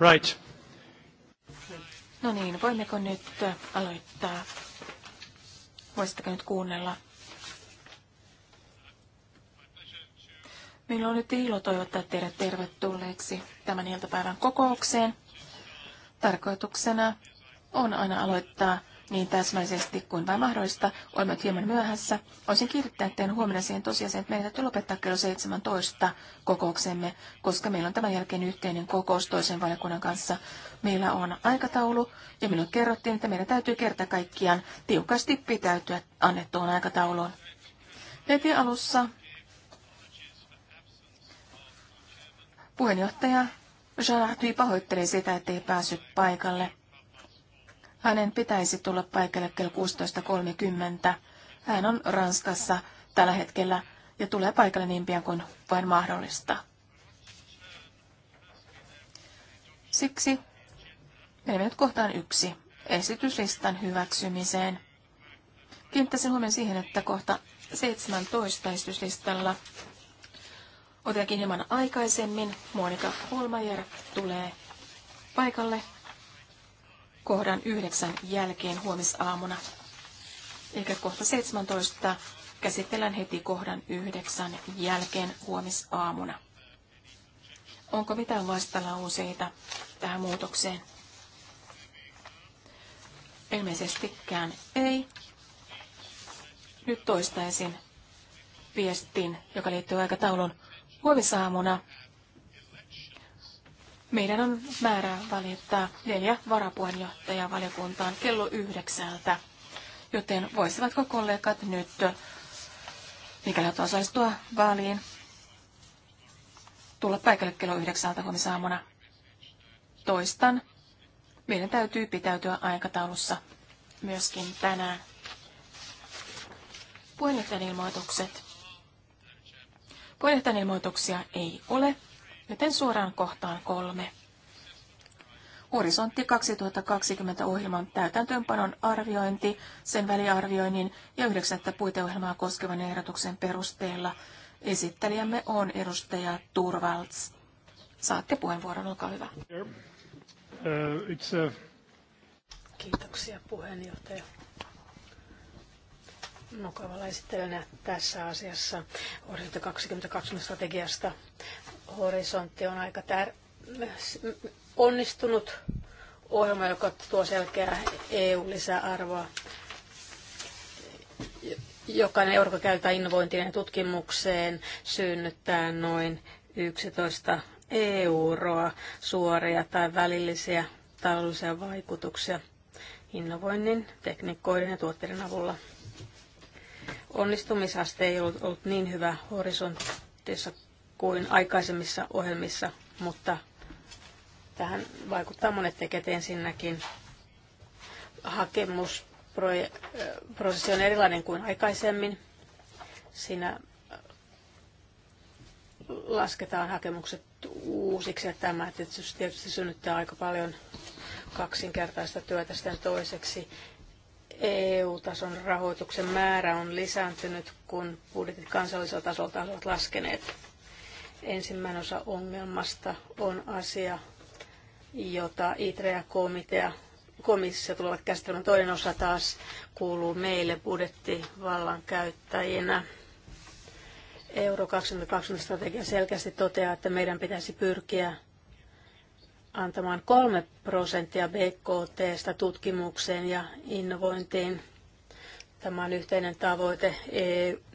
Right. No niin, voimmeko nyt aloittaa? Voisitteko nyt kuunnella? Minulla on nyt ilo toivottaa teidät tervetulleeksi tämän iltapäivän kokoukseen. Tarkoituksena on aina aloittaa niin täsmällisesti kuin vain mahdollista. Olemme nyt hieman myöhässä. Olisin kiinnittää teidän huomenna siihen tosiasiaan, että meidän täytyy lopettaa kello 17 kokouksemme, koska meillä on tämän jälkeen yhteinen kokous toisen valiokunnan kanssa. Meillä on aikataulu ja minulle kerrottiin, että meidän täytyy kerta kaikkiaan tiukasti pitäytyä annettuun aikatauluun. Heti alussa puheenjohtaja Jean Artui pahoittelee sitä, ettei päässyt paikalle. Hänen pitäisi tulla paikalle kello 16.30. Hän on Ranskassa tällä hetkellä ja tulee paikalle niin pian kuin vain mahdollista. Siksi menemme nyt kohtaan yksi, esityslistan hyväksymiseen. Kiinnittäisin huomioon siihen, että kohta 17 esityslistalla otetaan hieman aikaisemmin. Monika Holmajer tulee paikalle kohdan yhdeksän jälkeen huomisaamuna. Eikä kohta 17 käsitellään heti kohdan yhdeksän jälkeen huomisaamuna. Onko mitään vastalauseita tähän muutokseen? Ilmeisestikään ei. Nyt toistaisin viestin, joka liittyy aikataulun huomisaamuna meidän on määrä valittaa neljä varapuheenjohtajaa valiokuntaan kello yhdeksältä, joten voisivatko kollegat nyt, mikäli haluat osallistua vaaliin, tulla paikalle kello yhdeksältä huomisaamuna. Toistan, meidän täytyy pitäytyä aikataulussa myöskin tänään. Puheenjohtajan ilmoitukset. Puheenjohtajan ilmoituksia ei ole. Joten suoraan kohtaan kolme. Horisontti 2020 ohjelman täytäntöönpanon arviointi, sen väliarvioinnin ja yhdeksättä puiteohjelmaa koskevan ehdotuksen perusteella. Esittelijämme on edustaja Turvalds. Saatte puheenvuoron, olkaa hyvä. Uh, Kiitoksia puheenjohtaja. Mukavalla esittelynä tässä asiassa Horisontti 2020 strategiasta Horisontti on aika tär- onnistunut ohjelma, joka tuo selkeää EU-lisäarvoa. Jokainen euro, joka käytetään innovointiin ja tutkimukseen, synnyttää noin 11 euroa suoria tai välillisiä taloudellisia vaikutuksia innovoinnin, tekniikoiden ja tuotteiden avulla. Onnistumisaste ei ollut, ollut niin hyvä horisontissa kuin aikaisemmissa ohjelmissa, mutta tähän vaikuttaa monet tekijät ensinnäkin. Hakemusprosessi on erilainen kuin aikaisemmin. Siinä äh, lasketaan hakemukset uusiksi ja tämä tietysti, synnyttää aika paljon kaksinkertaista työtä sitten toiseksi. EU-tason rahoituksen määrä on lisääntynyt, kun budjetit kansallisella tasolta ovat laskeneet. Ensimmäinen osa ongelmasta on asia, jota ja komitea komissio tulevat käsittelemään. Toinen osa taas kuuluu meille budjettivallan käyttäjinä. Euro 2020 strategia selkeästi toteaa, että meidän pitäisi pyrkiä antamaan kolme prosenttia BKTstä tutkimukseen ja innovointiin Tämä on yhteinen tavoite e,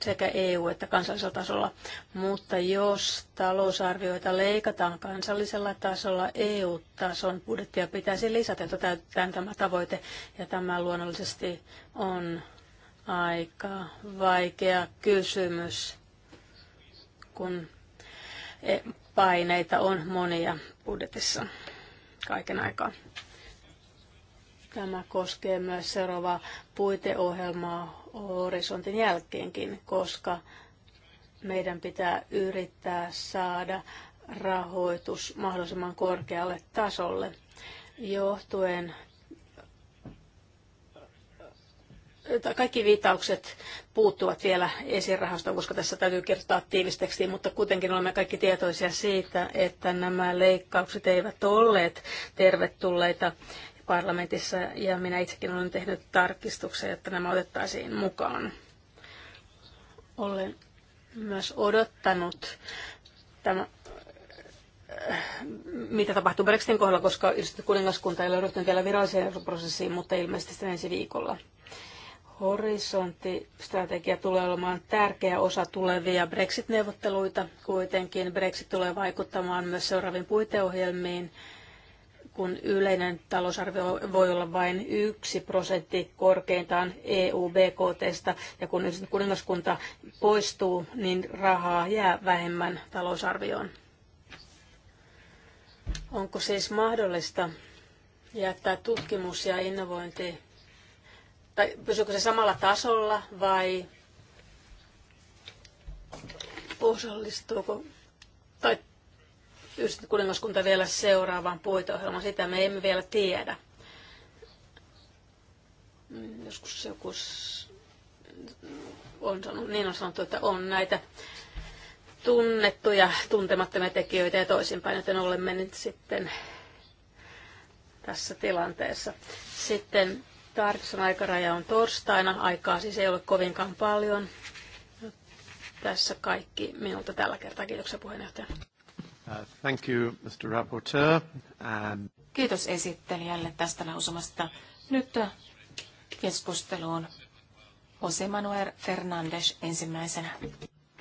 sekä EU- että kansallisella tasolla. Mutta jos talousarvioita leikataan kansallisella tasolla, EU-tason budjettia pitäisi lisätä, jotta täytetään tämä tavoite. Ja tämä luonnollisesti on aika vaikea kysymys, kun e, paineita on monia budjetissa kaiken aikaa. Tämä koskee myös seuraavaa puiteohjelmaa horisontin jälkeenkin, koska meidän pitää yrittää saada rahoitus mahdollisimman korkealle tasolle johtuen kaikki viittaukset puuttuvat vielä esirahastoon, koska tässä täytyy kertoa tiivistekstiin, mutta kuitenkin olemme kaikki tietoisia siitä, että nämä leikkaukset eivät olleet tervetulleita parlamentissa ja minä itsekin olen tehnyt tarkistuksen, että nämä otettaisiin mukaan. Olen myös odottanut tämä, äh, mitä tapahtuu Brexitin kohdalla, koska yhdistetty kuningaskunta ei ole ryhtynyt vielä viralliseen prosessiin, mutta ilmeisesti sitten ensi viikolla. Horisonttistrategia tulee olemaan tärkeä osa tulevia Brexit-neuvotteluita. Kuitenkin Brexit tulee vaikuttamaan myös seuraaviin puiteohjelmiin kun yleinen talousarvio voi olla vain yksi prosentti korkeintaan EU-BKTstä, ja kun kuningaskunta poistuu, niin rahaa jää vähemmän talousarvioon. Onko siis mahdollista jättää tutkimus ja innovointi, tai pysyykö se samalla tasolla vai osallistuuko, tai yhdistetty kuningaskunta vielä seuraavaan puiteohjelmaan. Sitä me emme vielä tiedä. Mm, joskus joku on sanonut, niin on sanottu, että on näitä tunnettuja, tuntemattomia tekijöitä ja toisinpäin, joten olemme nyt sitten tässä tilanteessa. Sitten tarkistuksen aikaraja on torstaina, aikaa siis ei ole kovinkaan paljon. Tässä kaikki minulta tällä kertaa. Kiitoksia puheenjohtaja. Uh, thank you, Mr. Rapporteur. And... Um, Kiitos esittelijälle tästä lausumasta. Nyt uh, keskusteluun José Manuel Fernandes ensimmäisenä.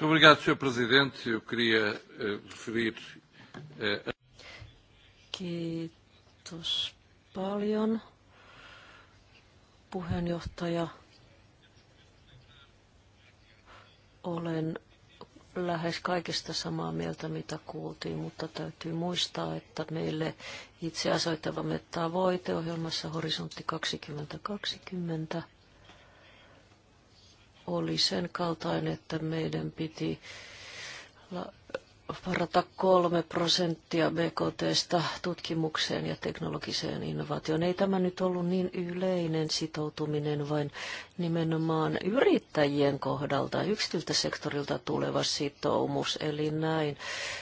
Obrigado, Presidente. Eu queria uh, referir... Kiitos paljon, puheenjohtaja. Olen lähes kaikesta samaa mieltä, mitä kuultiin, mutta täytyy muistaa, että meille itse asoittavamme tavoite ohjelmassa Horisontti 2020 oli sen kaltainen, että meidän piti varata kolme prosenttia BKTstä tutkimukseen ja teknologiseen innovaatioon. Ei tämä nyt ollut niin yleinen sitoutuminen, vain nimenomaan yrittäjien kohdalta, yksityiltä sektorilta tuleva sitoumus. Eli näin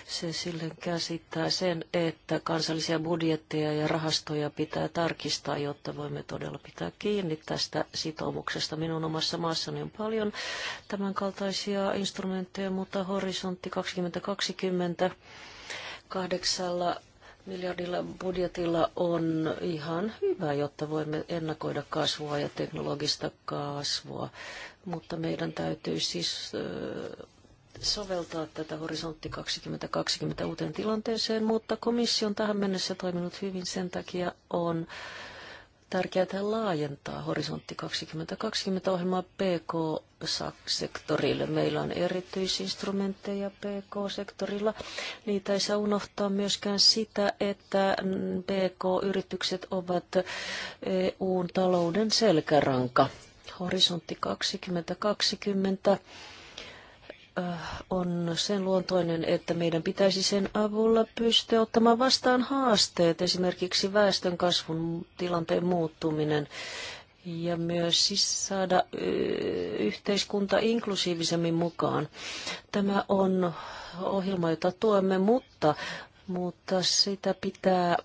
se sille käsittää sen, että kansallisia budjetteja ja rahastoja pitää tarkistaa, jotta voimme todella pitää kiinni tästä sitoumuksesta. Minun omassa maassani on paljon tämänkaltaisia instrumentteja, mutta horisontti 2020 kahdeksalla miljardilla budjetilla on ihan hyvä, jotta voimme ennakoida kasvua ja teknologista kasvua, mutta meidän täytyy siis soveltaa tätä horisontti 2020 uuteen tilanteeseen, mutta komissio on tähän mennessä toiminut hyvin, sen takia on tärkeää laajentaa Horisontti 2020 ohjelmaa PK-sektorille. Meillä on erityisinstrumentteja PK-sektorilla. Niitä ei saa unohtaa myöskään sitä, että PK-yritykset ovat eu talouden selkäranka. Horisontti 2020 Äh, on sen luontoinen, että meidän pitäisi sen avulla pystyä ottamaan vastaan haasteet, esimerkiksi väestön kasvun tilanteen muuttuminen ja myös siis saada äh, yhteiskunta inklusiivisemmin mukaan. Tämä on ohjelma, jota tuemme, mutta, mutta sitä pitää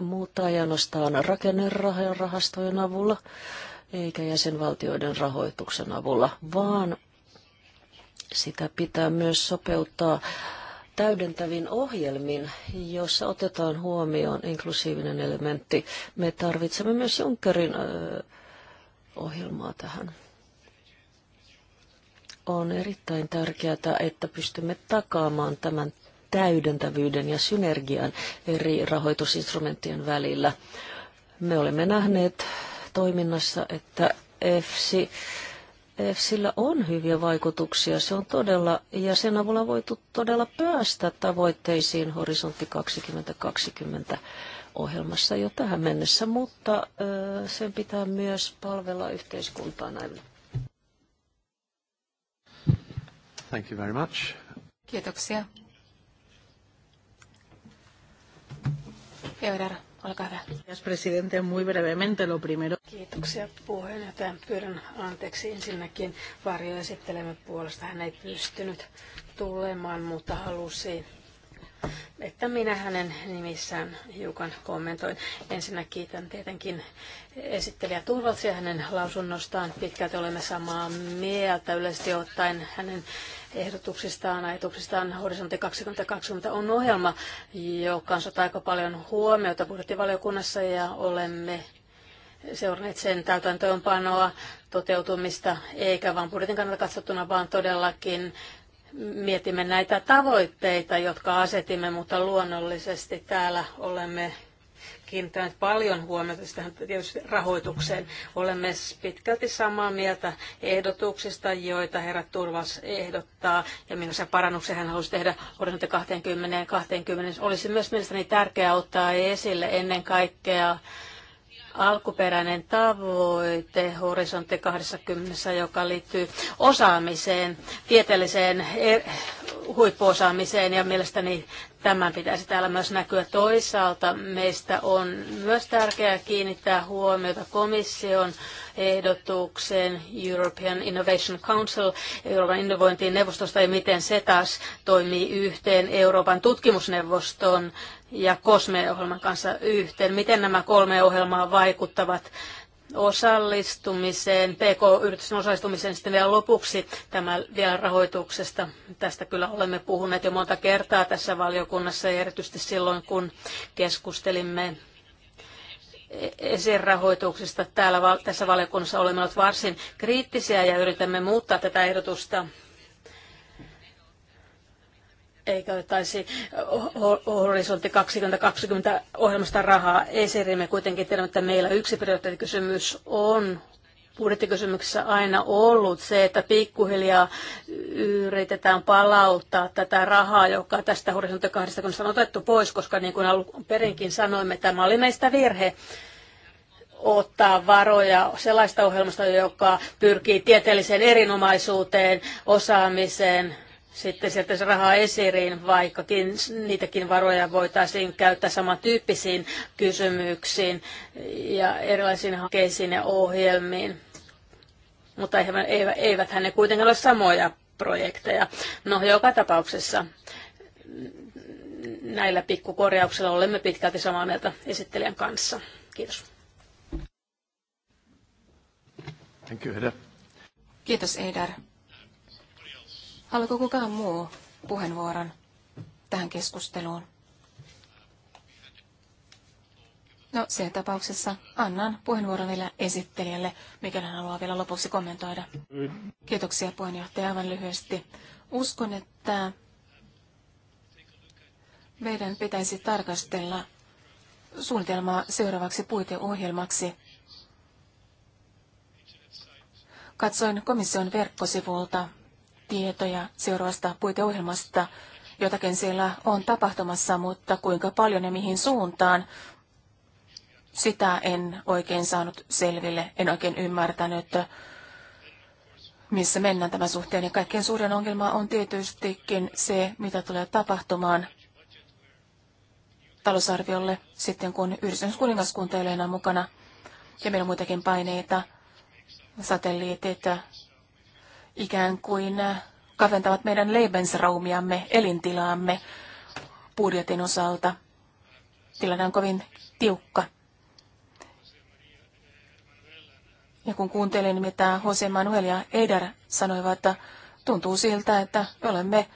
muuttaa ja nostaa rakennerahastojen avulla eikä jäsenvaltioiden rahoituksen avulla, vaan sitä pitää myös sopeuttaa täydentäviin ohjelmiin, joissa otetaan huomioon inklusiivinen elementti. Me tarvitsemme myös Junckerin ohjelmaa tähän. On erittäin tärkeää, että pystymme takaamaan tämän täydentävyyden ja synergian eri rahoitusinstrumenttien välillä. Me olemme nähneet toiminnassa, että EFSI sillä on hyviä vaikutuksia. Se on todella, ja sen avulla voitu todella päästä tavoitteisiin horisontti 2020 ohjelmassa jo tähän mennessä, mutta sen pitää myös palvella yhteiskuntaa näin. Thank you very much. Kiitoksia. Eudar Olkaa hyvä. Kiitos presidente, muy brevemente lo primero. Kiitoksia puheenjohtaja. Pyydän anteeksi ensinnäkin varjoesittelemme puolesta. Hän ei pystynyt tulemaan, mutta halusi että minä hänen nimissään hiukan kommentoin. Ensinnä kiitän tietenkin esittelijä Turvaltsia hänen lausunnostaan. Pitkälti olemme samaa mieltä yleisesti ottaen hänen ehdotuksistaan, ajatuksistaan Horisontti 2020 on ohjelma, joka on aika paljon huomiota budjettivaliokunnassa ja olemme seuranneet sen täytäntöönpanoa, toteutumista, eikä vain budjetin kannalta katsottuna, vaan todellakin mietimme näitä tavoitteita, jotka asetimme, mutta luonnollisesti täällä olemme kiinnittäneet paljon huomiota siis tähän tietysti rahoitukseen. Olemme pitkälti samaa mieltä ehdotuksista, joita herra Turvas ehdottaa ja millaisia parannuksia hän halusi tehdä horisontti 20 20. Olisi myös mielestäni tärkeää ottaa esille ennen kaikkea alkuperäinen tavoite horisontti 20, joka liittyy osaamiseen, tieteelliseen e, huippuosaamiseen ja mielestäni tämän pitäisi täällä myös näkyä. Toisaalta meistä on myös tärkeää kiinnittää huomiota komission ehdotukseen European Innovation Council, Euroopan innovointiin neuvostosta ja miten se taas toimii yhteen Euroopan tutkimusneuvoston ja COSME-ohjelman kanssa yhteen. Miten nämä kolme ohjelmaa vaikuttavat osallistumiseen, PK-yritysten osallistumiseen sitten vielä lopuksi tämä vielä rahoituksesta. Tästä kyllä olemme puhuneet jo monta kertaa tässä valiokunnassa ja erityisesti silloin, kun keskustelimme esirahoituksesta täällä tässä valiokunnassa olemme olleet varsin kriittisiä ja yritämme muuttaa tätä ehdotusta eikä käytettäisi horisontti 2020 ohjelmasta rahaa. Esirimme kuitenkin tiedämme, että meillä yksi prioriteettikysymys on budjettikysymyksessä aina ollut se, että pikkuhiljaa yritetään palauttaa tätä rahaa, joka tästä horisontti 20 on otettu pois, koska niin kuin alun perinkin sanoimme, tämä oli meistä virhe ottaa varoja sellaista ohjelmasta, joka pyrkii tieteelliseen erinomaisuuteen, osaamiseen, sitten sieltä se rahaa esiriin, vaikkakin niitäkin varoja voitaisiin käyttää samantyyppisiin kysymyksiin ja erilaisiin hakeisiin ja ohjelmiin. Mutta eivät ne kuitenkaan ole samoja projekteja. No joka tapauksessa näillä pikkukorjauksilla olemme pitkälti samaa mieltä esittelijän kanssa. Kiitos. Thank you, Kiitos Eidar. Haluatko kukaan muu puheenvuoron tähän keskusteluun? No, sen tapauksessa annan puheenvuoron vielä esittelijälle, mikäli hän haluaa vielä lopuksi kommentoida. Kiitoksia puheenjohtaja aivan lyhyesti. Uskon, että meidän pitäisi tarkastella suunnitelmaa seuraavaksi puiteohjelmaksi. Katsoin komission verkkosivulta tietoja seuraavasta puiteohjelmasta. Jotakin siellä on tapahtumassa, mutta kuinka paljon ja mihin suuntaan, sitä en oikein saanut selville, en oikein ymmärtänyt, missä mennään tämän suhteen. Ja kaikkein suurin ongelma on tietystikin se, mitä tulee tapahtumaan talousarviolle sitten, kun kuningaskunta ei ole enää mukana. Ja meillä on muitakin paineita, satelliitit, ikään kuin äh, kaventavat meidän Lebensraumiamme, elintilaamme budjetin osalta. Tilanne on kovin tiukka. Ja kun kuuntelin, mitä Jose Manuel ja Eder sanoivat, että tuntuu siltä, että olemme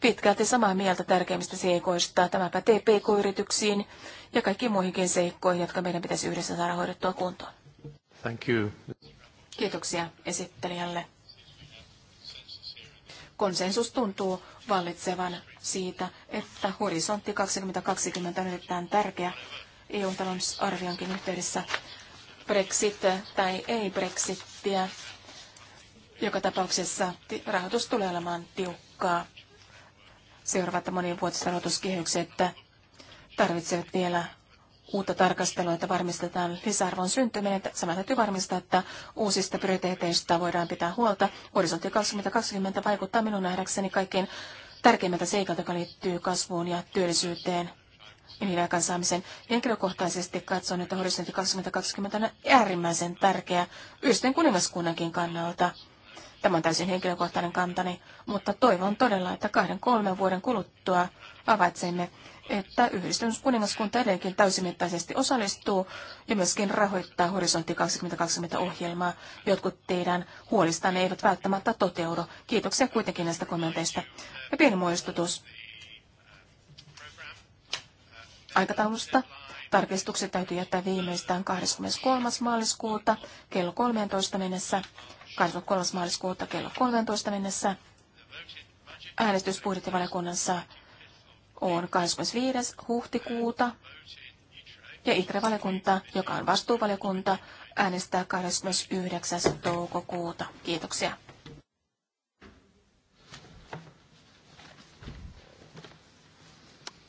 pitkälti samaa mieltä tärkeimmistä seikoista. Tämä pätee PK-yrityksiin ja kaikkiin muihinkin seikkoihin, jotka meidän pitäisi yhdessä saada hoidettua kuntoon. Thank you. Kiitoksia esittelijälle. Konsensus tuntuu vallitsevan siitä, että horisontti 2020 on erittäin tärkeä eu talousarvionkin yhteydessä. Brexit tai ei Brexittiä. Joka tapauksessa rahoitus tulee olemaan tiukkaa. Seuraavat monivuotiset rahoituskehykset tarvitsevat vielä uutta tarkastelua, että varmistetaan lisäarvon syntyminen. Samalla täytyy varmistaa, että uusista prioriteeteista voidaan pitää huolta. Horisontti 2020 vaikuttaa minun nähdäkseni kaikkein tärkeimmältä seikalta, joka liittyy kasvuun ja työllisyyteen ja niiden aikaansaamisen. Henkilökohtaisesti katson, että horisontti 2020 on äärimmäisen tärkeä yhden kuningaskunnankin kannalta. Tämä on täysin henkilökohtainen kantani, mutta toivon todella, että kahden kolmen vuoden kuluttua havaitsemme, että yhdistynyt kuningaskunta edelleenkin täysimittaisesti osallistuu ja myöskin rahoittaa Horisontti 2020-ohjelmaa. Jotkut teidän huolistanne eivät välttämättä toteudu. Kiitoksia kuitenkin näistä kommenteista. Ja pieni muistutus aikataulusta. Tarkistukset täytyy jättää viimeistään 23. maaliskuuta kello 13 mennessä 23. maaliskuuta kello 13 mennessä. Äänestys budjettivaliokunnassa on 25. huhtikuuta. Ja ITRE-valiokunta, joka on vastuuvaliokunta, äänestää 29. toukokuuta. Kiitoksia.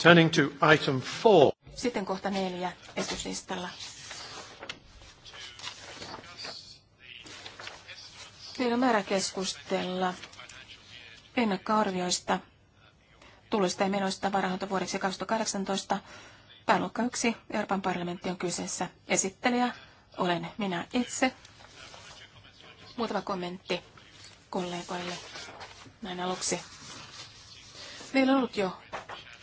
Turning to item four. Sitten kohta neljä esityslistalla. Meidän on määrä keskustella ennakkoarvioista tulosta ja menoista vuodeksi 2018. Pääluokka 1 Euroopan parlamentti on kyseessä. Esittelijä olen minä itse. Muutama kommentti kollegoille näin aluksi. Meillä on ollut jo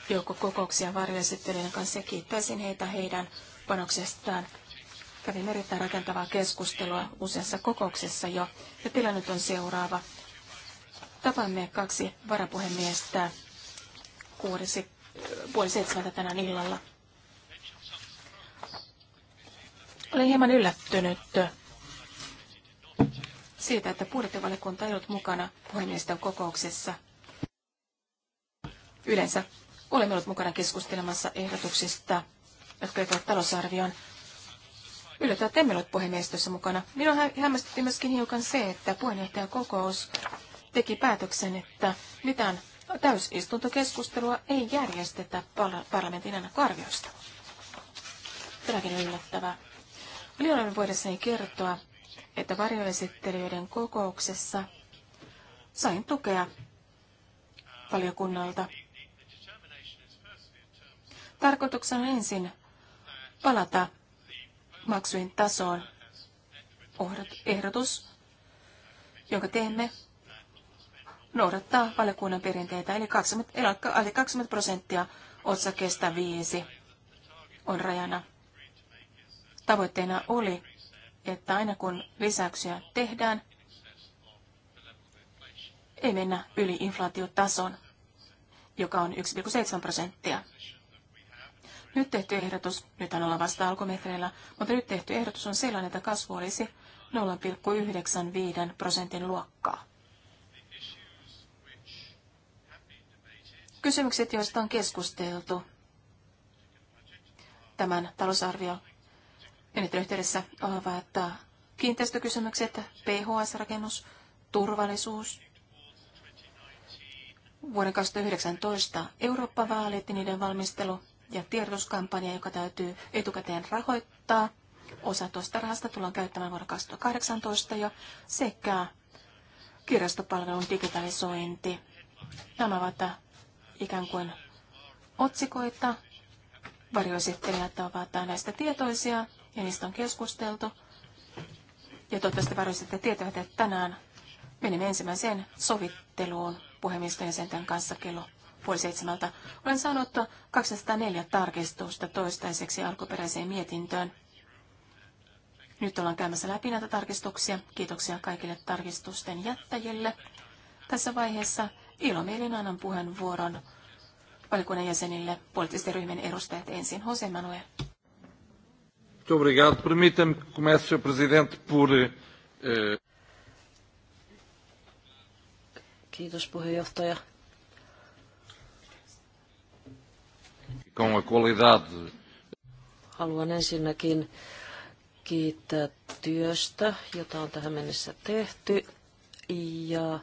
joukko kokouksia varjoesittelijän kanssa ja kiittäisin heitä heidän panoksestaan Kävimme erittäin rakentavaa keskustelua useassa kokouksessa jo, ja tilanne on seuraava. Tapaamme kaksi varapuhemiestä kuudesi, puoli seitsemältä tänään illalla. Olen hieman yllättynyt siitä, että budjettivaliokunta ei ollut mukana puhemiesten kokouksessa. Yleensä olemme olleet mukana keskustelemassa ehdotuksista, jotka liittyvät talousarvioon, Yllättää että emme ole puhemiestössä mukana. Minua hämmästytti myöskin hiukan se, että puheenjohtajakokous teki päätöksen, että mitään täysistuntokeskustelua ei järjestetä parlamentin ennakkoarvioista. Tämäkin on yllättävää. Lionan voidessani kertoa, että varjoesittelijöiden kokouksessa sain tukea valiokunnalta. Tarkoituksena on ensin palata maksujen tasoon ehdotus, jonka teemme, noudattaa valiokunnan perinteitä, eli 20, alle 20 prosenttia otsakesta 5 on rajana. Tavoitteena oli, että aina kun lisäyksiä tehdään, ei mennä yli inflaatiotason, joka on 1,7 prosenttia. Nyt tehty ehdotus, nyt on olla vasta alkumetreillä, mutta nyt tehty ehdotus on sellainen, että kasvu olisi 0,95 prosentin luokkaa. Kysymykset, joista on keskusteltu tämän talousarvio menettelyn yhteydessä ovat kiinteistökysymykset, PHS-rakennus, turvallisuus, vuoden 2019 Eurooppa-vaalit ja niiden valmistelu ja tiedotuskampanja, joka täytyy etukäteen rahoittaa. Osa tuosta rahasta tullaan käyttämään vuonna 2018 jo sekä kirjastopalvelun digitalisointi. Nämä ovat ikään kuin otsikoita. Varjoesittelijät ovat näistä tietoisia ja niistä on keskusteltu. Ja toivottavasti varjoesittelijät tietävät, että tänään menemme ensimmäiseen sovitteluun puhemiesten jäsenten kanssa kello puoli seitsemältä. Olen saanut 204 tarkistusta toistaiseksi alkuperäiseen mietintöön. Nyt ollaan käymässä läpi näitä tarkistuksia. Kiitoksia kaikille tarkistusten jättäjille. Tässä vaiheessa ilomielin annan puheenvuoron valikunnan jäsenille poliittisten ryhmien edustajat ensin. Jose Manuel. Muito obrigado. Permita-me que comece, Sr. Presidente, por... Eh, Kiitos puheenjohtaja. com a qualidade. Haluan ensinnäkin kiittää työstä, jota on tähän mennessä tehty. Ja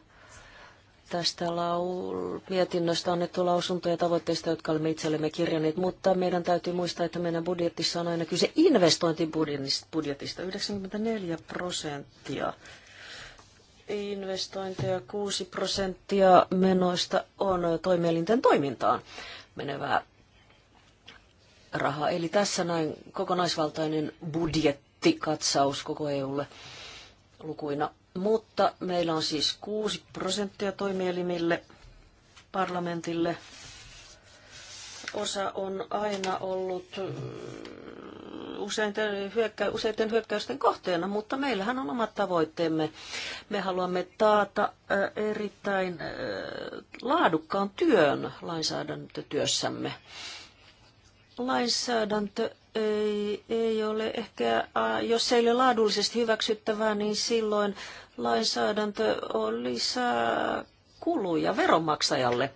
tästä lau- mietinnöstä annettu lausunto ja tavoitteista, jotka olemme itsellemme kirjanneet, mutta meidän täytyy muistaa, että meidän budjetissa on aina kyse investointibudjetista, 94 prosenttia investointeja, 6 prosenttia menoista on toimielinten toimintaan menevää Raha, Eli tässä näin kokonaisvaltainen budjettikatsaus koko EUlle lukuina. Mutta meillä on siis 6 prosenttia toimielimille, parlamentille. Osa on aina ollut mm, useiden, hyökkä, hyökkäysten kohteena, mutta meillähän on omat tavoitteemme. Me haluamme taata erittäin laadukkaan työn lainsäädäntötyössämme lainsäädäntö ei, ei ole ehkä, jos ei ole laadullisesti hyväksyttävää, niin silloin lainsäädäntö on lisää kuluja veronmaksajalle.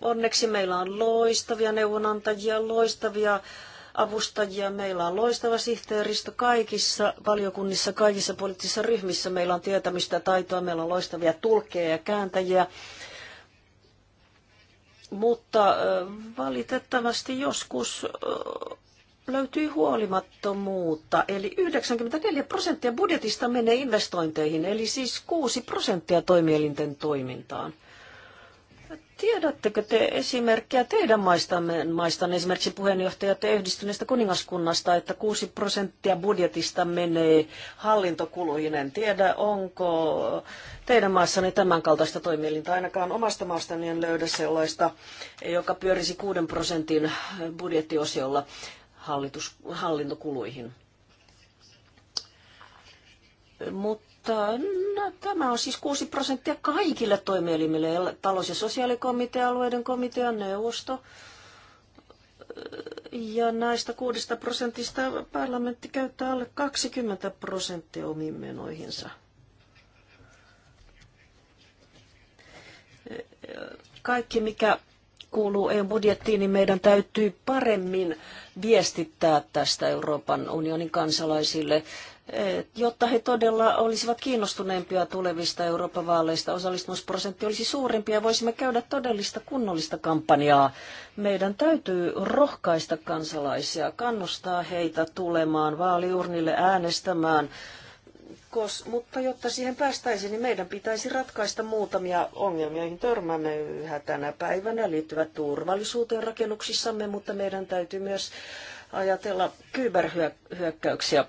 Onneksi meillä on loistavia neuvonantajia, loistavia avustajia, meillä on loistava sihteeristö kaikissa valiokunnissa, kaikissa poliittisissa ryhmissä. Meillä on tietämistä taitoa, meillä on loistavia tulkkeja ja kääntäjiä. Mutta valitettavasti joskus löytyy huolimattomuutta. Eli 94 prosenttia budjetista menee investointeihin, eli siis 6 prosenttia toimielinten toimintaan. Tiedättekö te esimerkkejä teidän maistanne, maistan esimerkiksi puheenjohtajat ja yhdistyneestä kuningaskunnasta, että 6 prosenttia budjetista menee hallintokuluihin? En tiedä, onko teidän maassanne tämän kaltaista toimielintä. Ainakaan omasta maastani en löydä sellaista, joka pyörisi 6 prosentin budjettiosiolla hallitus, hallintokuluihin. Mutta mutta no, tämä on siis 6 prosenttia kaikille toimielimille, talous- ja sosiaalikomitea, alueiden komitea, neuvosto. Ja näistä 6 prosentista parlamentti käyttää alle 20 prosenttia omiin menoihinsa. Kaikki, mikä kuuluu EU-budjettiin, niin meidän täytyy paremmin viestittää tästä Euroopan unionin kansalaisille. Eh, jotta he todella olisivat kiinnostuneempia tulevista Euroopan vaaleista. Osallistumisprosentti olisi suurempi ja voisimme käydä todellista kunnollista kampanjaa. Meidän täytyy rohkaista kansalaisia, kannustaa heitä tulemaan vaaliurnille äänestämään. Kos, mutta jotta siihen päästäisiin, niin meidän pitäisi ratkaista muutamia ongelmia, joihin törmäämme yhä tänä päivänä, liittyvät turvallisuuteen rakennuksissamme, mutta meidän täytyy myös ajatella kyberhyökkäyksiä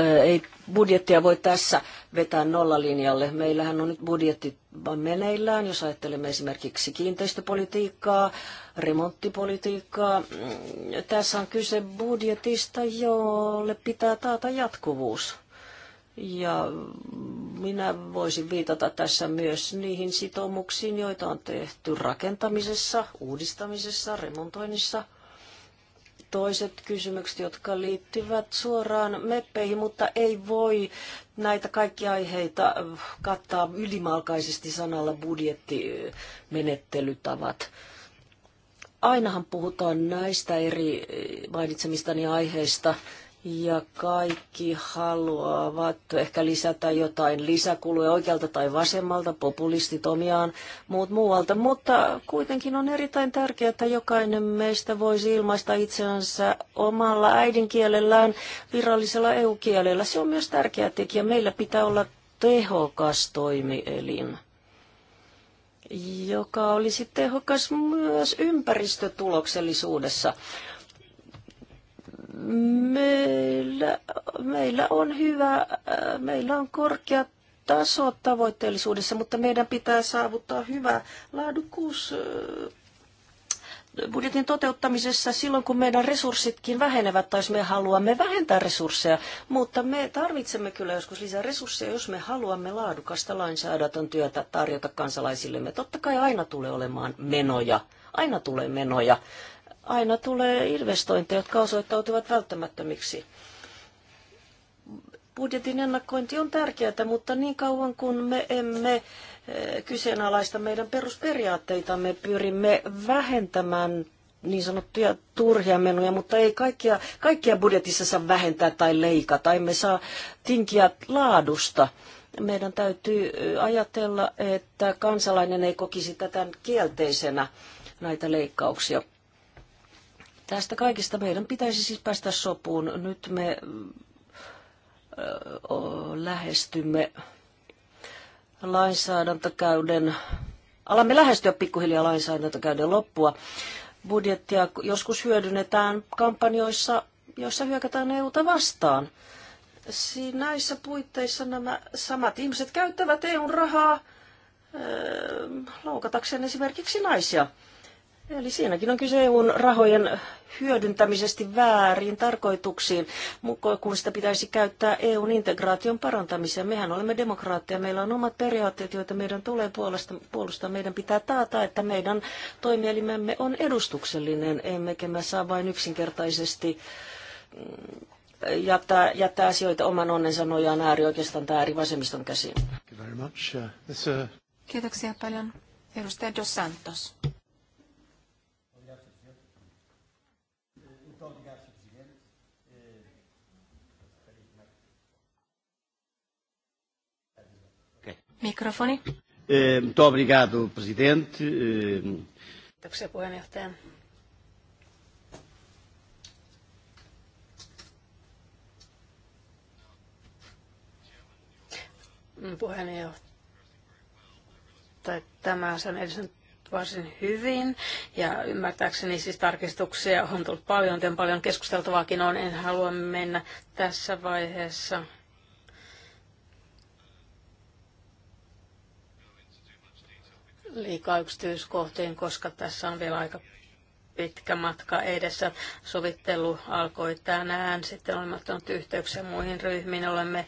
ei budjettia voi tässä vetää nollalinjalle. Meillähän on nyt budjetti meneillään, jos ajattelemme esimerkiksi kiinteistöpolitiikkaa, remonttipolitiikkaa. Mm, tässä on kyse budjetista, jolle pitää taata jatkuvuus. Ja minä voisin viitata tässä myös niihin sitoumuksiin, joita on tehty rakentamisessa, uudistamisessa, remontoinnissa – toiset kysymykset, jotka liittyvät suoraan meppeihin, mutta ei voi näitä kaikkia aiheita äh, kattaa ylimalkaisesti sanalla budjettimenettelytavat. Ainahan puhutaan näistä eri äh, mainitsemistani aiheista ja kaikki haluavat ehkä lisätä jotain lisäkuluja oikealta tai vasemmalta, populistit omiaan, muut muualta. Mutta kuitenkin on erittäin tärkeää, että jokainen meistä voisi ilmaista itsensä omalla äidinkielellään virallisella EU-kielellä. Se on myös tärkeä tekijä. Meillä pitää olla tehokas toimielin joka olisi tehokas myös ympäristötuloksellisuudessa. Meillä, meillä on hyvä, äh, meillä on korkea taso tavoitteellisuudessa, mutta meidän pitää saavuttaa hyvä laadukkuus äh, budjetin toteuttamisessa silloin, kun meidän resurssitkin vähenevät, tai jos me haluamme vähentää resursseja, mutta me tarvitsemme kyllä joskus lisää resursseja, jos me haluamme laadukasta lainsäädäntötyötä tarjota kansalaisillemme. Totta kai aina tulee olemaan menoja, aina tulee menoja aina tulee investointeja, jotka osoittautuvat välttämättömiksi. Budjetin ennakointi on tärkeää, mutta niin kauan kuin me emme eh, kyseenalaista meidän perusperiaatteitamme, pyrimme vähentämään niin sanottuja turhia menoja, mutta ei kaikkia, kaikkia budjetissa saa vähentää tai leikata. Emme saa tinkiä laadusta. Meidän täytyy eh, ajatella, että kansalainen ei kokisi tätä kielteisenä näitä leikkauksia. Tästä kaikesta meidän pitäisi siis päästä sopuun. Nyt me lähestymme lainsäädäntökäyden, alamme lähestyä pikkuhiljaa lainsäädäntökäyden loppua. Budjettia joskus hyödynnetään kampanjoissa, joissa hyökätään EUta vastaan. Siinä näissä puitteissa nämä samat ihmiset käyttävät EUn rahaa loukatakseen esimerkiksi naisia. Eli siinäkin on kyse EUn rahojen hyödyntämisestä väärin tarkoituksiin, kun sitä pitäisi käyttää EUn integraation parantamiseen. Mehän olemme demokraatteja, meillä on omat periaatteet, joita meidän tulee puolesta, puolustaa. Meidän pitää taata, että meidän toimielimemme on edustuksellinen, emmekä me saa vain yksinkertaisesti mm, jättää, jättää asioita oman onnensa nojaan äärioikeiston tai äärivasemmiston käsiin. Uh, Kiitoksia paljon. Edustaja Dos Santos. Mikrofoni. Eh, muito obrigado, presidente. Eh, Kiitoksia puheenjohtaja. Mm, puheenjohtaja, tämä on edistänyt varsin hyvin. Ja ymmärtääkseni siis tarkistuksia on tullut paljon, joten paljon keskusteltavaakin on. En halua mennä tässä vaiheessa liikaa yksityiskohtiin, koska tässä on vielä aika pitkä matka edessä. Sovittelu alkoi tänään, sitten olemme ottanut yhteyksiä muihin ryhmiin, olemme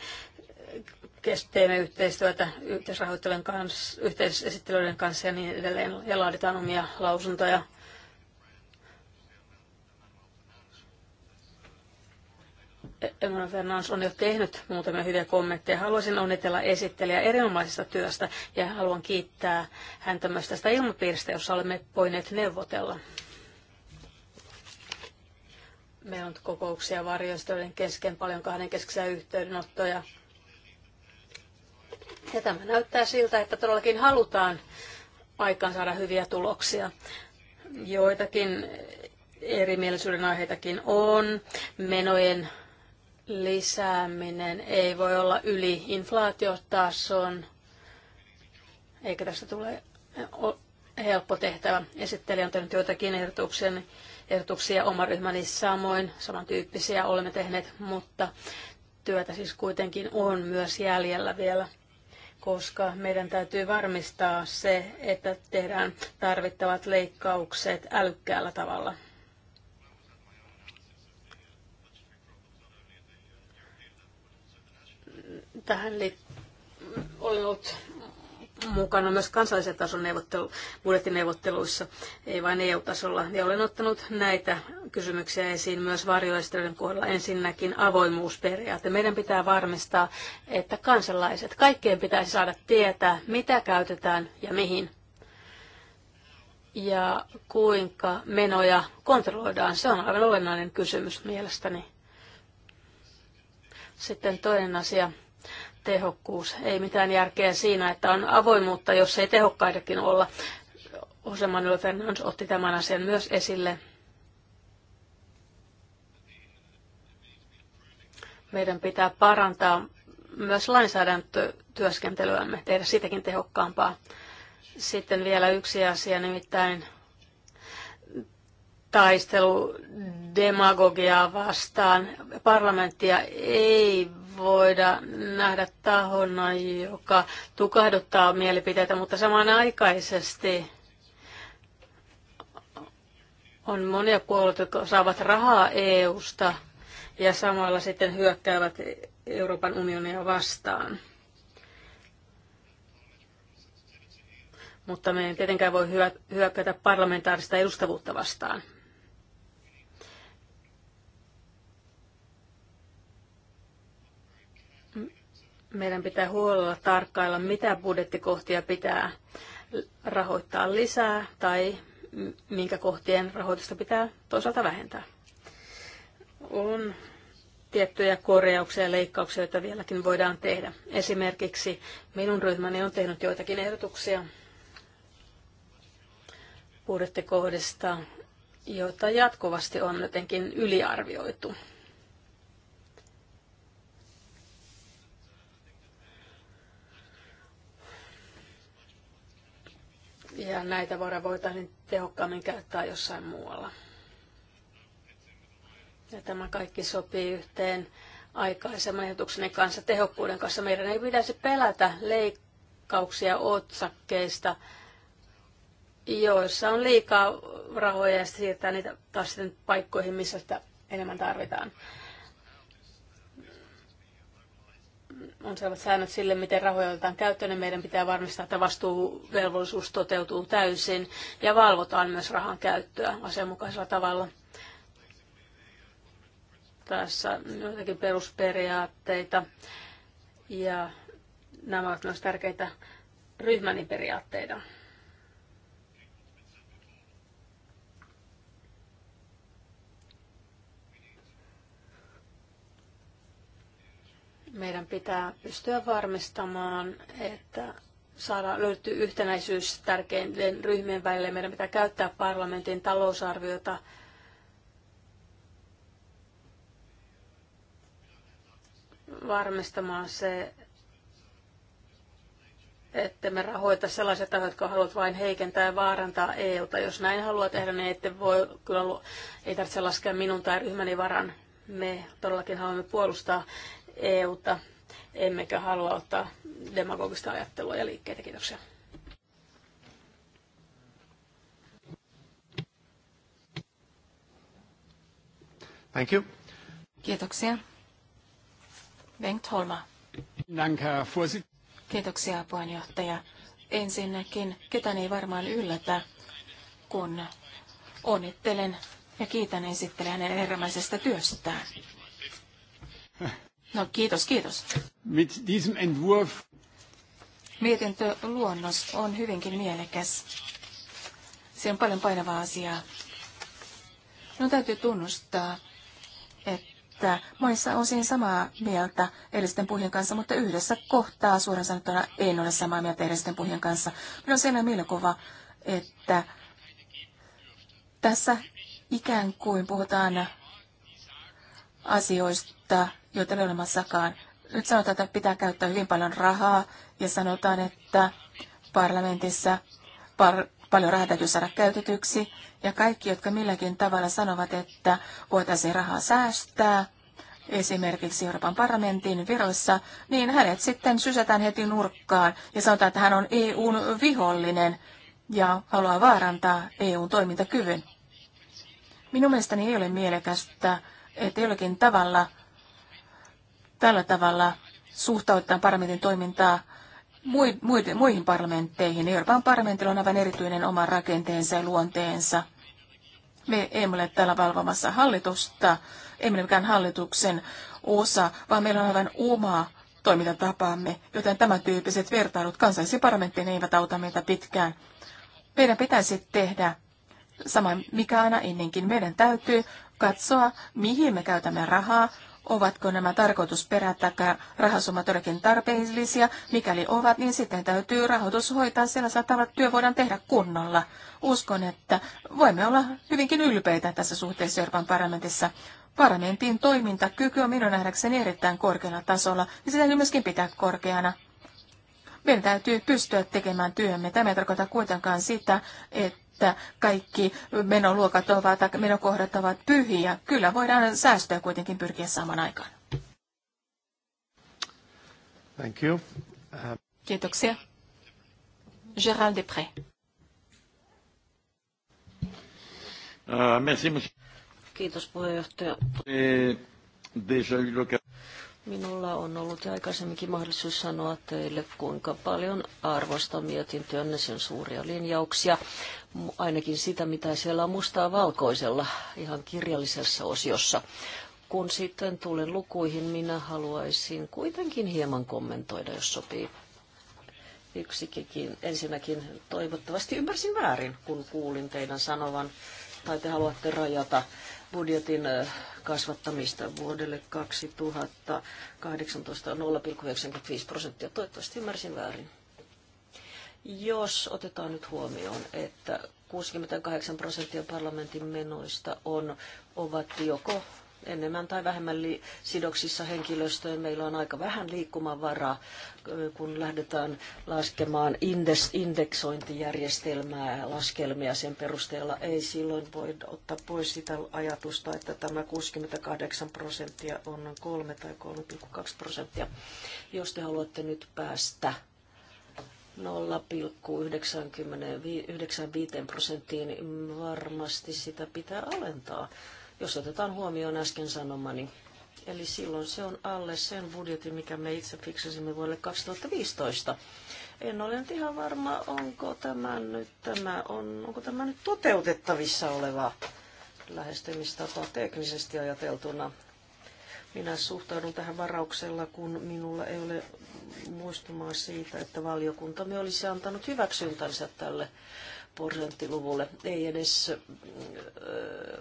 teemme yhteistyötä yhteisrahoittelujen kanssa, yhteisesittelyiden kanssa ja niin edelleen, ja laaditaan omia lausuntoja Emma Fernandes on jo tehnyt muutamia hyviä kommentteja. Haluaisin onnitella esittelijä erinomaisesta työstä ja haluan kiittää häntä myös tästä ilmapiiristä, jossa olemme voineet neuvotella. Meillä on kokouksia varjoistoiden kesken, paljon kahdenkeskisiä yhteydenottoja. Ja tämä näyttää siltä, että todellakin halutaan aikaan saada hyviä tuloksia. Joitakin erimielisyyden aiheitakin on. Menojen lisääminen ei voi olla yli inflaatiotason, eikä tästä tule helppo tehtävä. Esittelijä on tehnyt joitakin ehdotuksen, ehdotuksia oman ryhmäni samoin, samantyyppisiä olemme tehneet, mutta työtä siis kuitenkin on myös jäljellä vielä, koska meidän täytyy varmistaa se, että tehdään tarvittavat leikkaukset älykkäällä tavalla. Tähän liit- olen ollut mukana myös kansallisen tason neuvottelu, budjettineuvotteluissa, ei vain EU-tasolla. Ja olen ottanut näitä kysymyksiä esiin myös varjoistelujen kohdalla. Ensinnäkin avoimuusperiaate. Meidän pitää varmistaa, että kansalaiset, kaikkien pitäisi saada tietää, mitä käytetään ja mihin. Ja kuinka menoja kontrolloidaan, se on aivan olennainen kysymys mielestäni. Sitten toinen asia, tehokkuus. Ei mitään järkeä siinä, että on avoimuutta, jos ei tehokkaitakin olla. Jose Manuel Fernandes otti tämän asian myös esille. Meidän pitää parantaa myös lainsäädäntötyöskentelyämme, tehdä sitäkin tehokkaampaa. Sitten vielä yksi asia, nimittäin taistelu demagogiaa vastaan. Parlamenttia ei voida nähdä tahona, joka tukahduttaa mielipiteitä, mutta samanaikaisesti on monia puolueita, jotka saavat rahaa EUsta ja samalla sitten hyökkäävät Euroopan unionia vastaan. Mutta me ei tietenkään voi hyökätä parlamentaarista edustavuutta vastaan. meidän pitää huolella tarkkailla, mitä budjettikohtia pitää rahoittaa lisää tai minkä kohtien rahoitusta pitää toisaalta vähentää. On tiettyjä korjauksia ja leikkauksia, joita vieläkin voidaan tehdä. Esimerkiksi minun ryhmäni on tehnyt joitakin ehdotuksia budjettikohdista, joita jatkuvasti on jotenkin yliarvioitu. ja näitä voida voitaisiin tehokkaammin käyttää jossain muualla. Ja tämä kaikki sopii yhteen aikaisemman ehdotukseni kanssa, tehokkuuden kanssa. Meidän ei pitäisi pelätä leikkauksia otsakkeista, joissa on liikaa rahoja ja siirtää niitä taas sitten paikkoihin, missä sitä enemmän tarvitaan. on selvät säännöt sille, miten rahoja otetaan käyttöön, niin meidän pitää varmistaa, että vastuuvelvollisuus toteutuu täysin ja valvotaan myös rahan käyttöä asianmukaisella tavalla. Tässä joitakin perusperiaatteita ja nämä ovat myös tärkeitä ryhmäni periaatteita. Meidän pitää pystyä varmistamaan, että saada löytyy yhtenäisyys tärkeiden ryhmien välille. Meidän pitää käyttää parlamentin talousarviota varmistamaan se, että me rahoita sellaiset tahot, jotka haluat vain heikentää ja vaarantaa EUta. Jos näin haluaa tehdä, niin ette voi, kyllä, ei tarvitse laskea minun tai ryhmäni varan. Me todellakin haluamme puolustaa EUta, emmekä halua ottaa demagogista ajattelua ja liikkeitä. Kiitoksia. Thank you. Kiitoksia. Bengt Holma. Dank, Kiitoksia, puheenjohtaja. Ensinnäkin ketään ei varmaan yllätä, kun onnittelen ja kiitän esittelijän erämäisestä työstään. No kiitos, kiitos. Mit diesem Entwurf... luonnos on hyvinkin mielekäs. Se on paljon painavaa asiaa. No täytyy tunnustaa, että monissa on siinä samaa mieltä edellisten puhujen kanssa, mutta yhdessä kohtaa suoraan sanottuna en ole samaa mieltä edellisten puhujen kanssa. Minun on sellainen mielikuva, että tässä ikään kuin puhutaan asioista, joita ei ole olemassakaan. Nyt sanotaan, että pitää käyttää hyvin paljon rahaa ja sanotaan, että parlamentissa par- paljon rahaa täytyy saada käytetyksi. Ja kaikki, jotka milläkin tavalla sanovat, että voitaisiin rahaa säästää, esimerkiksi Euroopan parlamentin viroissa, niin hänet sitten sysätään heti nurkkaan ja sanotaan, että hän on EUn vihollinen ja haluaa vaarantaa EUn toimintakyvyn. Minun mielestäni ei ole mielekästä, että jollakin tavalla Tällä tavalla suhtauttaa parlamentin toimintaa muihin parlamentteihin. Euroopan parlamentilla on aivan erityinen oma rakenteensa ja luonteensa. Me emme ole täällä valvomassa hallitusta, emme ole mikään hallituksen osa, vaan meillä on aivan oma toimintatapaamme, joten tämän tyyppiset vertailut kansallisiin parlamenttiin eivät auta meitä pitkään. Meidän pitäisi tehdä sama mikä aina ennenkin. Meidän täytyy katsoa, mihin me käytämme rahaa, ovatko nämä tarkoitusperät tai rahasummat todellakin tarpeellisia. Mikäli ovat, niin sitten täytyy rahoitus hoitaa sellaisella tavalla, että työ voidaan tehdä kunnolla. Uskon, että voimme olla hyvinkin ylpeitä tässä suhteessa Euroopan parlamentissa. Parlamentin toimintakyky on minun nähdäkseni erittäin korkealla tasolla, ja niin sitä täytyy myöskin pitää korkeana. Meidän täytyy pystyä tekemään työmme. Tämä ei tarkoita kuitenkaan sitä, että että kaikki menoluokat ovat, tai menokohdat ovat pyhiä. Kyllä voidaan säästöä kuitenkin pyrkiä saman aikaan. Thank you. Uh... Kiitoksia. Gérald Depré. Uh, Kiitos puheenjohtaja. Minulla on ollut aikaisemminkin mahdollisuus sanoa teille, kuinka paljon arvostan mietintöönne sen suuria linjauksia ainakin sitä, mitä siellä on mustaa valkoisella ihan kirjallisessa osiossa. Kun sitten tulen lukuihin, minä haluaisin kuitenkin hieman kommentoida, jos sopii. Yksikin. Ensinnäkin toivottavasti ymmärsin väärin, kun kuulin teidän sanovan, tai te haluatte rajata budjetin äh, kasvattamista vuodelle 2018 0,95 prosenttia. Toivottavasti ymmärsin väärin. Jos otetaan nyt huomioon, että 68 prosenttia parlamentin menoista on, ovat joko enemmän tai vähemmän li- sidoksissa henkilöstöön. Meillä on aika vähän liikkumavaraa, kun lähdetään laskemaan indes- indeksointijärjestelmää laskelmia sen perusteella. Ei silloin voi ottaa pois sitä ajatusta, että tämä 68 prosenttia on 3 tai 3,2 prosenttia, jos te haluatte nyt päästä 0,95 prosenttiin, niin varmasti sitä pitää alentaa, jos otetaan huomioon äsken sanomani. Eli silloin se on alle sen budjetin, mikä me itse fiksasimme vuodelle 2015. En ole nyt ihan varma, onko tämä nyt, tämä on, onko tämä nyt toteutettavissa oleva lähestymistapa teknisesti ajateltuna. Minä suhtaudun tähän varauksella, kun minulla ei ole muistumaa siitä, että valiokuntamme olisi antanut hyväksyntänsä tälle prosenttiluvulle, ei edes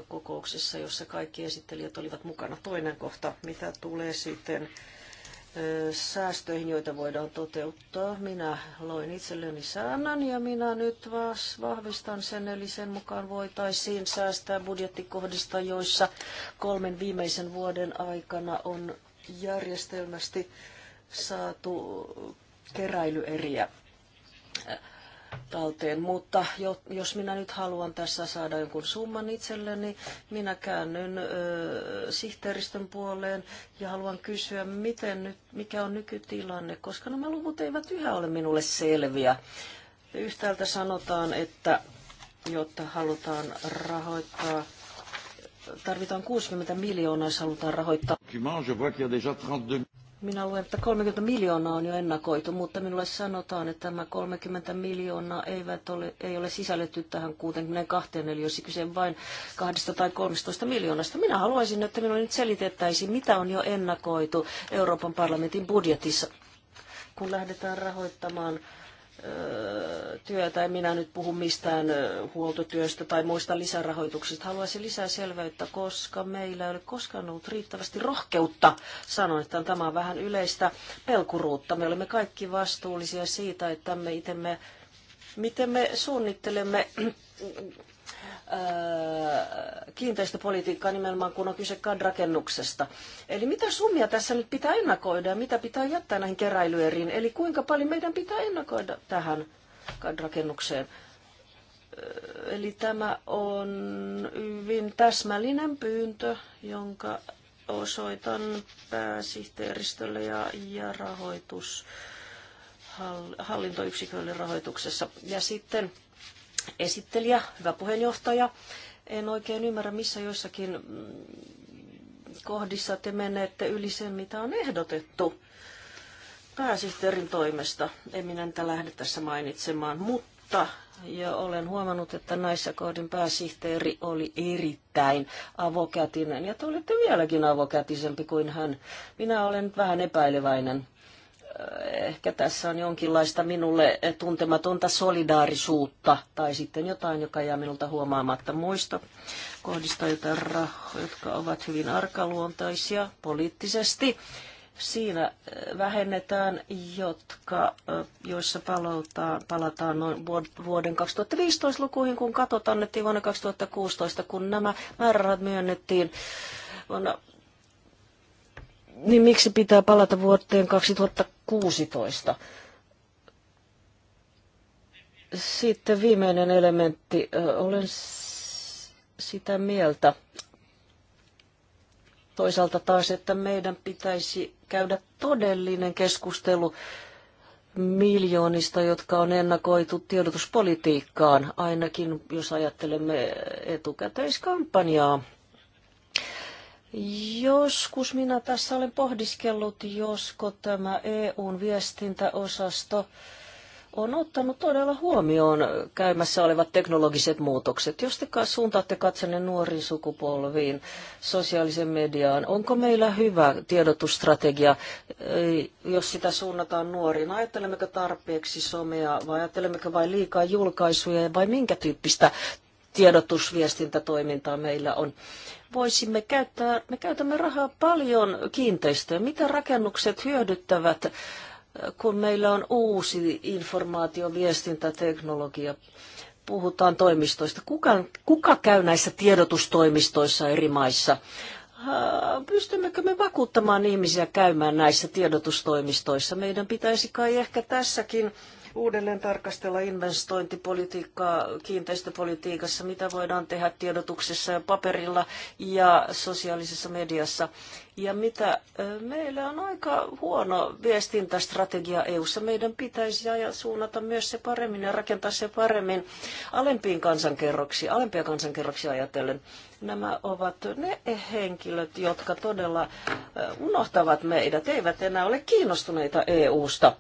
kokouksessa, jossa kaikki esittelijät olivat mukana. Toinen kohta, mitä tulee sitten säästöihin, joita voidaan toteuttaa. Minä loin itselleni säännön ja minä nyt vaas vahvistan sen, eli sen mukaan voitaisiin säästää budjettikohdista, joissa kolmen viimeisen vuoden aikana on järjestelmästi saatu keräilyeriä talteen. Mutta jos minä nyt haluan tässä saada jonkun summan itselleni, minä käännyn ö, sihteeristön puoleen ja haluan kysyä, miten nyt, mikä on nykytilanne, koska nämä luvut eivät yhä ole minulle selviä. Yhtäältä sanotaan, että jotta halutaan rahoittaa tarvitaan 60 miljoonaa, jos halutaan rahoittaa. Minä luen, että 30 miljoonaa on jo ennakoitu, mutta minulle sanotaan, että tämä 30 miljoonaa eivät ole, ei ole sisällytty tähän 62, eli jos kyse vain 2 tai 13 miljoonasta. Minä haluaisin, että minulle nyt selitettäisiin, mitä on jo ennakoitu Euroopan parlamentin budjetissa, kun lähdetään rahoittamaan työtä. En minä nyt puhu mistään huoltotyöstä tai muista lisärahoituksista. Haluaisin lisää selveyttä, koska meillä ei ole koskaan ollut riittävästi rohkeutta. Sanon, että tämä on vähän yleistä pelkuruutta. Me olemme kaikki vastuullisia siitä, että me itemme, miten me suunnittelemme kiinteistöpolitiikkaa nimenomaan, kun on kyse kadrakennuksesta. Eli mitä summia tässä nyt pitää ennakoida ja mitä pitää jättää näihin keräilyeriin? Eli kuinka paljon meidän pitää ennakoida tähän kadrakennukseen. Eli tämä on hyvin täsmällinen pyyntö, jonka osoitan pääsihteeristölle ja, ja rahoitus, hallintoyksiköille rahoituksessa. Ja sitten esittelijä, hyvä puheenjohtaja. En oikein ymmärrä, missä joissakin kohdissa te menette yli sen, mitä on ehdotettu pääsihteerin toimesta. En minä niitä lähde tässä mainitsemaan, mutta ja olen huomannut, että näissä kohdin pääsihteeri oli erittäin avokätinen ja te olette vieläkin avokätisempi kuin hän. Minä olen vähän epäileväinen ehkä tässä on jonkinlaista minulle tuntematonta solidaarisuutta tai sitten jotain, joka jää minulta huomaamatta muista kohdista, jotka ovat hyvin arkaluontoisia poliittisesti. Siinä eh, vähennetään, jotka, eh, joissa palataan, palataan noin vuoden 2015 lukuihin, kun katot annettiin vuonna 2016, kun nämä määrärahat myönnettiin vuonna niin miksi pitää palata vuoteen 2016? Sitten viimeinen elementti. Olen sitä mieltä toisaalta taas, että meidän pitäisi käydä todellinen keskustelu miljoonista, jotka on ennakoitu tiedotuspolitiikkaan, ainakin jos ajattelemme etukäteiskampanjaa Joskus minä tässä olen pohdiskellut, josko tämä EUn viestintäosasto on ottanut todella huomioon käymässä olevat teknologiset muutokset. Jos te suuntaatte katsenne nuoriin sukupolviin, sosiaalisen mediaan, onko meillä hyvä tiedotusstrategia, eh, jos sitä suunnataan nuoriin? Ajattelemmeko tarpeeksi somea vai ajattelemmeko vain liikaa julkaisuja vai minkä tyyppistä tiedotusviestintätoimintaa meillä on? voisimme käyttää, me käytämme rahaa paljon kiinteistöön. Mitä rakennukset hyödyttävät, kun meillä on uusi informaatioviestintäteknologia? Puhutaan toimistoista. Kuka, kuka käy näissä tiedotustoimistoissa eri maissa? pystymmekö me vakuuttamaan ihmisiä käymään näissä tiedotustoimistoissa? Meidän pitäisi kai ehkä tässäkin uudelleen tarkastella investointipolitiikkaa kiinteistöpolitiikassa, mitä voidaan tehdä tiedotuksessa ja paperilla ja sosiaalisessa mediassa. Ja mitä meillä on aika huono viestintästrategia EU:ssa. Meidän pitäisi suunnata myös se paremmin ja rakentaa se paremmin alempiin kansankerroksiin, alempia kansankerroksia ajatellen nämä ovat ne henkilöt, jotka todella unohtavat meidät, eivät enää ole kiinnostuneita EU-sta.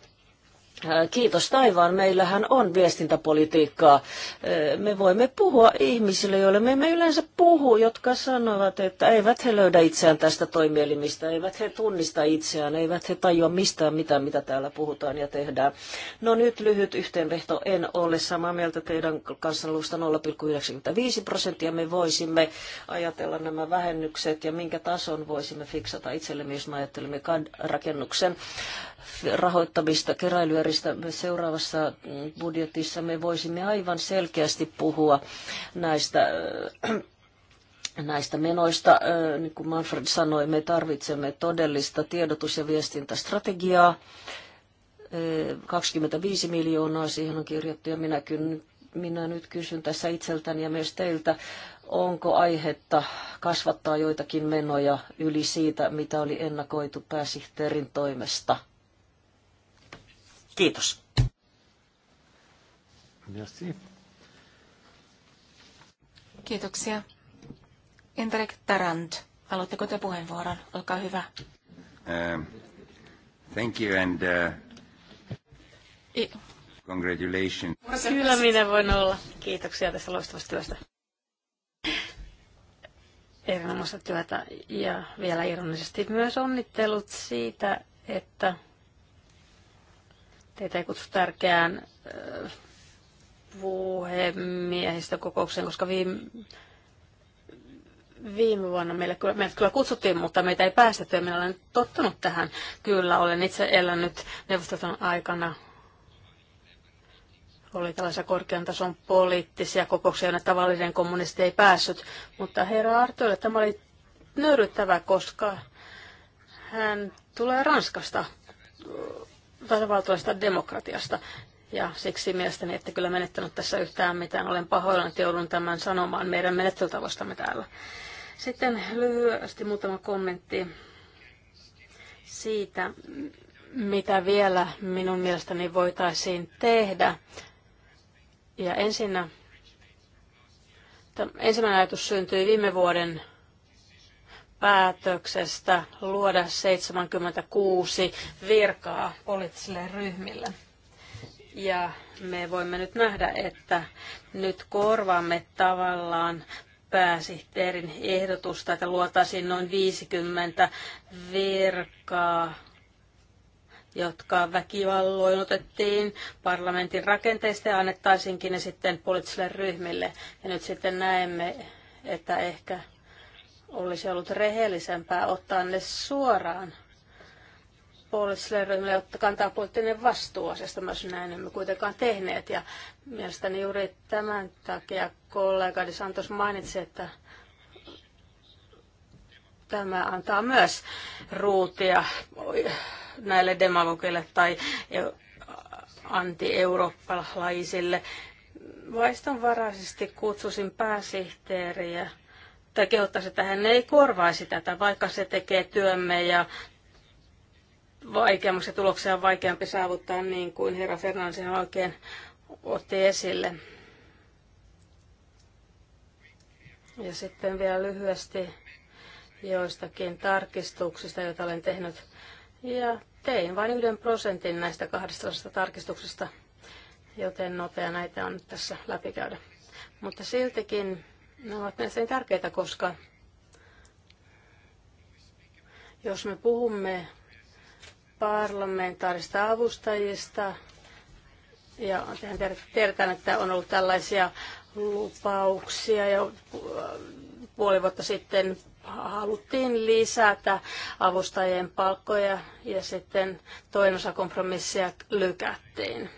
Äh, kiitos taivaan. Meillähän on viestintäpolitiikkaa. Äh, me voimme puhua ihmisille, joille me emme yleensä puhu, jotka sanovat, että eivät he löydä itseään tästä toimielimistä, eivät he tunnista itseään, eivät he tajua mistään mitä, mitä täällä puhutaan ja tehdään. No nyt lyhyt yhteenvehto. En ole samaa mieltä teidän kanssanne 0,95 prosenttia. Me voisimme ajatella nämä vähennykset ja minkä tason voisimme fiksata itsellemme, jos me ajattelemme rakennuksen rahoittamista, keräilyeristä seuraavassa budjetissa me voisimme aivan selkeästi puhua näistä äh, näistä menoista. Äh, niin kuin Manfred sanoi, me tarvitsemme todellista tiedotus- ja viestintästrategiaa. 25 äh, miljoonaa siihen on kirjattu ja minä, minä nyt kysyn tässä itseltäni ja myös teiltä, onko aihetta kasvattaa joitakin menoja yli siitä, mitä oli ennakoitu pääsihteerin toimesta? Kiitos. Merci. Kiitoksia. Enterik Tarant, haluatteko te puheenvuoron? Olkaa hyvä. Uh, thank you and uh, congratulations. Kyllä minä voin olla. Kiitoksia tästä loistavasta työstä. Erinomaista työtä ja vielä ironisesti myös onnittelut siitä, että Teitä ei kutsu tärkeään puhemiehistä kokoukseen, koska viime, viime vuonna meille kyllä, meidät kyllä kutsuttiin, mutta meitä ei päästetty ja minä olen tottunut tähän. Kyllä, olen itse elänyt neuvostoton aikana. Oli tällaisia korkean tason poliittisia kokouksia, joiden tavallinen kommunisti ei päässyt. Mutta herra Artoille tämä oli nöyryttävä, koska hän tulee Ranskasta tasavaltaisesta demokratiasta. Ja siksi mielestäni ette kyllä menettänyt tässä yhtään mitään. Olen pahoillani, että joudun tämän sanomaan meidän menettelytavoistamme täällä. Sitten lyhyesti muutama kommentti siitä, mitä vielä minun mielestäni voitaisiin tehdä. Ja ensinnä, ensimmäinen ajatus syntyi viime vuoden päätöksestä luoda 76 virkaa poliittisille ryhmille. Ja me voimme nyt nähdä, että nyt korvaamme tavallaan pääsihteerin ehdotusta, että luotaisiin noin 50 virkaa, jotka väkivalloinutettiin parlamentin rakenteista ja annettaisinkin ne sitten poliittisille ryhmille. Ja nyt sitten näemme, että ehkä olisi ollut rehellisempää ottaa ne suoraan poliittiselle ryhmälle, jotta kantaa poliittinen vastuu asiasta myös näin emme kuitenkaan tehneet. Ja mielestäni juuri tämän takia kollega De Santos mainitsi, että tämä antaa myös ruutia näille demagogille tai anti-eurooppalaisille. Vaistonvaraisesti kutsusin pääsihteeriä tai kehottaisi, että hän ei korvaisi tätä, vaikka se tekee työmme ja vaikeammaksi ja tuloksia on vaikeampi saavuttaa, niin kuin herra Fernandes oikein otti esille. Ja sitten vielä lyhyesti joistakin tarkistuksista, joita olen tehnyt. Ja tein vain yhden prosentin näistä 12 tarkistuksista joten nopea näitä on nyt tässä läpikäydä. Mutta siltikin ne ovat mielestäni tärkeitä, koska jos me puhumme parlamentaarista avustajista, ja tehän tiedetään, että on ollut tällaisia lupauksia ja puoli vuotta sitten haluttiin lisätä avustajien palkkoja ja sitten toinen osa kompromissia lykättiin.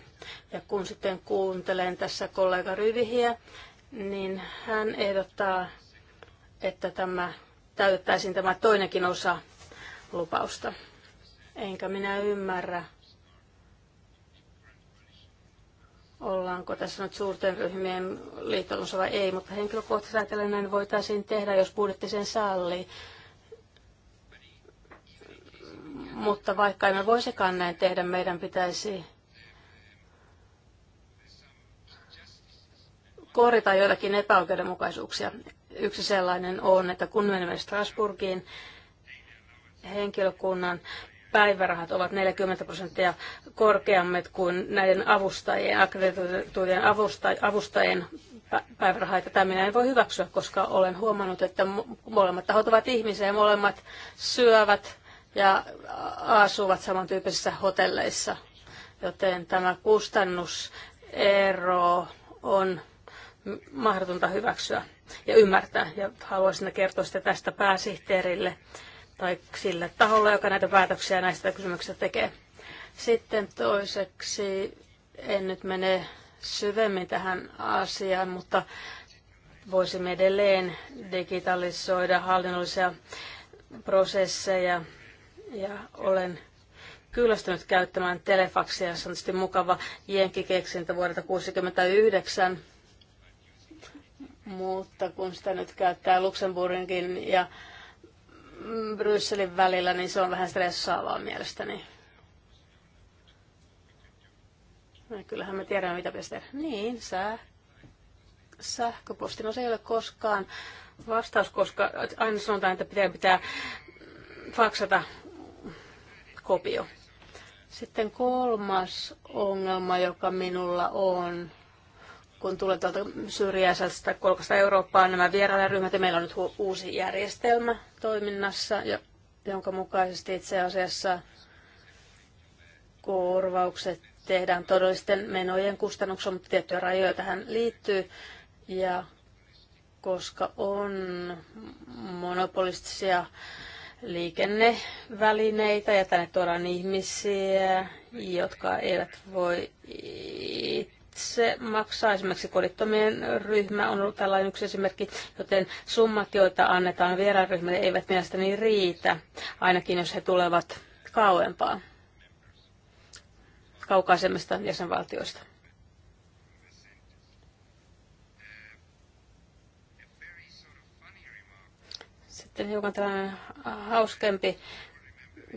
Ja kun sitten kuuntelen tässä kollega Rydihiä, niin hän ehdottaa, että tämä, täytettäisiin tämä toinenkin osa lupausta. Enkä minä ymmärrä, ollaanko tässä nyt suurten ryhmien liittolossa vai ei, mutta henkilökohtaisesti ajatellen näin voitaisiin tehdä, jos budjetti sen sallii. Mutta vaikka emme voisikaan näin tehdä, meidän pitäisi korjata joitakin epäoikeudenmukaisuuksia. Yksi sellainen on, että kun menemme Strasburgiin, henkilökunnan päivärahat ovat 40 prosenttia korkeammat kuin näiden avustajien, akkreditoitujen avustajien päivärahat. Tätä minä en voi hyväksyä, koska olen huomannut, että molemmat tahot ovat ihmisiä ja molemmat syövät ja asuvat samantyyppisissä hotelleissa. Joten tämä kustannusero on mahdotonta hyväksyä ja ymmärtää. Ja haluaisin kertoa sitä tästä pääsihteerille tai sille taholle, joka näitä päätöksiä näistä kysymyksistä tekee. Sitten toiseksi, en nyt mene syvemmin tähän asiaan, mutta voisimme edelleen digitalisoida hallinnollisia prosesseja ja olen kyllästynyt käyttämään telefaksia, se on tietysti mukava jenkkikeksintä vuodelta 1969 mutta kun sitä nyt käyttää Luxemburginkin ja Brysselin välillä, niin se on vähän stressaavaa mielestäni. No, kyllähän me tiedämme, mitä pitäisi tehdä. Niin, sää. Sähköposti. No se ei ole koskaan vastaus, koska aina sanotaan, että pitää, pitää faksata kopio. Sitten kolmas ongelma, joka minulla on, kun tulee tuolta syrjäisestä kolkasta Eurooppaan nämä vierailijaryhmät, ja meillä on nyt uusi järjestelmä toiminnassa, ja jonka mukaisesti itse asiassa korvaukset tehdään todellisten menojen kustannuksella, mutta tiettyjä rajoja tähän liittyy. Ja koska on monopolistisia liikennevälineitä ja tänne tuodaan ihmisiä, jotka eivät voi se maksaa. Esimerkiksi kodittomien ryhmä on ollut tällainen yksi esimerkki, joten summat, joita annetaan vieraanryhmille, eivät mielestäni riitä, ainakin jos he tulevat kauempaa, kaukaisemmista jäsenvaltioista. Sitten hiukan tällainen hauskempi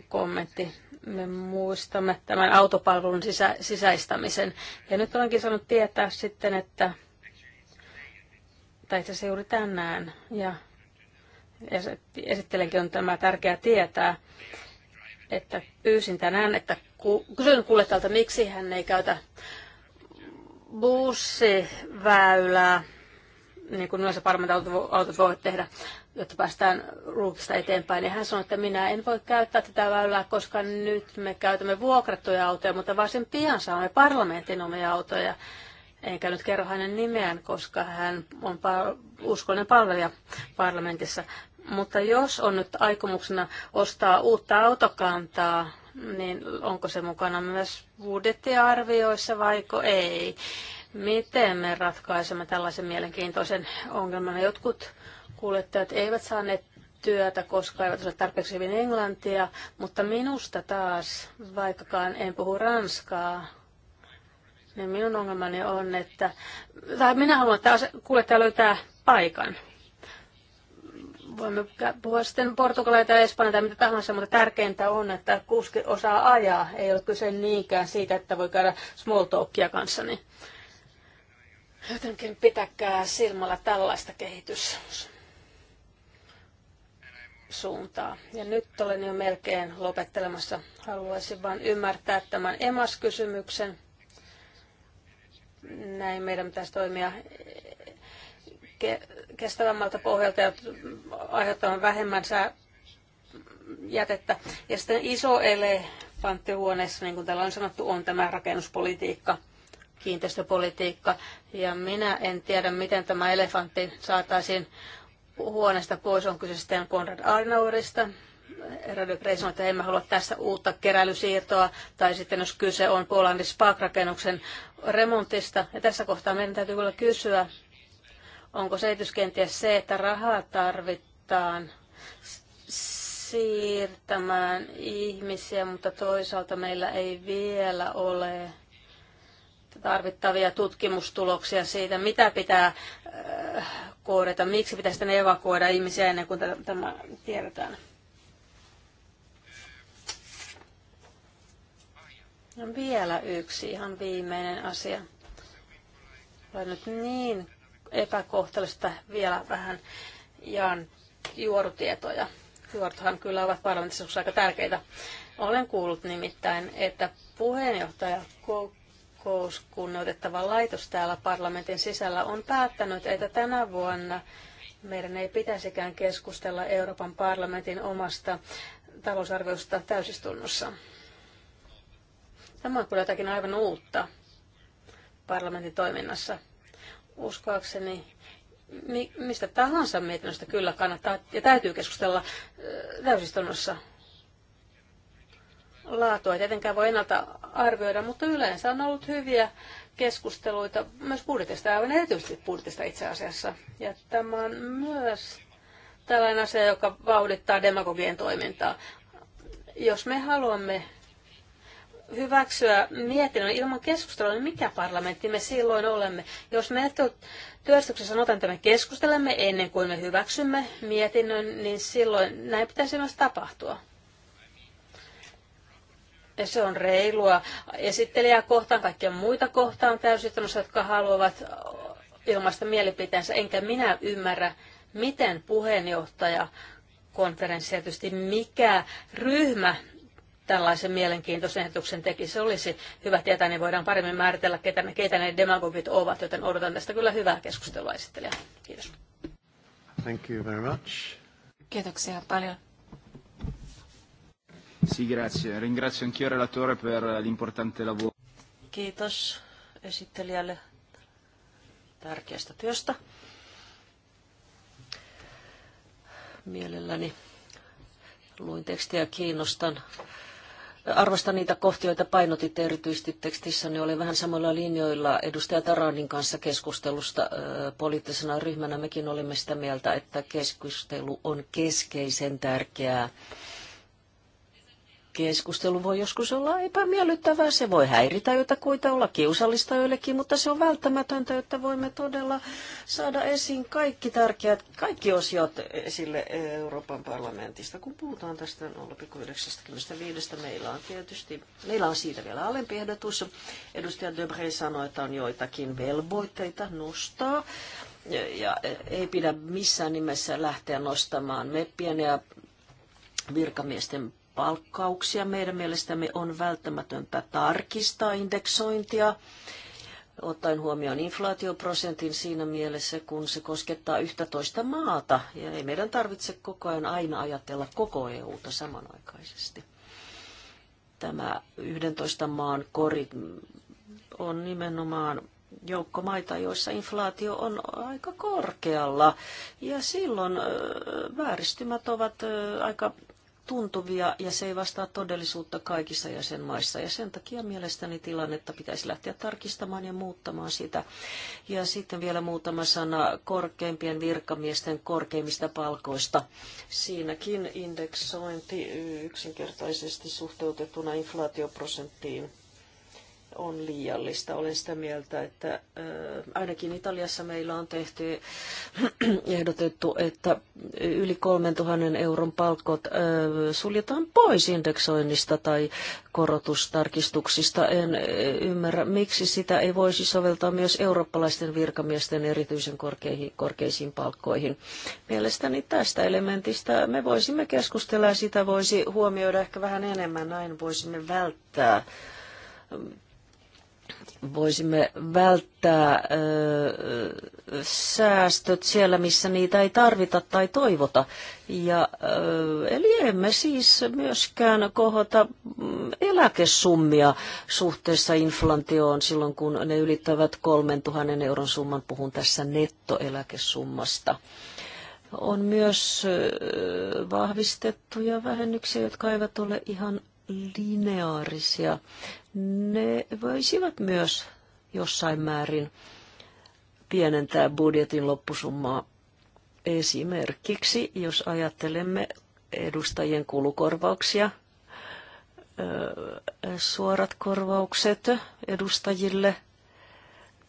kommentti me muistamme tämän autopalvelun sisä, sisäistämisen. Ja nyt olenkin saanut tietää sitten, että, tai itse asiassa juuri tänään, ja esittelenkin on tämä tärkeää tietää, että pyysin tänään, että kysyn kuljettajalta, miksi hän ei käytä bussiväylää, niin kuin yleensä parmentautot voivat tehdä jotta päästään ruukista eteenpäin. niin hän sanoi, että minä en voi käyttää tätä väylää, koska nyt me käytämme vuokrattuja autoja, mutta varsin pian saamme parlamentin omia autoja. Enkä nyt kerro hänen nimeään, koska hän on uskollinen palvelija parlamentissa. Mutta jos on nyt aikomuksena ostaa uutta autokantaa, niin onko se mukana myös budjettiarvioissa vaiko ei? Miten me ratkaisemme tällaisen mielenkiintoisen ongelman? Jotkut kuljettajat eivät saaneet työtä, koska eivät osaa tarpeeksi hyvin englantia, mutta minusta taas, vaikkakaan en puhu ranskaa, niin minun ongelmani on, että tai minä haluan, että kuljettaja löytää paikan. Voimme puhua sitten portugalia tai espanjaa tai mitä tahansa, mutta tärkeintä on, että kuski osaa ajaa. Ei ole kyse niinkään siitä, että voi käydä small talkia kanssani. Jotenkin pitäkää silmällä tällaista kehitys suuntaa. Ja nyt olen jo melkein lopettelemassa. Haluaisin vain ymmärtää tämän EMAS-kysymyksen. Näin meidän pitäisi toimia kestävämmältä pohjalta ja aiheuttamaan vähemmän sää jätettä. Ja sitten iso elefantti huoneessa, niin kuin täällä on sanottu, on tämä rakennuspolitiikka, kiinteistöpolitiikka. Ja minä en tiedä, miten tämä elefantti saataisiin huoneesta pois, on kyse sitten Konrad Arnaurista. Radio Grey sanoi, että emme halua tässä uutta keräilysiirtoa, tai sitten jos kyse on Polandin spark rakennuksen remontista. Ja tässä kohtaa meidän täytyy kyllä kysyä, onko se kenties se, että rahaa tarvitaan siirtämään ihmisiä, mutta toisaalta meillä ei vielä ole tarvittavia tutkimustuloksia siitä, mitä pitää äh, evakuoida, miksi pitäisi tänne evakuoida ihmisiä ennen kuin tämä tiedetään. No vielä yksi ihan viimeinen asia. Olen nyt niin epäkohtelusta vielä vähän jaan juorutietoja. Juorthan kyllä ovat parlamentissa aika tärkeitä. Olen kuullut nimittäin, että puheenjohtaja kokouskunnoitettava laitos täällä parlamentin sisällä on päättänyt, että tänä vuonna meidän ei pitäisikään keskustella Euroopan parlamentin omasta talousarviosta täysistunnossa. Tämä on kyllä jotakin aivan uutta parlamentin toiminnassa. Uskoakseni mistä tahansa mietinnöstä kyllä kannattaa ja täytyy keskustella täysistunnossa laatua tietenkään voi ennalta arvioida, mutta yleensä on ollut hyviä keskusteluita myös budjetista, aivan erityisesti budjetista itse asiassa. Ja tämä on myös tällainen asia, joka vauhdittaa demagogien toimintaa. Jos me haluamme hyväksyä mietinnön ilman keskustelua, niin mikä parlamentti me silloin olemme? Jos me työstyksessä sanotaan, että me keskustelemme ennen kuin me hyväksymme mietinnön, niin silloin näin pitäisi myös tapahtua se on reilua esittelijää kohtaan, kaikkia muita kohtaan täysistunnossa, jotka haluavat ilmaista mielipiteensä. Enkä minä ymmärrä, miten puheenjohtaja konferenssi, tietysti mikä ryhmä tällaisen mielenkiintoisen ehdotuksen teki. Se olisi hyvä tietää, niin voidaan paremmin määritellä, ketä ne, keitä ne demagogit ovat, joten odotan tästä kyllä hyvää keskustelua esittelijä. Kiitos. Thank you very much. Kiitoksia paljon. Sì, grazie. Ringrazio anch'io relatore per l'importante lavoro. Kiitos esittelijälle tärkeästä työstä. Mielelläni luin tekstiä kiinnostan. Arvostan niitä kohtia, joita painotitte erityisesti tekstissä, niin oli vähän samoilla linjoilla edustaja Taranin kanssa keskustelusta poliittisena ryhmänä. Mekin olimme sitä mieltä, että keskustelu on keskeisen tärkeää keskustelu voi joskus olla epämiellyttävää, se voi häiritä jotakuita, olla kiusallista joillekin, mutta se on välttämätöntä, että voimme todella saada esiin kaikki tärkeät, kaikki osiot esille Euroopan parlamentista. Kun puhutaan tästä 0,95, meillä on tietysti, meillä on siitä vielä alempi ehdotus. Edustaja Debre sanoi, että on joitakin velvoitteita nostaa ja ei pidä missään nimessä lähteä nostamaan meppien ja virkamiesten palkkauksia. Meidän mielestämme on välttämätöntä tarkistaa indeksointia ottaen huomioon inflaatioprosentin siinä mielessä, kun se koskettaa toista maata. Ja ei meidän tarvitse koko ajan aina ajatella koko EUta samanaikaisesti. Tämä 11 maan kori on nimenomaan joukko maita, joissa inflaatio on aika korkealla. Ja silloin vääristymät ovat aika tuntuvia ja se ei vastaa todellisuutta kaikissa jäsenmaissa. Ja sen takia mielestäni tilannetta pitäisi lähteä tarkistamaan ja muuttamaan sitä. Ja sitten vielä muutama sana korkeimpien virkamiesten korkeimmista palkoista. Siinäkin indeksointi yksinkertaisesti suhteutettuna inflaatioprosenttiin on liiallista. Olen sitä mieltä, että ainakin Italiassa meillä on tehty ehdotettu, että yli 3000 euron palkot suljetaan pois indeksoinnista tai korotustarkistuksista. En ymmärrä, miksi sitä ei voisi soveltaa myös eurooppalaisten virkamiesten erityisen korkeihin, korkeisiin palkkoihin. Mielestäni tästä elementistä me voisimme keskustella ja sitä voisi huomioida ehkä vähän enemmän. Näin voisimme välttää voisimme välttää ö, säästöt siellä, missä niitä ei tarvita tai toivota. Ja, ö, eli emme siis myöskään kohota mm, eläkesummia suhteessa inflantioon silloin, kun ne ylittävät 3000 euron summan. Puhun tässä nettoeläkesummasta. On myös vahvistettuja vähennyksiä, jotka eivät ole ihan lineaarisia ne voisivat myös jossain määrin pienentää budjetin loppusummaa. Esimerkiksi, jos ajattelemme edustajien kulukorvauksia, suorat korvaukset edustajille.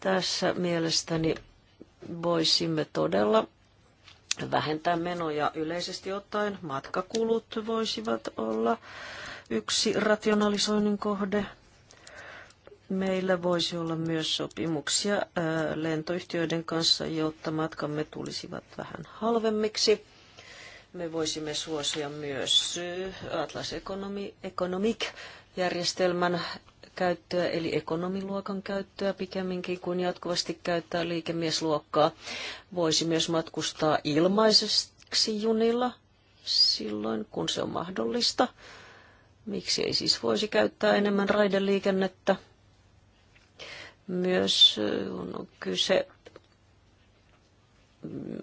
Tässä mielestäni voisimme todella vähentää menoja yleisesti ottaen. Matkakulut voisivat olla yksi rationalisoinnin kohde. Meillä voisi olla myös sopimuksia lentoyhtiöiden kanssa, jotta matkamme tulisivat vähän halvemmiksi. Me voisimme suosia myös Atlas Economic-järjestelmän käyttöä, eli ekonomiluokan käyttöä pikemminkin kuin jatkuvasti käyttää liikemiesluokkaa. Voisi myös matkustaa ilmaiseksi junilla silloin, kun se on mahdollista. Miksi ei siis voisi käyttää enemmän raideliikennettä? myös on kyse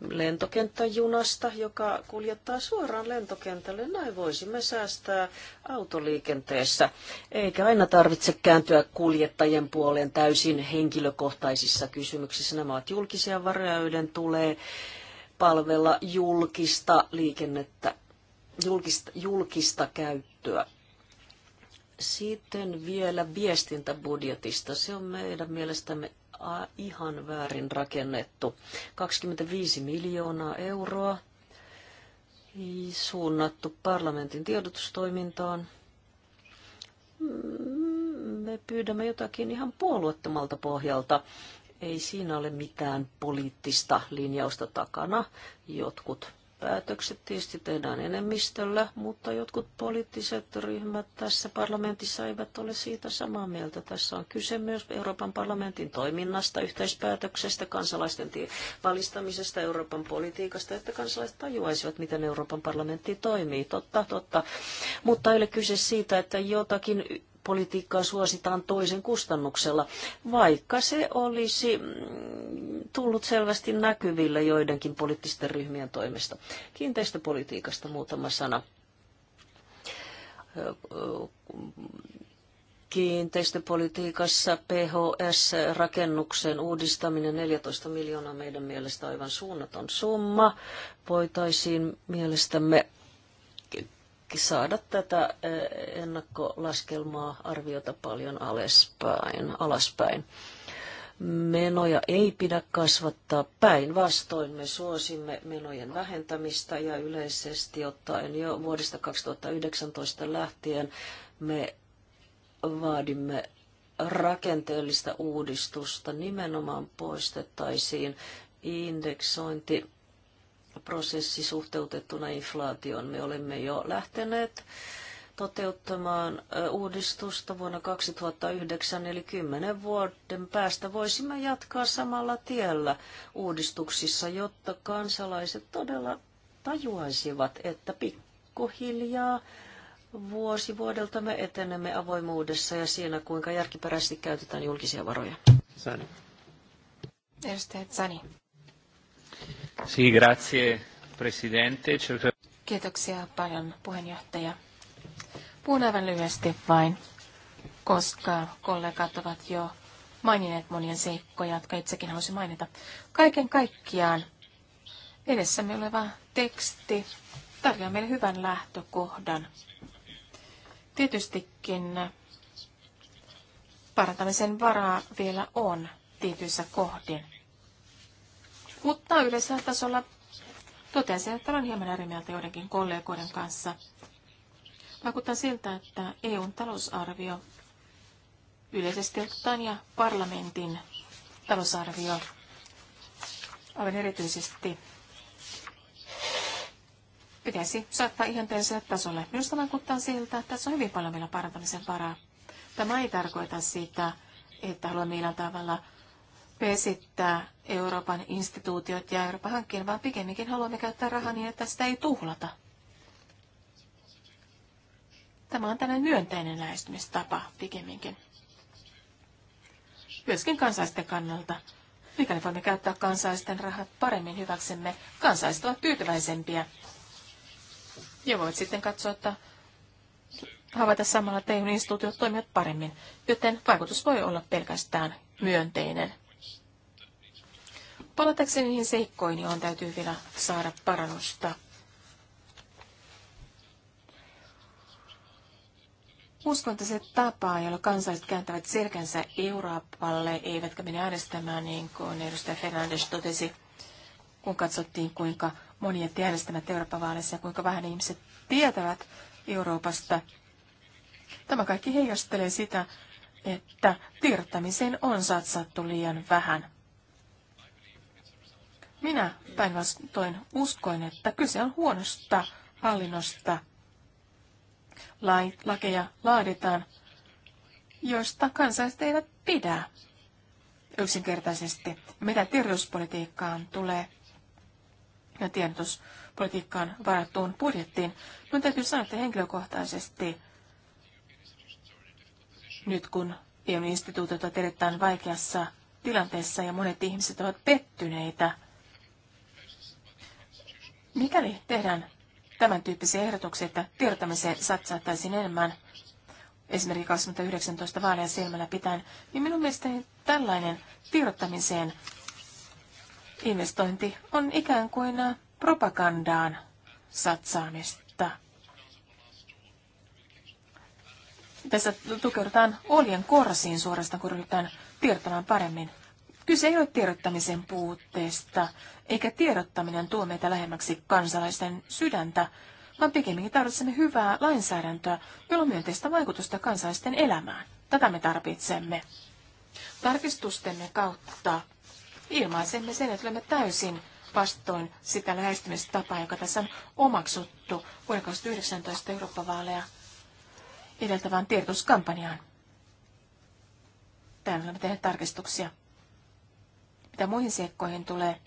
lentokenttäjunasta, joka kuljettaa suoraan lentokentälle. Näin voisimme säästää autoliikenteessä, eikä aina tarvitse kääntyä kuljettajien puoleen täysin henkilökohtaisissa kysymyksissä. Nämä ovat julkisia varoja, joiden tulee palvella julkista liikennettä, julkista, julkista käyttöä. Sitten vielä viestintäbudjetista. Se on meidän mielestämme ihan väärin rakennettu. 25 miljoonaa euroa suunnattu parlamentin tiedotustoimintaan. Mm, me pyydämme jotakin ihan puolueettomalta pohjalta. Ei siinä ole mitään poliittista linjausta takana. Jotkut päätökset tietysti tehdään enemmistöllä, mutta jotkut poliittiset ryhmät tässä parlamentissa eivät ole siitä samaa mieltä. Tässä on kyse myös Euroopan parlamentin toiminnasta, yhteispäätöksestä, kansalaisten valistamisesta, Euroopan politiikasta, että kansalaiset tajuaisivat, miten Euroopan parlamentti toimii. Totta, totta. Mutta ei ole kyse siitä, että jotakin politiikkaa suositaan toisen kustannuksella, vaikka se olisi mm, tullut selvästi näkyville joidenkin poliittisten ryhmien toimesta. Kiinteistöpolitiikasta muutama sana kiinteistöpolitiikassa PHS-rakennuksen uudistaminen 14 miljoonaa meidän mielestä aivan suunnaton summa. Voitaisiin mielestämme saada tätä eh, ennakkolaskelmaa arviota paljon alaspäin. alaspäin. Menoja ei pidä kasvattaa. Päinvastoin me suosimme menojen vähentämistä ja yleisesti ottaen jo vuodesta 2019 lähtien me vaadimme rakenteellista uudistusta. Nimenomaan poistettaisiin indeksointi prosessi suhteutettuna inflaatioon. Me olemme jo lähteneet toteuttamaan uudistusta vuonna 2009, eli kymmenen vuoden päästä voisimme jatkaa samalla tiellä uudistuksissa, jotta kansalaiset todella tajuaisivat, että pikkuhiljaa vuosi vuodelta me etenemme avoimuudessa ja siinä, kuinka järkiperäisesti käytetään julkisia varoja. Sani. Edustaja Sani. Kiitoksia paljon, puheenjohtaja. Puhun aivan lyhyesti vain, koska kollegat ovat jo maininneet monien seikkoja, jotka itsekin haluaisin mainita. Kaiken kaikkiaan edessämme oleva teksti tarjoaa meille hyvän lähtökohdan. Tietystikin parantamisen varaa vielä on tietyissä kohdin. Mutta yleisellä tasolla totesin, että olen hieman eri mieltä joidenkin kollegoiden kanssa. Vaikuttaa siltä, että EUn talousarvio yleisesti ottaen ja parlamentin talousarvio aivan erityisesti pitäisi saattaa ihanteelliselle tasolle. Minusta vaikuttaa siltä, että tässä on hyvin paljon vielä parantamisen varaa. Tämä ei tarkoita sitä, että haluamme millään tavalla pesittää Euroopan instituutiot ja Euroopan hankkeen, vaan pikemminkin haluamme käyttää rahaa niin, että sitä ei tuhlata. Tämä on tällainen myönteinen lähestymistapa pikemminkin. Myöskin kansaisten kannalta. Mikäli voimme käyttää kansaisten rahat paremmin hyväksemme, kansaiset ovat tyytyväisempiä. Ja voit sitten katsoa, että havaita samalla, että EU-instituutiot toimivat paremmin, joten vaikutus voi olla pelkästään myönteinen. Palatakseni niihin seikkoihin, on täytyy vielä saada parannusta. Uskon, että se tapa, jolla kansalaiset kääntävät selkänsä Euroopalle, eivätkä mene äänestämään, niin kuin edustaja Fernandes totesi, kun katsottiin, kuinka moni jätti äänestämät Euroopan vaaleissa ja kuinka vähän ihmiset tietävät Euroopasta. Tämä kaikki heijastelee sitä, että tiedottamiseen on satsattu liian vähän. Minä päinvastoin uskoin, että kyse on huonosta hallinnosta. lakeja laaditaan, joista kansalaiset eivät pidä yksinkertaisesti. Mitä terveyspolitiikkaan tulee ja tiedotuspolitiikkaan varattuun budjettiin, minun täytyy sanoa, että henkilökohtaisesti nyt kun EUn instituutiot ovat erittäin vaikeassa tilanteessa ja monet ihmiset ovat pettyneitä – Mikäli tehdään tämän tyyppisiä ehdotuksia, että tiedottamiseen satsattaisiin enemmän, esimerkiksi 2019 vaaleja silmällä pitäen, niin minun mielestäni tällainen tiedottamiseen investointi on ikään kuin propagandaan satsaamista. Tässä tukeudutaan oljen korsiin suorastaan, kun ryhdytään tiedottamaan paremmin Kyse ei ole tiedottamisen puutteesta, eikä tiedottaminen tuo meitä lähemmäksi kansalaisten sydäntä, vaan pikemminkin tarvitsemme hyvää lainsäädäntöä, jolla on myönteistä vaikutusta kansalaisten elämään. Tätä me tarvitsemme. Tarkistustemme kautta ilmaisemme sen, että olemme täysin vastoin sitä lähestymistapaa, joka tässä on omaksuttu vuoden 2019 Eurooppa-vaaleja edeltävään tiedotuskampanjaan. Täällä olemme tehneet tarkistuksia. Mitä muihin seikkoihin tulee,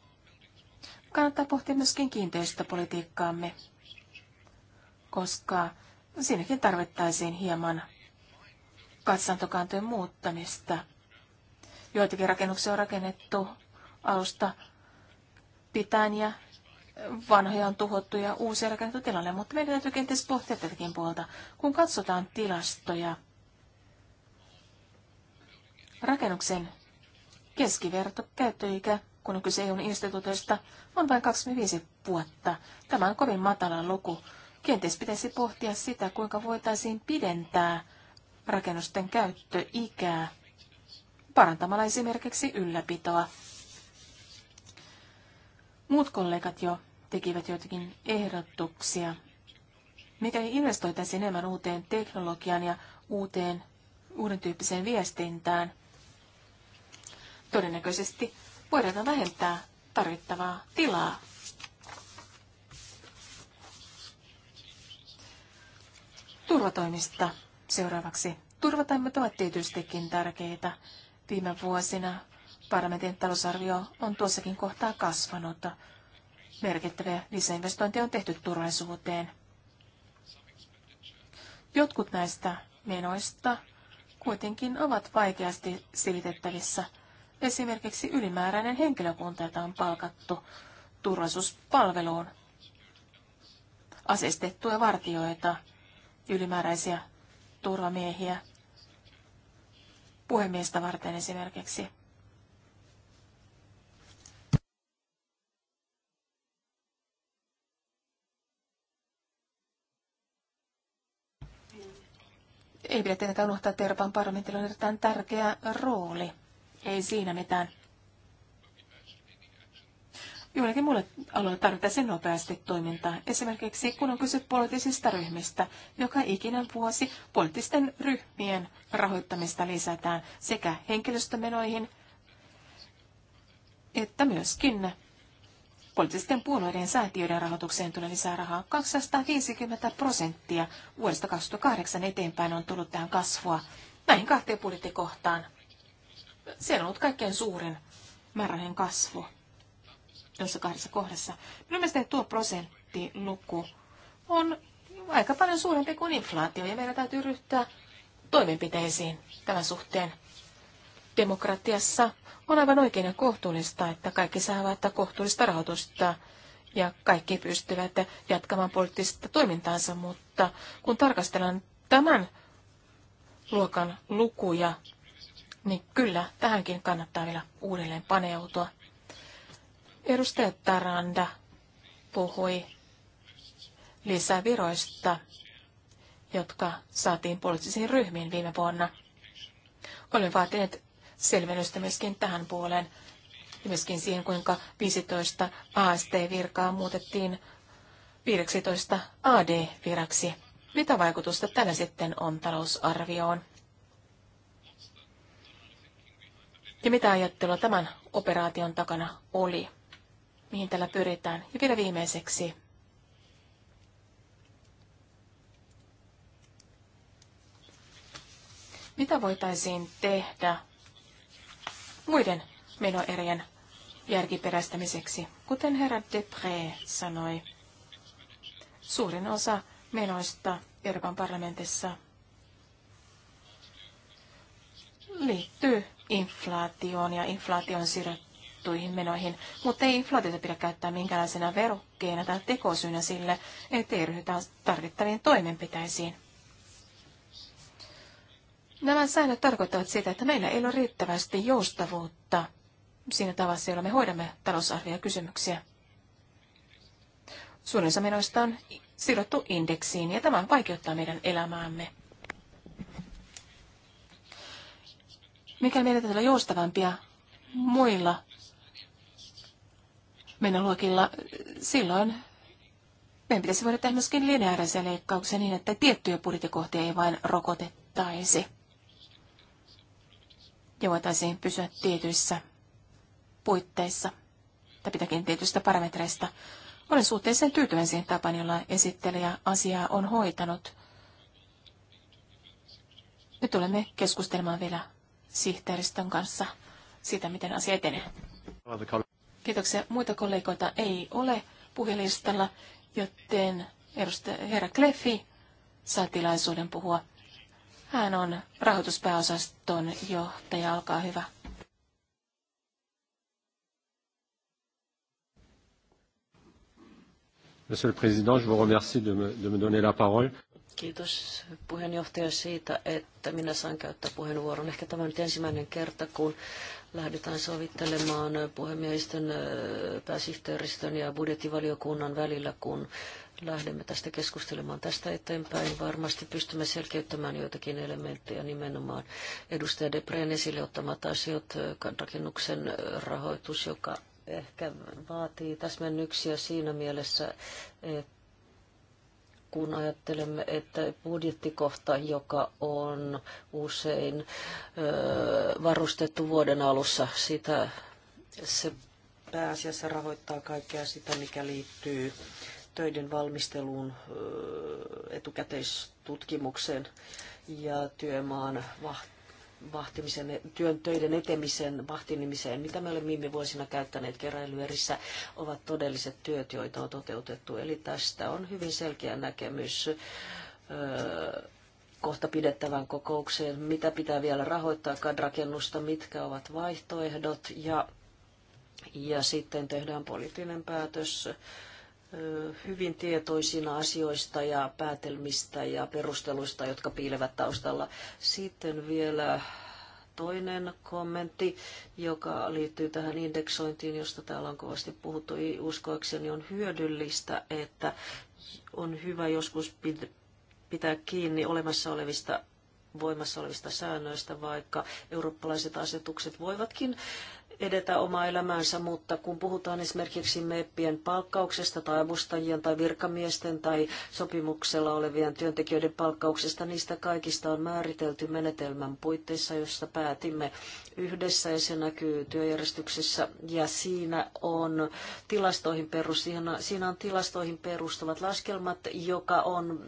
kannattaa pohtia myöskin kiinteistöpolitiikkaamme, koska siinäkin tarvittaisiin hieman katsantokantojen muuttamista. Joitakin rakennuksia on rakennettu alusta pitäen ja vanhoja on tuhottu ja uusia rakennettu tilalle, mutta meidän täytyy kenties pohtia tätäkin puolta. Kun katsotaan tilastoja, rakennuksen Keskiverto käyttöikä, kun on kyse EUn instituutioista, on vain 25 vuotta. Tämä on kovin matala luku. Kenties pitäisi pohtia sitä, kuinka voitaisiin pidentää rakennusten käyttöikää parantamalla esimerkiksi ylläpitoa. Muut kollegat jo tekivät joitakin ehdotuksia. ei investoitaisi enemmän uuteen teknologiaan ja uuteen, uuden tyyppiseen viestintään – todennäköisesti voidaan vähentää tarvittavaa tilaa. Turvatoimista seuraavaksi. Turvatoimet ovat tietystikin tärkeitä. Viime vuosina parlamentin talousarvio on tuossakin kohtaa kasvanut. Merkittäviä lisäinvestointeja on tehty turvallisuuteen. Jotkut näistä menoista kuitenkin ovat vaikeasti silitettävissä – esimerkiksi ylimääräinen henkilökunta, jota on palkattu turvallisuuspalveluun, asestettuja vartioita, ylimääräisiä turvamiehiä, puhemiestä varten esimerkiksi. Ei pidä tietenkään unohtaa, että Euroopan parlamentilla on erittäin tärkeä rooli ei siinä mitään. Joillakin muille alueille tarvitaan nopeasti toimintaa. Esimerkiksi kun on kyse poliittisista ryhmistä, joka ikinen vuosi poliittisten ryhmien rahoittamista lisätään sekä henkilöstömenoihin että myöskin poliittisten puolueiden säätiöiden rahoitukseen tulee lisää rahaa. 250 prosenttia vuodesta 2008 eteenpäin on tullut tähän kasvua näihin kahteen budjettikohtaan siellä on ollut kaikkein suurin määräinen kasvu noissa kahdessa kohdassa. Minun mielestäni tuo prosenttiluku on aika paljon suurempi kuin inflaatio, ja meidän täytyy ryhtyä toimenpiteisiin tämän suhteen. Demokratiassa on aivan oikein ja kohtuullista, että kaikki saavat kohtuullista rahoitusta ja kaikki pystyvät jatkamaan poliittista toimintaansa, mutta kun tarkastellaan tämän luokan lukuja, niin kyllä, tähänkin kannattaa vielä uudelleen paneutua. Edustaja Taranda puhui lisäviroista, jotka saatiin poliittisiin ryhmiin viime vuonna. Olen vaatineet selvennystä myöskin tähän puoleen ja myöskin siihen, kuinka 15 AST-virkaa muutettiin 15 AD-viraksi. Mitä vaikutusta tällä sitten on talousarvioon? Ja mitä ajattelua tämän operaation takana oli? Mihin tällä pyritään? Ja vielä viimeiseksi. Mitä voitaisiin tehdä muiden menoerien järkiperäistämiseksi? Kuten herra Depré sanoi, suurin osa menoista Euroopan parlamentissa liittyy inflaatioon ja inflaation sidottuihin menoihin, mutta ei inflaatiota pidä käyttää minkälaisena verokkeena tai tekosyynä sille, ettei ryhdytä tarvittaviin toimenpiteisiin. Nämä säännöt tarkoittavat sitä, että meillä ei ole riittävästi joustavuutta siinä tavassa, jolla me hoidamme talousarviokysymyksiä. Suurin osa menoista on sidottu indeksiin ja tämä vaikeuttaa meidän elämäämme. Mikä meidän täytyy olla joustavampia muilla menoluokilla, silloin meidän pitäisi voida tehdä myöskin lineaarisia leikkauksia niin, että tiettyjä budjettikohtia ei vain rokotettaisi. Ja voitaisiin pysyä tietyissä puitteissa tai pitäkin tietyistä parametreista. Olen suhteellisen tyytyväinen siihen tapaan, jolla esittelijä asiaa on hoitanut. Nyt tulemme keskustelemaan vielä sihteeristön kanssa siitä, miten asia etenee. Kiitoksia. Muita kollegoita ei ole puhelistalla, joten herra Kleffi saa tilaisuuden puhua. Hän on rahoituspääosaston johtaja. Olkaa hyvä. Monsieur le Président, je vous remercie de me, de me donner la parole. Kiitos puheenjohtaja siitä, että minä sain käyttää puheenvuoron. Ehkä tämä on nyt ensimmäinen kerta, kun lähdetään sovittelemaan puhemiehistön, pääsihteeristön ja budjettivaliokunnan välillä, kun lähdemme tästä keskustelemaan tästä eteenpäin. Varmasti pystymme selkeyttämään joitakin elementtejä nimenomaan edustaja Depreen esille ottamat asiat, rakennuksen rahoitus, joka ehkä vaatii täsmennyksiä siinä mielessä, että kun ajattelemme, että budjettikohta, joka on usein varustettu vuoden alussa, sitä se pääasiassa rahoittaa kaikkea sitä, mikä liittyy töiden valmisteluun, etukäteistutkimukseen ja työmaan vahtimisen, työn töiden etemisen vahtinimiseen, mitä me olemme viime vuosina käyttäneet keräilyerissä, ovat todelliset työt, joita on toteutettu. Eli tästä on hyvin selkeä näkemys kohta pidettävään kokoukseen, mitä pitää vielä rahoittaa rakennusta, mitkä ovat vaihtoehdot ja, ja sitten tehdään poliittinen päätös hyvin tietoisina asioista ja päätelmistä ja perusteluista, jotka piilevät taustalla. Sitten vielä toinen kommentti, joka liittyy tähän indeksointiin, josta täällä on kovasti puhuttu. Uskoakseni on hyödyllistä, että on hyvä joskus pitää kiinni olemassa olevista voimassa olevista säännöistä, vaikka eurooppalaiset asetukset voivatkin edetä omaa elämäänsä, mutta kun puhutaan esimerkiksi meppien palkkauksesta tai avustajien tai virkamiesten tai sopimuksella olevien työntekijöiden palkkauksesta, niistä kaikista on määritelty menetelmän puitteissa, josta päätimme yhdessä ja se näkyy työjärjestyksessä. Ja siinä on tilastoihin perus, siinä on tilastoihin perustuvat laskelmat, joka on,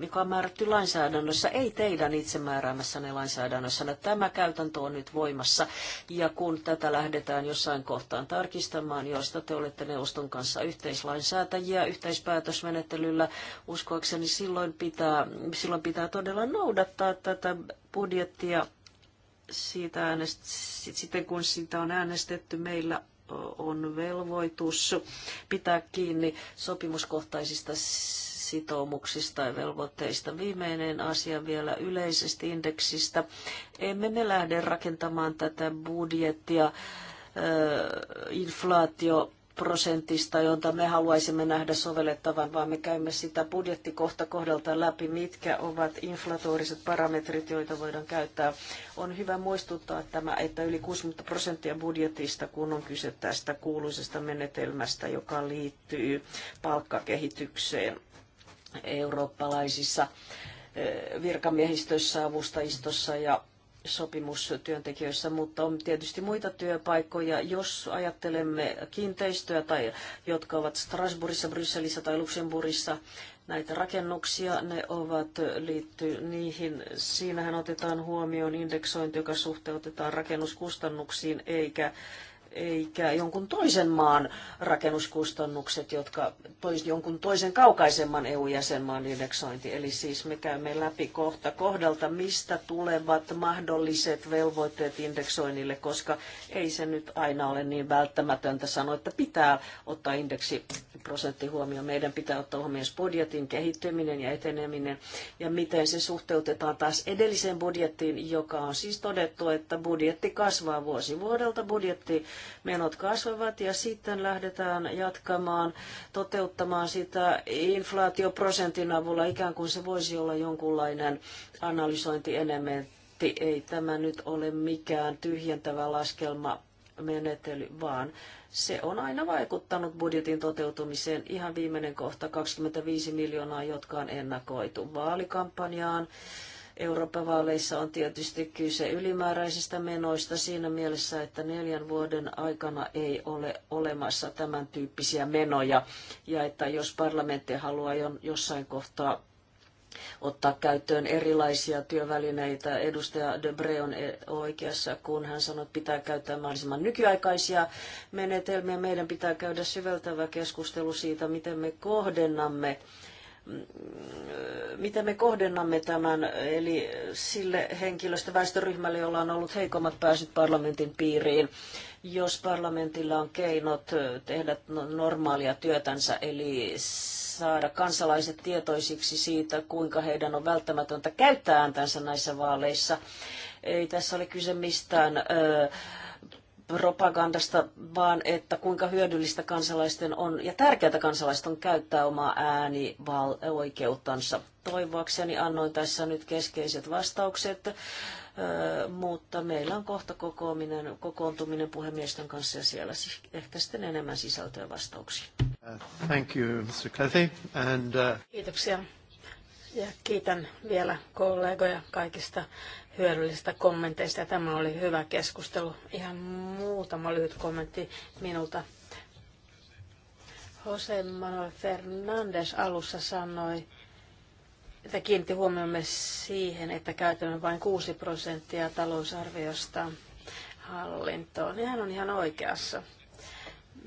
joka on määrätty lainsäädännössä, ei teidän itse määräämässänne lainsäädännössä. Tämä käytäntö on nyt voimassa ja kun tätä lähdetään lähdetään jossain kohtaan tarkistamaan, josta te olette neuvoston kanssa yhteislainsäätäjiä yhteispäätösmenettelyllä. Uskoakseni silloin pitää, silloin pitää todella noudattaa tätä budjettia siitä äänest- sitten kun siitä on äänestetty, meillä on velvoitus pitää kiinni sopimuskohtaisista sitoumuksista ja velvoitteista. Viimeinen asia vielä yleisesti indeksistä. Emme me lähde rakentamaan tätä budjettia inflaatio prosentista, me haluaisimme nähdä sovellettavan, vaan me käymme sitä budjettikohta kohdalta läpi, mitkä ovat inflatoriset parametrit, joita voidaan käyttää. On hyvä muistuttaa tämä, että yli 60 prosenttia budjetista, kun on kyse tästä kuuluisesta menetelmästä, joka liittyy palkkakehitykseen eurooppalaisissa eh, virkamiehistöissä, avustajistossa ja sopimustyöntekijöissä, mutta on tietysti muita työpaikkoja. Jos ajattelemme kiinteistöä, tai, jotka ovat Strasbourgissa, Brysselissä tai Luxemburgissa, näitä rakennuksia, ne ovat eh, liitty niihin. Siinähän otetaan huomioon indeksointi, joka suhteutetaan rakennuskustannuksiin, eikä eikä jonkun toisen maan rakennuskustannukset, jotka tois, jonkun toisen kaukaisemman EU-jäsenmaan indeksointi. Eli siis me käymme läpi kohta kohdalta, mistä tulevat mahdolliset velvoitteet indeksoinnille, koska ei se nyt aina ole niin välttämätöntä sanoa, että pitää ottaa indeksiprosentti huomioon. Meidän pitää ottaa huomioon budjetin kehittyminen ja eteneminen ja miten se suhteutetaan taas edelliseen budjettiin, joka on siis todettu, että budjetti kasvaa vuosi vuodelta, budjetti menot kasvavat ja sitten lähdetään jatkamaan, toteuttamaan sitä inflaatioprosentin avulla, ikään kuin se voisi olla jonkunlainen analysointielementti. Ei tämä nyt ole mikään tyhjentävä laskelma menetely, vaan se on aina vaikuttanut budjetin toteutumiseen. Ihan viimeinen kohta, 25 miljoonaa, jotka on ennakoitu vaalikampanjaan. Euroopan vaaleissa on tietysti kyse ylimääräisistä menoista siinä mielessä, että neljän vuoden aikana ei ole olemassa tämän tyyppisiä menoja. Ja että jos parlamentti haluaa jossain kohtaa ottaa käyttöön erilaisia työvälineitä. Edustaja Debre on e- oikeassa, kun hän sanoi, että pitää käyttää mahdollisimman nykyaikaisia menetelmiä. Meidän pitää käydä syveltävä keskustelu siitä, miten me kohdennamme miten me kohdennamme tämän, eli sille henkilöstöväestöryhmälle, jolla on ollut heikommat pääsyt parlamentin piiriin, jos parlamentilla on keinot tehdä no- normaalia työtänsä, eli saada kansalaiset tietoisiksi siitä, kuinka heidän on välttämätöntä käyttää ääntänsä näissä vaaleissa. Ei tässä ole kyse mistään... Öö, propagandasta, vaan että kuinka hyödyllistä kansalaisten on ja tärkeää kansalaisten on käyttää omaa äänioikeuttansa. Toivoakseni annoin tässä nyt keskeiset vastaukset, mutta meillä on kohta kokoominen, kokoontuminen puhemiesten kanssa ja siellä ehkä sitten enemmän sisältöä vastauksia. Uh, thank you, Mr. Cathy. And, uh... Kiitoksia ja kiitän vielä kollegoja kaikista hyödyllisistä kommenteista. Ja tämä oli hyvä keskustelu. Ihan muutama lyhyt kommentti minulta. Jose Manuel Fernandes alussa sanoi, että kiinnitti huomiomme siihen, että käytämme vain 6 prosenttia talousarviosta hallintoon. Ja hän on ihan oikeassa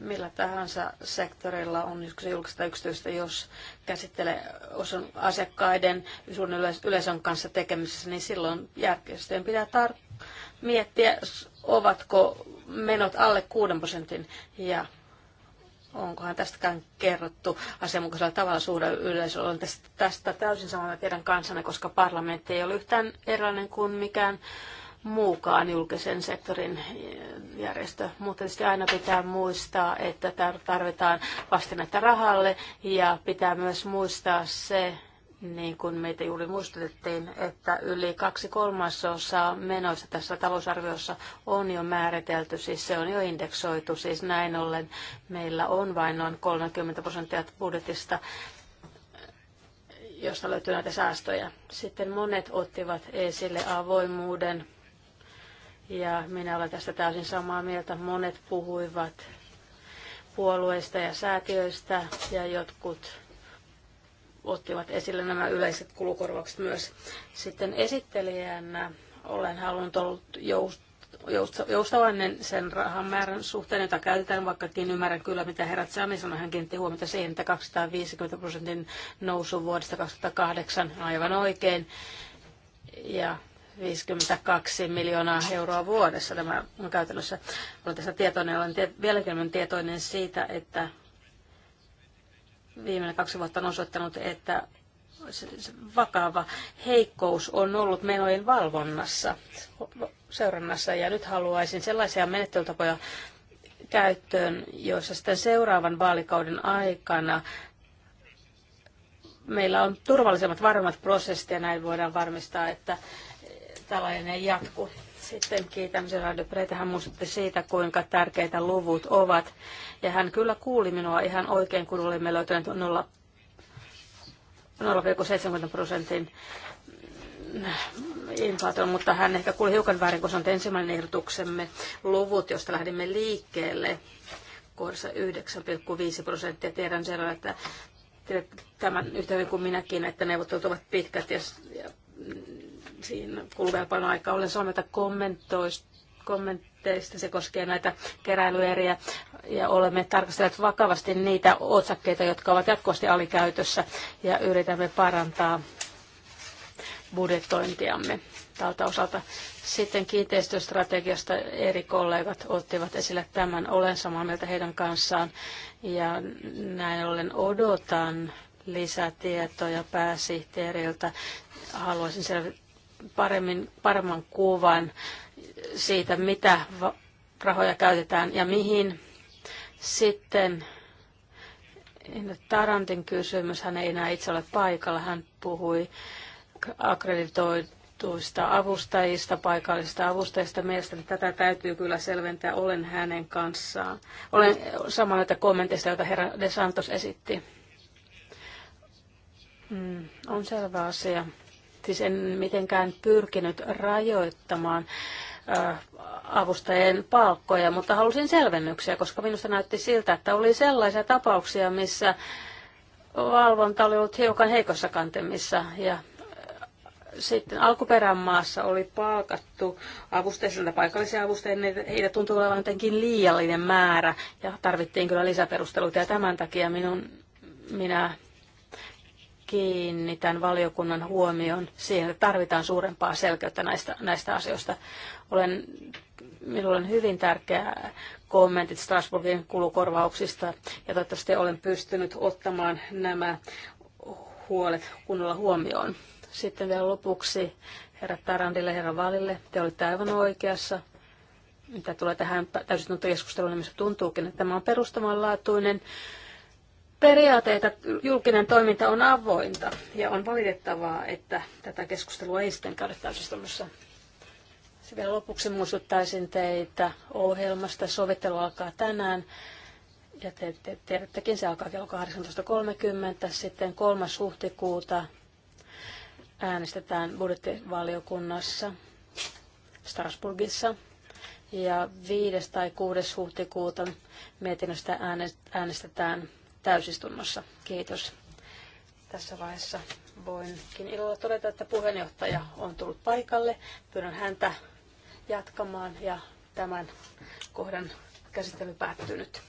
millä tahansa sektorilla on julkista yksityistä, jos käsittelee osan asiakkaiden yleisön kanssa tekemisessä, niin silloin järjestöjen pitää tar- miettiä, ovatko menot alle 6 prosentin ja onkohan tästäkään kerrottu asianmukaisella tavalla suhde yleisöllä. Olen tästä, tästä täysin samaa tiedän kansana, koska parlamentti ei ole yhtään erilainen kuin mikään muukaan julkisen sektorin eh, järjestö. Mutta tietysti aina pitää muistaa, että tarvitaan vastinetta rahalle ja pitää myös muistaa se, niin kuin meitä juuri muistutettiin, että yli kaksi kolmasosaa menoista tässä talousarviossa on jo määritelty, siis se on jo indeksoitu, siis näin ollen meillä on vain noin 30 prosenttia budjetista, josta löytyy näitä säästöjä. Sitten monet ottivat esille avoimuuden ja minä olen tästä täysin samaa mieltä. Monet puhuivat puolueista ja säätiöistä ja jotkut ottivat esille nämä yleiset kulukorvaukset myös. Sitten esittelijänä olen halunnut olla joustavainen sen rahan määrän suhteen, jota käytetään, vaikkakin ymmärrän kyllä, mitä herrat Sami sanoi. Hän kiinnitti huomiota siihen, että 250 prosentin nousu vuodesta 2008 aivan oikein. Ja 52 miljoonaa euroa vuodessa. Tämä on käytännössä, olen tässä tietoinen, olen tie, vieläkin tietoinen siitä, että viimeinen kaksi vuotta on osoittanut, että vakava heikkous on ollut menojen valvonnassa, seurannassa, ja nyt haluaisin sellaisia menettelytapoja käyttöön, joissa sitten seuraavan vaalikauden aikana meillä on turvallisemmat, varmat prosessit ja näin voidaan varmistaa, että tällainen ei jatku. Sitten kiitän Radio Hän muistutti siitä, kuinka tärkeitä luvut ovat. Ja hän kyllä kuuli minua ihan oikein, kun olimme löytäneet 0,70 prosentin inflaation, mutta hän ehkä kuuli hiukan väärin, kun se on ensimmäinen ehdotuksemme luvut, josta lähdimme liikkeelle kohdassa 9,5 prosenttia. Tiedän selvä, että tämän yhtä hyvin kuin minäkin, että neuvottelut ovat pitkät ja siinä kuluu aika aikaa. Olen suomelta kommentteista. Se koskee näitä keräilyeriä ja olemme tarkastelleet vakavasti niitä otsakkeita, jotka ovat jatkuvasti alikäytössä ja yritämme parantaa budjetointiamme tältä osalta. Sitten kiinteistöstrategiasta eri kollegat ottivat esille tämän. Olen samaa mieltä heidän kanssaan ja näin ollen odotan lisätietoja pääsihteeriltä. Haluaisin paremmin, paremman kuvan siitä, mitä rahoja käytetään ja mihin. Sitten Tarantin kysymys, hän ei enää itse ole paikalla, hän puhui akkreditoituista avustajista, paikallisista avustajista. Mielestäni tätä täytyy kyllä selventää, olen hänen kanssaan. Olen samaa näitä kommenteista, joita herra De Santos esitti. Mm, on selvä asia, Siis en mitenkään pyrkinyt rajoittamaan avustajien palkkoja, mutta halusin selvennyksiä, koska minusta näytti siltä, että oli sellaisia tapauksia, missä valvonta oli ollut hiukan heikossa kantemissa ja sitten alkuperän maassa oli palkattu avusteisilta paikallisia avustajia, heitä tuntui olevan jotenkin liiallinen määrä ja tarvittiin kyllä lisäperusteluita ja tämän takia minun, minä kiinnitän valiokunnan huomioon. siihen, että tarvitaan suurempaa selkeyttä näistä, näistä asioista. Olen, minulla on hyvin tärkeä kommentit Strasbourgin kulukorvauksista ja toivottavasti olen pystynyt ottamaan nämä huolet kunnolla huomioon. Sitten vielä lopuksi herra Tarandille, herra Valille, te olitte aivan oikeassa mitä tulee tähän täysin keskusteluun, niin se tuntuukin, että tämä on perustavanlaatuinen periaatteita julkinen toiminta on avointa ja on valitettavaa, että tätä keskustelua ei sitten käydä täysistunnossa. vielä lopuksi muistuttaisin teitä ohjelmasta. Sovittelu alkaa tänään ja te, te tiedättekin, se alkaa kello 18.30. Sitten 3. huhtikuuta äänestetään budjettivaliokunnassa Strasbourgissa. Ja 5. tai 6. huhtikuuta mietinnöstä äänestetään täysistunnossa. Kiitos. Tässä vaiheessa voinkin ilolla todeta, että puheenjohtaja on tullut paikalle. Pyydän häntä jatkamaan ja tämän kohdan käsittely päättynyt.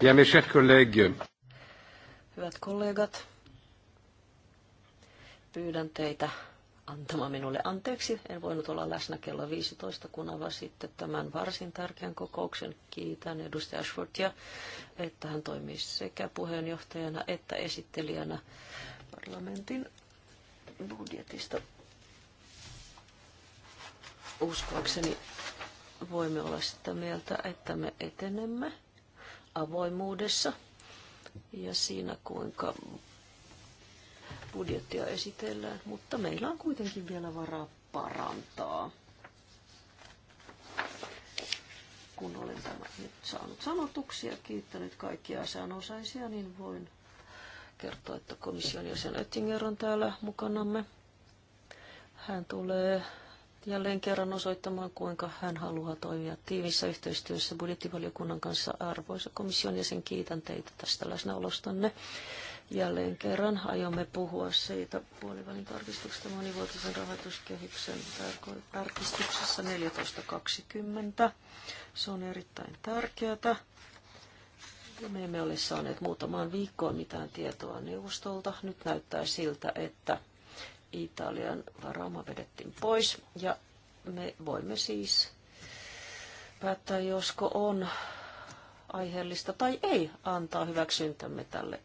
Bien, mes chers collègues. Hyvät kollegat, pyydän teitä antamaan minulle anteeksi. En voinut olla läsnä kello 15, kun sitten tämän varsin tärkeän kokouksen. Kiitän edustaja Ashfordia, että hän toimii sekä puheenjohtajana että esittelijänä parlamentin budjetista. Uskoakseni voimme olla sitä mieltä, että me etenemme avoimuudessa ja siinä, kuinka budjettia esitellään, mutta meillä on kuitenkin vielä varaa parantaa. Kun olen tämän nyt saanut sanotuksi ja kiittänyt kaikkia asianosaisia, niin voin kertoa, että komission jäsen Oettinger on täällä mukanamme. Hän tulee jälleen kerran osoittamaan, kuinka hän haluaa toimia tiivissä yhteistyössä budjettivaliokunnan kanssa. Arvoisa komission jäsen, kiitän teitä tästä läsnäolostanne. Jälleen kerran aiomme puhua siitä puolivälin tarkistuksesta monivuotisen rahoituskehyksen tarkistuksessa 14.20. Se on erittäin tärkeää. Me emme ole saaneet muutamaan viikkoon mitään tietoa neuvostolta. Nyt näyttää siltä, että Italian varauma vedettiin pois ja me voimme siis päättää, josko on aiheellista tai ei antaa hyväksyntämme tälle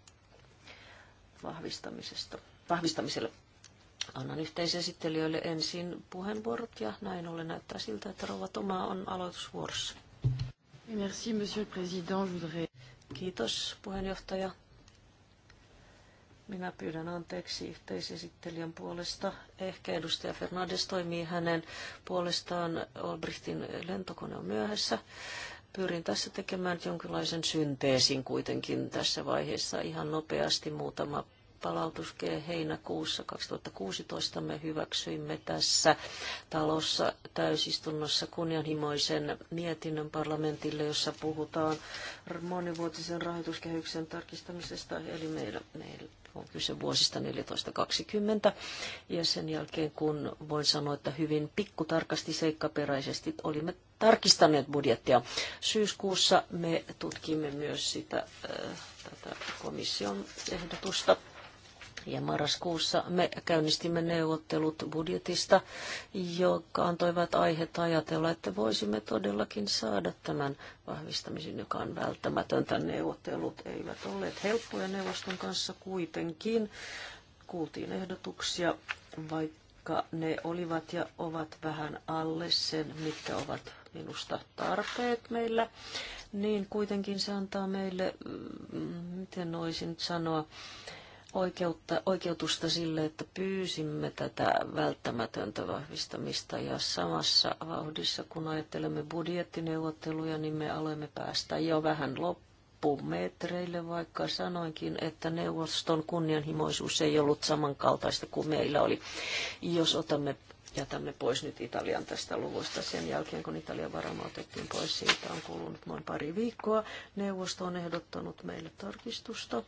vahvistamisesta, vahvistamiselle. Annan yhteisesittelijöille ensin puheenvuorot ja näin ollen näyttää siltä, että Rova Toma on aloitusvuorossa. Merci, monsieur le président. Je voudrais... Kiitos puheenjohtaja. Minä pyydän anteeksi yhteisesittelijän puolesta. Ehkä edustaja Fernandes toimii hänen puolestaan. Olbrichtin lentokone on myöhässä. Pyrin tässä tekemään jonkinlaisen synteesin kuitenkin tässä vaiheessa ihan nopeasti muutama palautus heinäkuussa 2016 me hyväksyimme tässä talossa täysistunnossa kunnianhimoisen mietinnön parlamentille, jossa puhutaan monivuotisen rahoituskehyksen tarkistamisesta, eli meillä, meillä on kyse vuosista 14-20, ja sen jälkeen kun voin sanoa, että hyvin pikkutarkasti seikkaperäisesti olimme tarkistaneet budjettia. Syyskuussa me tutkimme myös sitä, äh, tätä komission ehdotusta ja marraskuussa me käynnistimme neuvottelut budjetista, joka antoivat aihetta ajatella, että voisimme todellakin saada tämän vahvistamisen, joka on välttämätöntä. Neuvottelut eivät olleet helppoja neuvoston kanssa kuitenkin. Kuultiin ehdotuksia, vaikka ne olivat ja ovat vähän alle sen, mitkä ovat minusta tarpeet meillä, niin kuitenkin se antaa meille, mm, miten noisin sanoa, oikeutta, oikeutusta sille, että pyysimme tätä välttämätöntä vahvistamista ja samassa vauhdissa, kun ajattelemme budjettineuvotteluja, niin me aloimme päästä jo vähän loppumetreille, vaikka sanoinkin, että neuvoston kunnianhimoisuus ei ollut samankaltaista kuin meillä oli. Jos otamme jätämme pois nyt Italian tästä luvusta. Sen jälkeen, kun Italian varama otettiin pois, siitä on kulunut noin pari viikkoa. Neuvosto on ehdottanut meille tarkistusta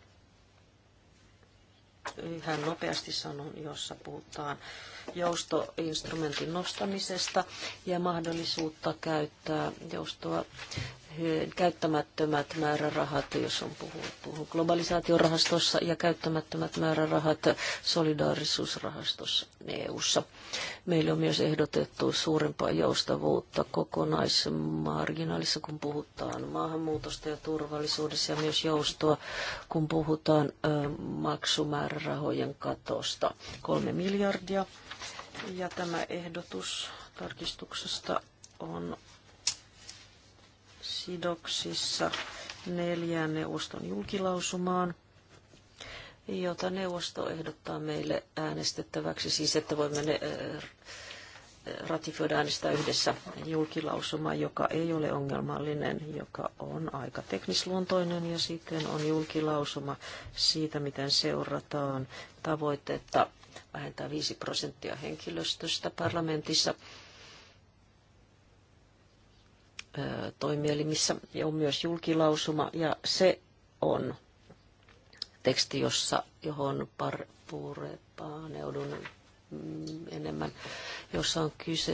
ihan nopeasti sanon, jossa puhutaan joustoinstrumentin nostamisesta ja mahdollisuutta käyttää joustoa käyttämättömät määrärahat, jos on puhuttu globalisaatiorahastossa ja käyttämättömät määrärahat solidaarisuusrahastossa EU-ssa. Meillä on myös ehdotettu suurempaa joustavuutta kokonaismarginaalissa, kun puhutaan maahanmuutosta ja turvallisuudessa ja myös joustoa, kun puhutaan maksumäärärahojen katosta. Kolme miljardia. Ja tämä ehdotus tarkistuksesta on sidoksissa neljään neuvoston julkilausumaan, jota neuvosto ehdottaa meille äänestettäväksi, siis että voimme ne, ratifioida äänestää yhdessä julkilausuma, joka ei ole ongelmallinen, joka on aika teknisluontoinen ja sitten on julkilausuma siitä, miten seurataan tavoitetta vähentää 5 prosenttia henkilöstöstä parlamentissa – toimielimissä on myös julkilausuma ja se on teksti, jossa, johon par, pure, paneudun mm, enemmän, jossa on kyse,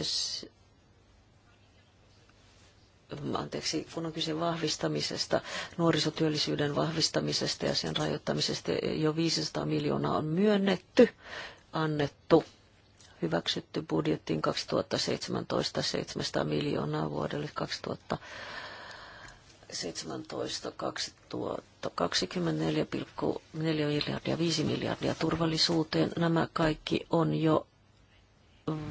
anteeksi, kun on kyse vahvistamisesta, nuorisotyöllisyyden vahvistamisesta ja sen rajoittamisesta, jo 500 miljoonaa on myönnetty, annettu hyväksytty budjettiin 2017 700 miljoonaa vuodelle 2017 17 2024,4 miljardia, 5 miljardia turvallisuuteen. Nämä kaikki on jo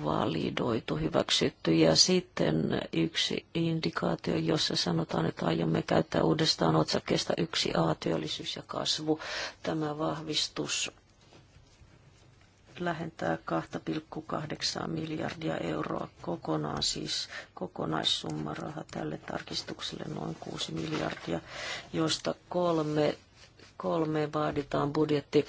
validoitu, hyväksytty. Ja sitten yksi indikaatio, jossa sanotaan, että aiomme käyttää uudestaan otsakkeesta yksi a työllisyys ja kasvu. Tämä vahvistus lähentää 2,8 miljardia euroa kokonaan, siis kokonaissumma raha tälle tarkistukselle noin 6 miljardia, joista kolme, kolme vaaditaan budjetti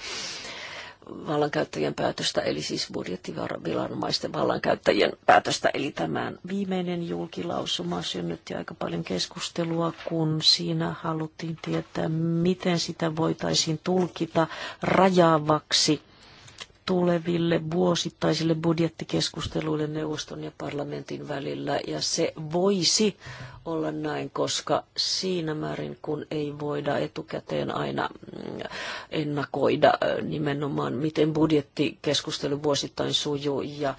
vallankäyttäjien päätöstä, eli siis budjettiviranomaisten vallankäyttäjien päätöstä. Eli tämän viimeinen julkilausuma synnytti aika paljon keskustelua, kun siinä haluttiin tietää, miten sitä voitaisiin tulkita rajaavaksi – tuleville vuosittaisille budjettikeskusteluille neuvoston ja parlamentin välillä. Ja se voisi olla näin, koska siinä määrin, kun ei voida etukäteen aina mm, ennakoida nimenomaan, miten budjettikeskustelu vuosittain sujuu ja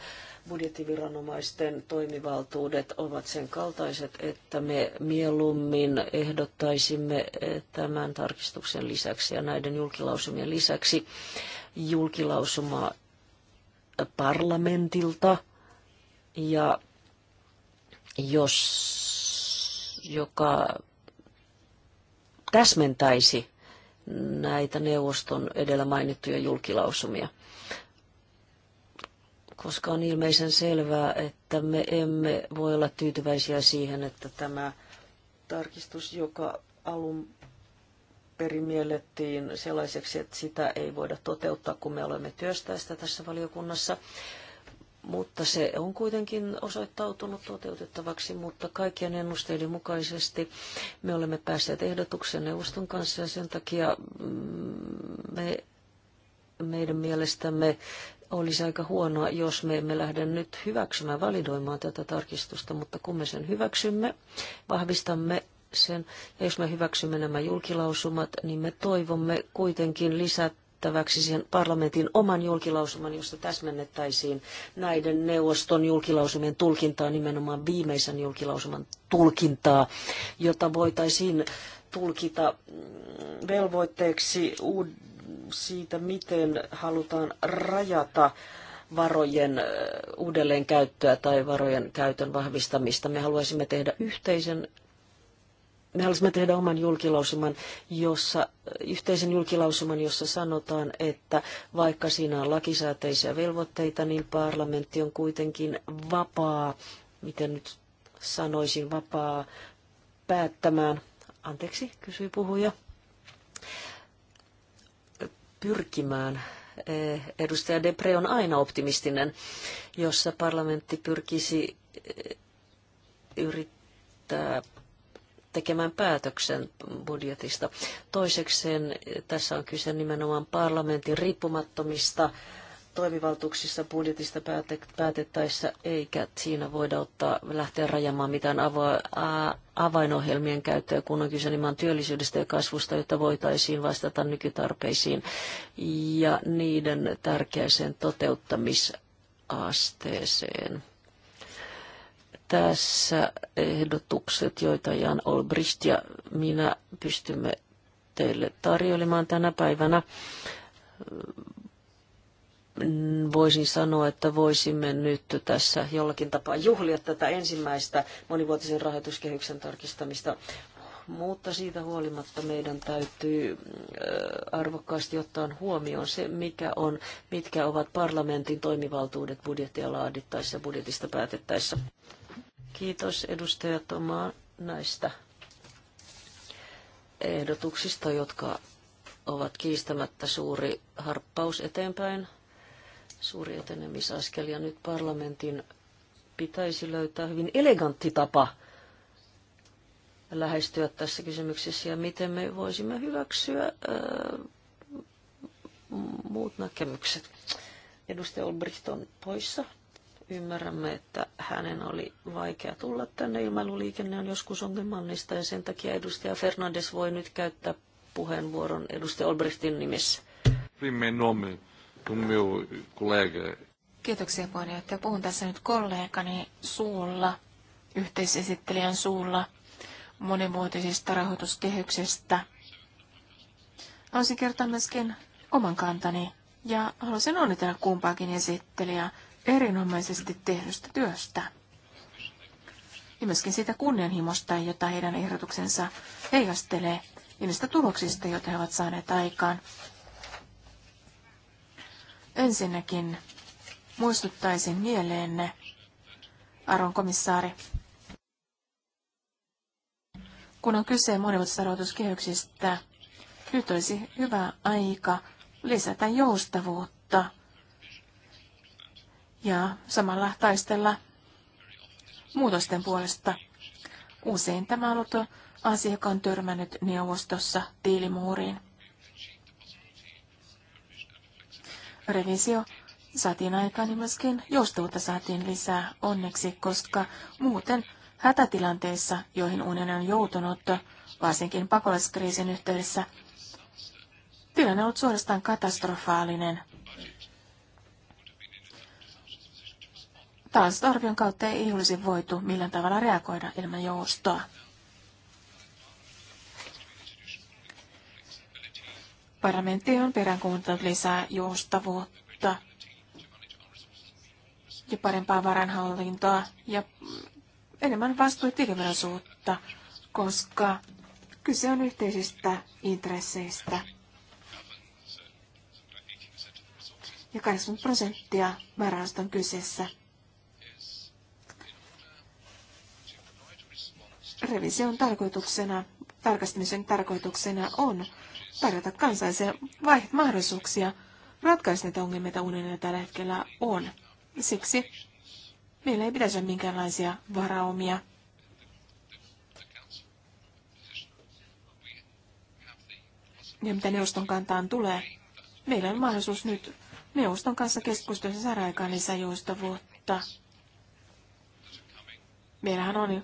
budjettiviranomaisten toimivaltuudet ovat sen kaltaiset, että me mieluummin ehdottaisimme tämän tarkistuksen lisäksi ja näiden julkilausumien lisäksi julkilausumaa parlamentilta, ja jos, joka täsmentäisi näitä neuvoston edellä mainittuja julkilausumia koska on ilmeisen selvää, että me emme voi olla tyytyväisiä siihen, että tämä tarkistus, joka alun perimiellettiin sellaiseksi, että sitä ei voida toteuttaa, kun me olemme työstää sitä tässä valiokunnassa. Mutta se on kuitenkin osoittautunut toteutettavaksi, mutta kaikkien ennusteiden mukaisesti me olemme päässeet ehdotuksen neuvoston kanssa ja sen takia mm, me, meidän mielestämme olisi aika huonoa, jos me emme lähde nyt hyväksymään, validoimaan tätä tarkistusta, mutta kun me sen hyväksymme, vahvistamme sen. Ja jos me hyväksymme nämä julkilausumat, niin me toivomme kuitenkin lisättäväksi siihen parlamentin oman julkilausuman, josta täsmennettäisiin näiden neuvoston julkilausumien tulkintaa, nimenomaan viimeisen julkilausuman tulkintaa, jota voitaisiin tulkita mm, velvoitteeksi siitä, miten halutaan rajata varojen uudelleenkäyttöä tai varojen käytön vahvistamista. Me haluaisimme tehdä yhteisen me halusimme tehdä oman julkilausuman, jossa, yhteisen julkilausuman, jossa sanotaan, että vaikka siinä on lakisääteisiä velvoitteita, niin parlamentti on kuitenkin vapaa, miten nyt sanoisin, vapaa päättämään. Anteeksi, kysyi puhuja. Pyrkimään eh, edustaja Depre on aina optimistinen, jossa parlamentti pyrkisi eh, yrittää tekemään päätöksen budjetista. Toisekseen tässä on kyse nimenomaan parlamentin riippumattomista toimivaltuuksissa budjetista päätettäessä, eikä siinä voida ottaa, lähteä rajamaan mitään avo- avainohjelmien käyttöä, kun on kyse nimenomaan työllisyydestä ja kasvusta, jotta voitaisiin vastata nykytarpeisiin ja niiden tärkeäseen toteuttamisasteeseen tässä ehdotukset, joita Jan Olbricht ja minä pystymme teille tarjoilemaan tänä päivänä. Voisin sanoa, että voisimme nyt tässä jollakin tapaa juhlia tätä ensimmäistä monivuotisen rahoituskehyksen tarkistamista mutta siitä huolimatta meidän täytyy arvokkaasti ottaa huomioon se, mikä on, mitkä ovat parlamentin toimivaltuudet budjettia laadittaessa budjetista päätettäessä. Kiitos edustaja Tomaa näistä ehdotuksista, jotka ovat kiistämättä suuri harppaus eteenpäin, suuri etenemisaskel. Ja nyt parlamentin pitäisi löytää hyvin elegantti tapa lähestyä tässä kysymyksessä ja miten me voisimme hyväksyä ää, äh, muut näkemykset. Edustaja Olbricht on poissa. Ymmärrämme, että hänen oli vaikea tulla tänne. Ilmailuliikenne on joskus ongelmallista ja sen takia edustaja Fernandes voi nyt käyttää puheenvuoron edustaja Olbrechtin nimessä. Kiitoksia puheenjohtaja. Puhun tässä nyt kollegani suulla, yhteisesittelijän suulla monimuotoisesta rahoituskehyksestä. Haluaisin kertoa myöskin oman kantani ja haluaisin onnitella kumpaakin esittelijää erinomaisesti tehdystä työstä ja myöskin siitä kunnianhimosta, jota heidän ehdotuksensa heijastelee ja niistä tuloksista, joita he ovat saaneet aikaan. Ensinnäkin muistuttaisin mieleenne, arvon komissaari, kun on kyse monivuotisesta rahoituskehyksistä, nyt olisi hyvä aika lisätä joustavuutta – ja samalla taistella muutosten puolesta. Usein tämä on ollut asia, joka on törmännyt neuvostossa tiilimuuriin. Revisio saatiin aikaan niin myöskin joustavuutta saatiin lisää onneksi, koska muuten hätätilanteissa, joihin unioni on joutunut, varsinkin pakolaiskriisin yhteydessä, tilanne on ollut suorastaan katastrofaalinen. Taas arvion kautta ei olisi voitu millään tavalla reagoida ilman joustoa. Parlamentti on peräänkuuntanut lisää joustavuutta ja parempaa varanhallintoa ja enemmän vastuutilinvelvollisuutta, koska kyse on yhteisistä intresseistä. Ja 80 prosenttia määräystä on kyseessä. Revision tarkoituksena, tarkastamisen tarkoituksena on tarjota kansalaisille mahdollisuuksia ratkaista näitä ongelmia, joita unionilla tällä hetkellä on. Siksi meillä ei pitäisi olla minkäänlaisia varaumia. Ja mitä neuvoston kantaan tulee, meillä on mahdollisuus nyt neuvoston kanssa keskustelussa saada aikaan lisäjoustavuutta. Meillähän on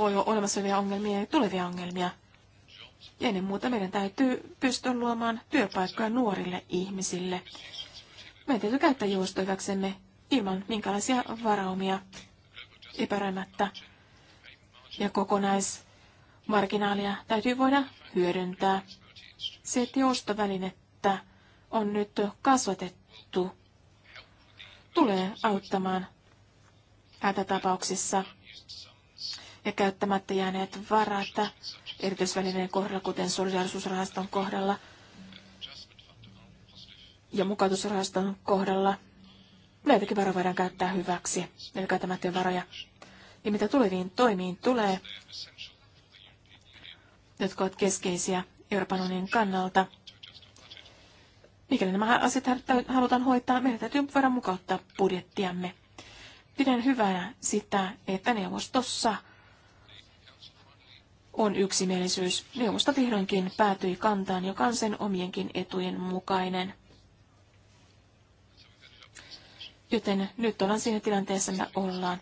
olemassa olevia ongelmia ja tulevia ongelmia. Ja ennen muuta meidän täytyy pystyä luomaan työpaikkoja nuorille ihmisille. Meidän täytyy käyttää joustoa ilman minkälaisia varaumia epäröimättä. Ja kokonaismarginaalia täytyy voida hyödyntää. Se, että joustovälinettä on nyt kasvatettu, tulee auttamaan hätätapauksissa – ja käyttämättä jääneet varat erityisvälineen kohdalla, kuten solidaarisuusrahaston kohdalla ja mukautusrahaston kohdalla. Näitäkin varoja voidaan käyttää hyväksi, eli käyttämättöjä varoja. Ja mitä tuleviin toimiin tulee, jotka ovat keskeisiä Euroopan unionin kannalta, Mikäli nämä asiat halutaan hoitaa, meidän täytyy voida mukauttaa budjettiamme. Pidän hyvänä sitä, että neuvostossa on yksimielisyys. Neuvosto vihdoinkin päätyi kantaan, joka on sen omienkin etujen mukainen. Joten nyt ollaan siinä tilanteessa, me ollaan.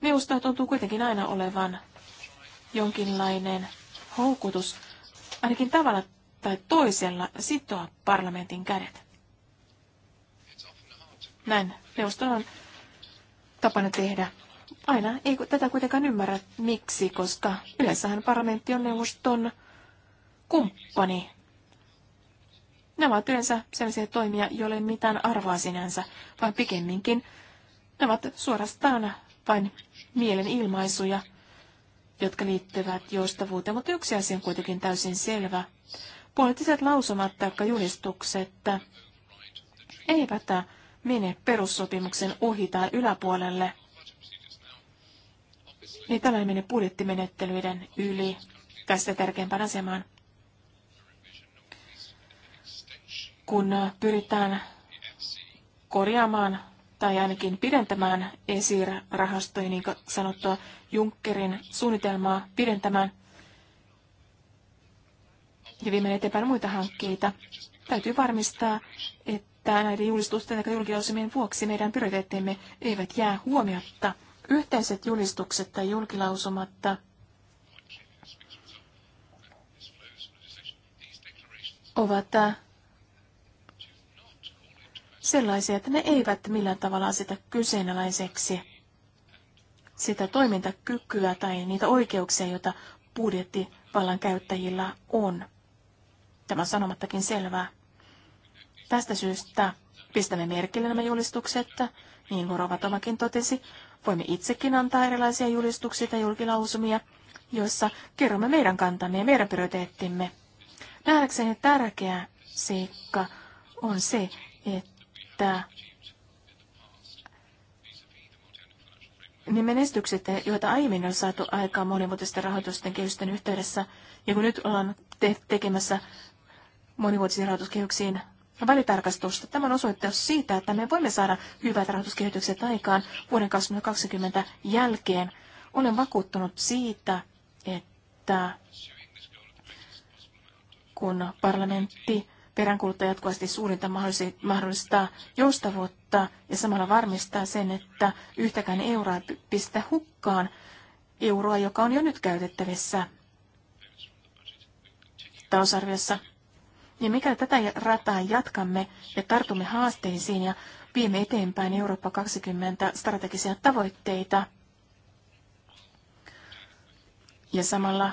Neuvosto tuntuu kuitenkin aina olevan jonkinlainen houkutus, ainakin tavalla tai toisella, sitoa parlamentin kädet. Näin neuvostolla on tapana tehdä aina ei tätä kuitenkaan ymmärrä miksi, koska yleensähän parlamentti on neuvoston kumppani. Nämä ovat yleensä sellaisia toimia, joille mitään arvoa sinänsä, vaan pikemminkin ne ovat suorastaan vain mielenilmaisuja, jotka liittyvät joustavuuteen, mutta yksi asia on kuitenkin täysin selvä. Poliittiset lausumat tai julistukset eivät mene perussopimuksen ohi tai yläpuolelle – niin tällainen menee budjettimenettelyiden yli tästä tärkeimpään asemaan. Kun pyritään korjaamaan tai ainakin pidentämään ESIR-rahastoja, niin sanottua Junckerin suunnitelmaa pidentämään ja viemään eteenpäin muita hankkeita, täytyy varmistaa, että näiden julistusten ja julkilausumien vuoksi meidän prioriteettimme eivät jää huomiotta – Yhteiset julistukset tai julkilausumatta ovat äh, sellaisia, että ne eivät millään tavalla aseta kyseenalaiseksi sitä toimintakykyä tai niitä oikeuksia, joita budjettivallan käyttäjillä on. Tämä on sanomattakin selvää. Tästä syystä pistämme merkille nämä julistukset niin Murovatomakin totesi, voimme itsekin antaa erilaisia julistuksia tai julkilausumia, joissa kerromme meidän kantamme ja meidän prioriteettimme. Nähdäkseni tärkeä seikka on se, että ne menestykset, joita aiemmin on saatu aikaan monivuotisten rahoitusten kehysten yhteydessä, ja kun nyt ollaan te- tekemässä monivuotisiin rahoituskehyksiin ja välitarkastusta. Tämä on osoittaus siitä, että me voimme saada hyvät rahoituskehitykset aikaan vuoden 2020 jälkeen. Olen vakuuttunut siitä, että kun parlamentti peräänkuluttaa jatkuvasti suurinta mahdollista joustavuutta ja samalla varmistaa sen, että yhtäkään euroa ei pistä hukkaan, euroa, joka on jo nyt käytettävissä talousarviossa ja mikäli tätä rataa jatkamme ja tartumme haasteisiin ja viemme eteenpäin Eurooppa 20 strategisia tavoitteita ja samalla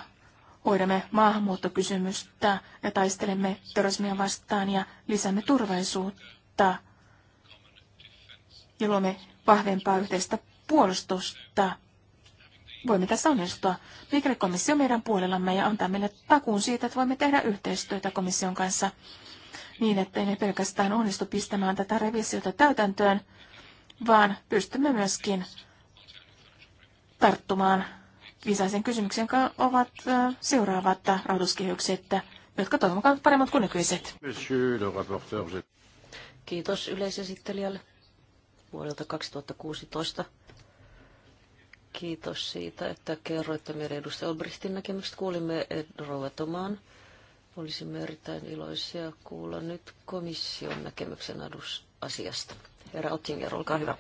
hoidamme maahanmuuttokysymystä ja taistelemme terrorismia vastaan ja lisäämme turvallisuutta ja luomme vahvempaa yhteistä puolustusta voimme tässä onnistua, mikäli komissio meidän puolellamme ja antaa meille takuun siitä, että voimme tehdä yhteistyötä komission kanssa niin, että ne pelkästään onnistu pistämään tätä revisiota täytäntöön, vaan pystymme myöskin tarttumaan viisaisen kysymyksen, jotka ovat seuraavat rahoituskehykset, jotka toivon mukaan paremmat kuin nykyiset. Kiitos yleisesittelijälle vuodelta 2016. Kiitos siitä, että kerroitte meidän edustaja Olbrichtin näkemystä. Kuulimme Rouva Tomaan. Olisimme erittäin iloisia kuulla nyt komission näkemyksen asiasta. Herra Ottinger, olkaa hyvä.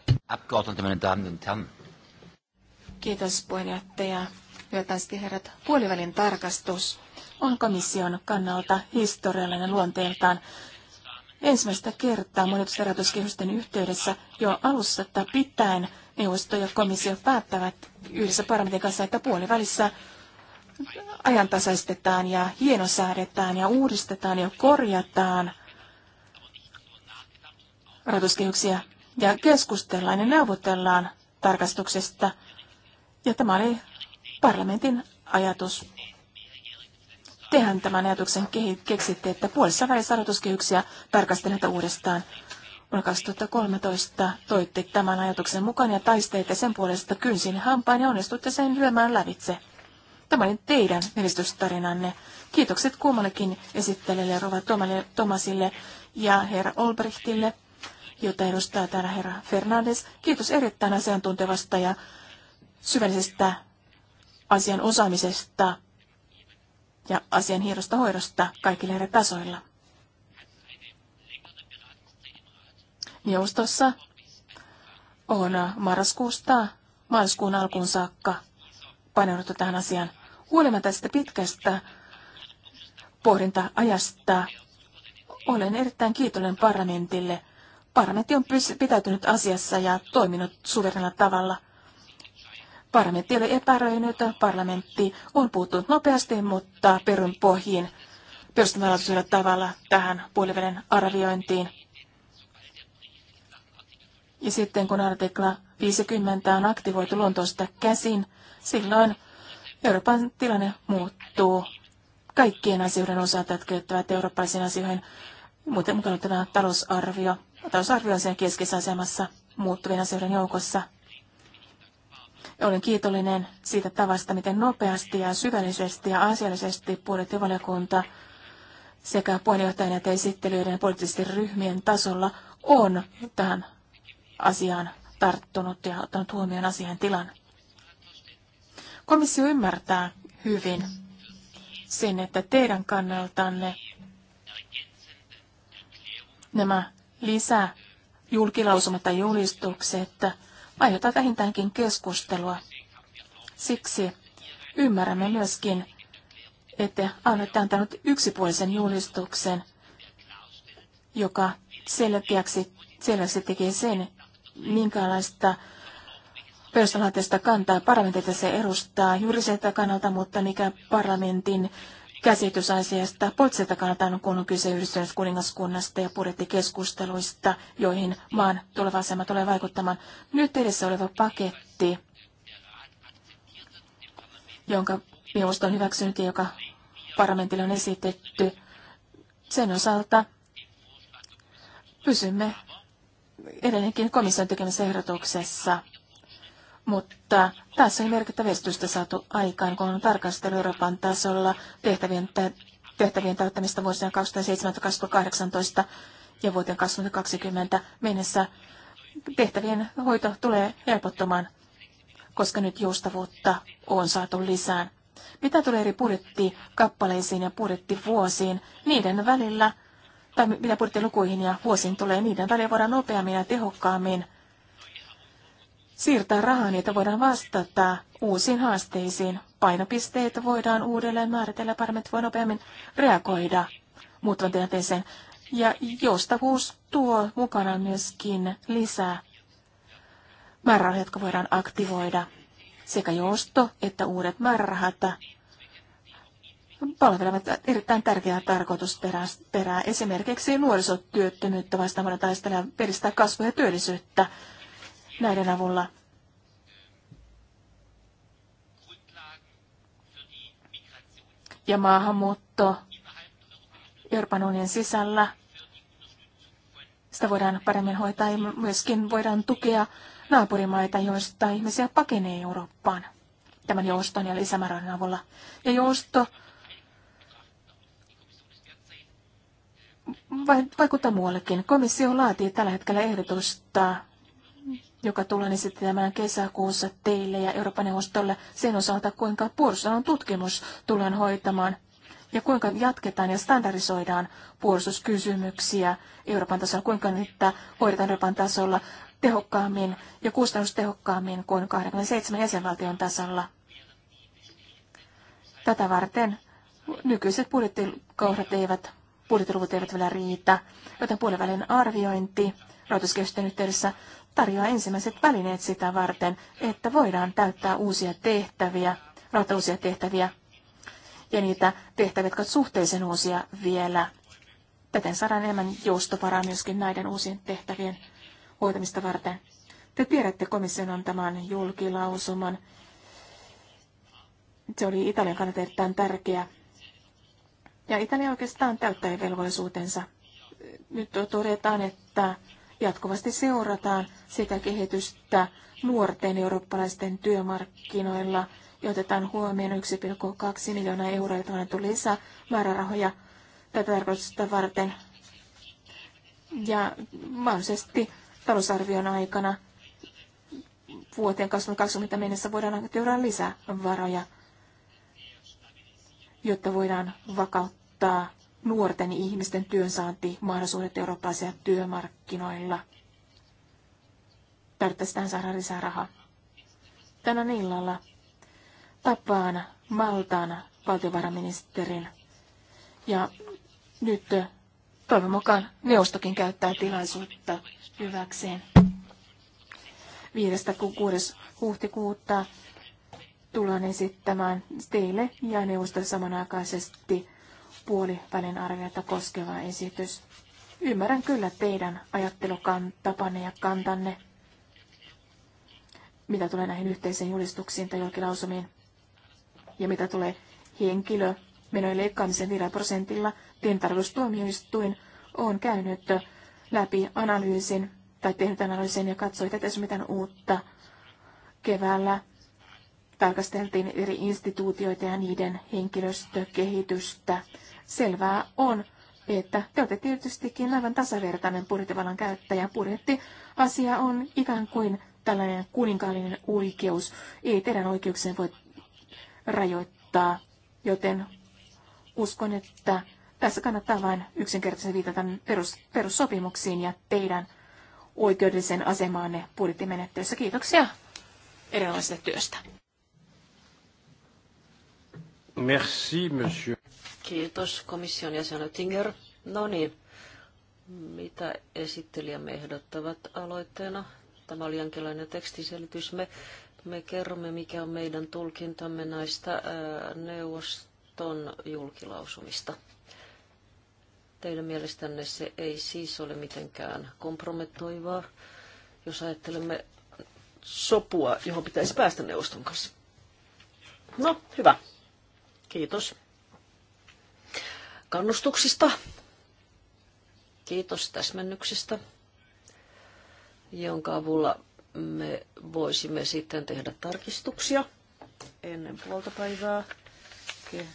Kiitos puheenjohtaja. Hyötästi herrat, puolivälin tarkastus on komission kannalta historiallinen luonteeltaan. Ensimmäistä kertaa monitusverotuskehysten yhteydessä jo alussa tai pitäen – neuvosto ja komissio päättävät yhdessä parlamentin kanssa, että puolivälissä ajantasaistetaan ja hienosäädetään ja uudistetaan ja korjataan rahoituskehyksiä ja keskustellaan ja neuvotellaan tarkastuksesta. Ja tämä oli parlamentin ajatus. Tehän tämän ajatuksen keksitte, että puolessa välissä rahoituskehyksiä tarkastellaan uudestaan vuonna 2013 toitte tämän ajatuksen mukaan ja taisteitte sen puolesta kynsin hampaan ja onnistutte sen lyömään lävitse. Tämä oli teidän menestystarinanne. Kiitokset kummallekin esittelijälle Rova Tomasille ja herra Olbrichtille, jota edustaa täällä herra Fernandes. Kiitos erittäin asiantuntevasta ja syvällisestä asian osaamisesta ja asian hienosta hoidosta kaikille eri tasoilla. Neuvostossa on marraskuusta maaliskuun alkuun saakka paneuduttu tähän asiaan. Huolimatta tästä pitkästä pohdinta-ajasta olen erittäin kiitollinen parlamentille. Parlamentti on pitäytynyt asiassa ja toiminut suverenalla tavalla. Parlamentti oli epäröinyt, parlamentti on puuttunut nopeasti, mutta perun pohjiin perustamalla tavalla tähän puolivälin arviointiin. Ja sitten kun artikla 50 on aktivoitu Lontoosta käsin, silloin Euroopan tilanne muuttuu kaikkien asioiden osalta, jotka liittyvät eurooppalaisiin asioihin, muuten mukaan tämä talousarvio. Talousarvio on siinä keskeisessä asemassa muuttuvien asioiden joukossa. Olen kiitollinen siitä tavasta, miten nopeasti ja syvällisesti ja asiallisesti budjettivaliokunta sekä puheenjohtajan että esittelyiden ja poliittisten ryhmien tasolla on tähän asiaan tarttunut ja ottanut huomioon asian tilan. Komissio ymmärtää hyvin sen, että teidän kannaltanne nämä lisää julkilausumat tai julistukset aiheuttavat vähintäänkin keskustelua. Siksi ymmärrämme myöskin, että annette antanut yksipuolisen julistuksen, joka selkeäksi, selväksi tekee sen, minkälaista perustuslaatista kantaa parlamentit se edustaa juriselta kannalta, mutta mikä parlamentin käsitys asiasta poliittiselta kannalta kun on kyse yhdistyneestä kuningaskunnasta ja budjettikeskusteluista, joihin maan tuleva asema tulee vaikuttamaan. Nyt edessä oleva paketti, jonka minusta on hyväksynyt ja joka parlamentille on esitetty, sen osalta pysymme edelleenkin komission tekemässä ehdotuksessa. Mutta tässä on merkittävä estystä saatu aikaan, kun on tarkastellut Euroopan tasolla tehtävien, tehtävien täyttämistä vuosina 2017-2018 ja vuoteen 2020 mennessä. Tehtävien hoito tulee helpottumaan, koska nyt joustavuutta on saatu lisään. Mitä tulee eri budjettikappaleisiin ja budjettivuosiin, niiden välillä tai mitä puhutte lukuihin ja vuosiin tulee, niiden väliä voidaan nopeammin ja tehokkaammin siirtää rahaa, niitä voidaan vastata uusiin haasteisiin. Painopisteitä voidaan uudelleen määritellä, paremmin voi nopeammin reagoida muuttuvan tilanteeseen. Ja joustavuus tuo mukana myöskin lisää määrärahoja, jotka voidaan aktivoida. Sekä jousto että uudet määrärahat palvelevat erittäin tärkeää tarkoitusperää. Esimerkiksi nuorisotyöttömyyttä vastaamalla taistella peristää kasvua ja työllisyyttä näiden avulla. Ja maahanmuutto Euroopan unionin sisällä. Sitä voidaan paremmin hoitaa ja myöskin voidaan tukea naapurimaita, joista ihmisiä pakenee Eurooppaan tämän jouston ja lisämäärän avulla. Ja jousto vaikuttaa muuallekin. Komissio laatii tällä hetkellä ehdotusta, joka tulee esittämään kesäkuussa teille ja Euroopan neuvostolle sen osalta, kuinka puolustusalan tutkimus tullaan hoitamaan ja kuinka jatketaan ja standardisoidaan puolustuskysymyksiä Euroopan tasolla, kuinka niitä hoidetaan Euroopan tasolla tehokkaammin ja kustannustehokkaammin kuin 27 jäsenvaltion tasolla. Tätä varten nykyiset budjettikohdat eivät budjetiluvut eivät vielä riitä, joten puolivälin arviointi rahoituskehysten yhteydessä tarjoaa ensimmäiset välineet sitä varten, että voidaan täyttää uusia tehtäviä, rahoittaa uusia tehtäviä ja niitä tehtäviä, jotka ovat suhteellisen uusia vielä. Täten saadaan enemmän joustovaraa myöskin näiden uusien tehtävien hoitamista varten. Te tiedätte komission antaman julkilausuman. Se oli Italian kannalta erittäin tärkeä ja Italia oikeastaan täyttää velvollisuutensa. Nyt todetaan, että jatkuvasti seurataan sitä kehitystä nuorten eurooppalaisten työmarkkinoilla ja otetaan huomioon 1,2 miljoonaa euroa, jota on lisää määrärahoja tätä tarkoitusta varten. Ja mahdollisesti talousarvion aikana vuoteen 2020 mennessä voidaan antaa lisää varoja jotta voidaan vakauttaa nuorten ihmisten työnsaantimahdollisuudet eurooppalaisilla työmarkkinoilla. Tarvitsee saada lisää rahaa. Tänään illalla tapaan Maltaan valtiovarainministerin. Ja nyt toivon mukaan neuvostokin käyttää tilaisuutta hyväkseen. 5-6. huhtikuuta tullaan esittämään teille ja neuvostolle samanaikaisesti puolivälin arviota koskeva esitys. Ymmärrän kyllä teidän ajattelukantapanne ja kantanne, mitä tulee näihin yhteisiin julistuksiin tai julkilausumiin, ja mitä tulee henkilö menojen leikkaamisen 5 prosentilla, tilintarkastustuomioistuin on käynyt läpi analyysin tai tehnyt analyysin ja katsoi, että tässä mitään uutta keväällä tarkasteltiin eri instituutioita ja niiden henkilöstökehitystä. Selvää on, että te olette tietystikin aivan tasavertainen budjettivallan käyttäjä. Budjettiasia on ikään kuin tällainen kuninkaallinen oikeus. Ei teidän oikeuksien voi rajoittaa, joten uskon, että tässä kannattaa vain yksinkertaisesti viitata perus, perussopimuksiin ja teidän oikeudellisen asemaanne budjettimenettelyssä. Kiitoksia erilaisesta työstä. Merci, monsieur. Kiitos komission jäsen Oettinger. No niin, mitä esittelijämme ehdottavat aloitteena? Tämä oli jonkinlainen tekstiselitys. Me, me kerromme, mikä on meidän tulkintamme näistä ää, äh, neuvoston julkilausumista. Teidän mielestänne se ei siis ole mitenkään kompromettoivaa, jos ajattelemme sopua, johon pitäisi päästä neuvoston kanssa. No, hyvä. Kiitos kannustuksista. Kiitos täsmennyksistä, jonka avulla me voisimme sitten tehdä tarkistuksia ennen puolta päivää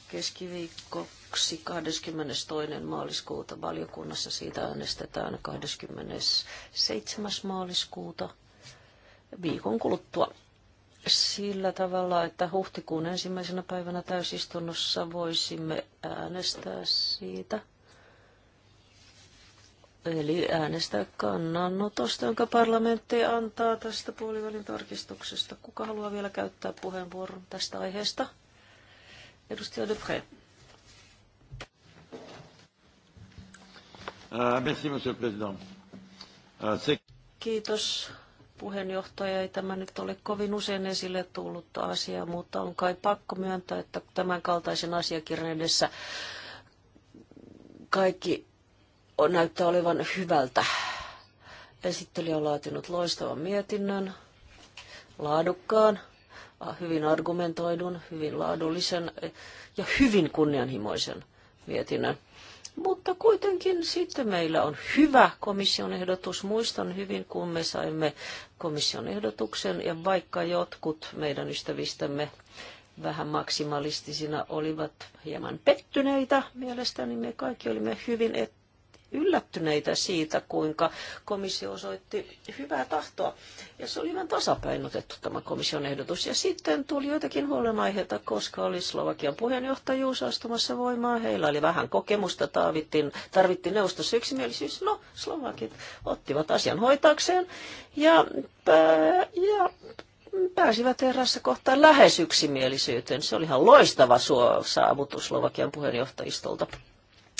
keskiviikkoksi 22. maaliskuuta. Valiokunnassa siitä äänestetään 27. maaliskuuta viikon kuluttua sillä tavalla, että huhtikuun ensimmäisenä päivänä täysistunnossa voisimme äänestää siitä. Eli äänestää kannanotosta, jonka parlamentti antaa tästä puolivälin tarkistuksesta. Kuka haluaa vielä käyttää puheenvuoron tästä aiheesta? Edustaja Dupré. Euh, monsieur le président. Euh, Kiitos, puheenjohtaja, ei tämä nyt ole kovin usein esille tullut asiaa, mutta on kai pakko myöntää, että tämän kaltaisen asiakirjan edessä kaikki on, näyttää olevan hyvältä. Esittelijä on laatinut loistavan mietinnön, laadukkaan, hyvin argumentoidun, hyvin laadullisen ja hyvin kunnianhimoisen mietinnön. Mutta kuitenkin sitten meillä on hyvä komission ehdotus. Muistan hyvin, kun me saimme komission ehdotuksen ja vaikka jotkut meidän ystävistämme vähän maksimalistisina olivat hieman pettyneitä. Mielestäni me kaikki olimme hyvin yllättyneitä siitä, kuinka komissio osoitti hyvää tahtoa. Ja se oli ihan tasapainotettu tämä komission ehdotus. Ja sitten tuli joitakin huolenaiheita, koska oli Slovakian puheenjohtajuus astumassa voimaan. Heillä oli vähän kokemusta, tarvittiin, tarvittiin neuvostossa yksimielisyys. No, Slovakit ottivat asian hoitaakseen ja, ja pääsivät erässä kohtaa lähes yksimielisyyteen. Se oli ihan loistava saavutus Slovakian puheenjohtajistolta.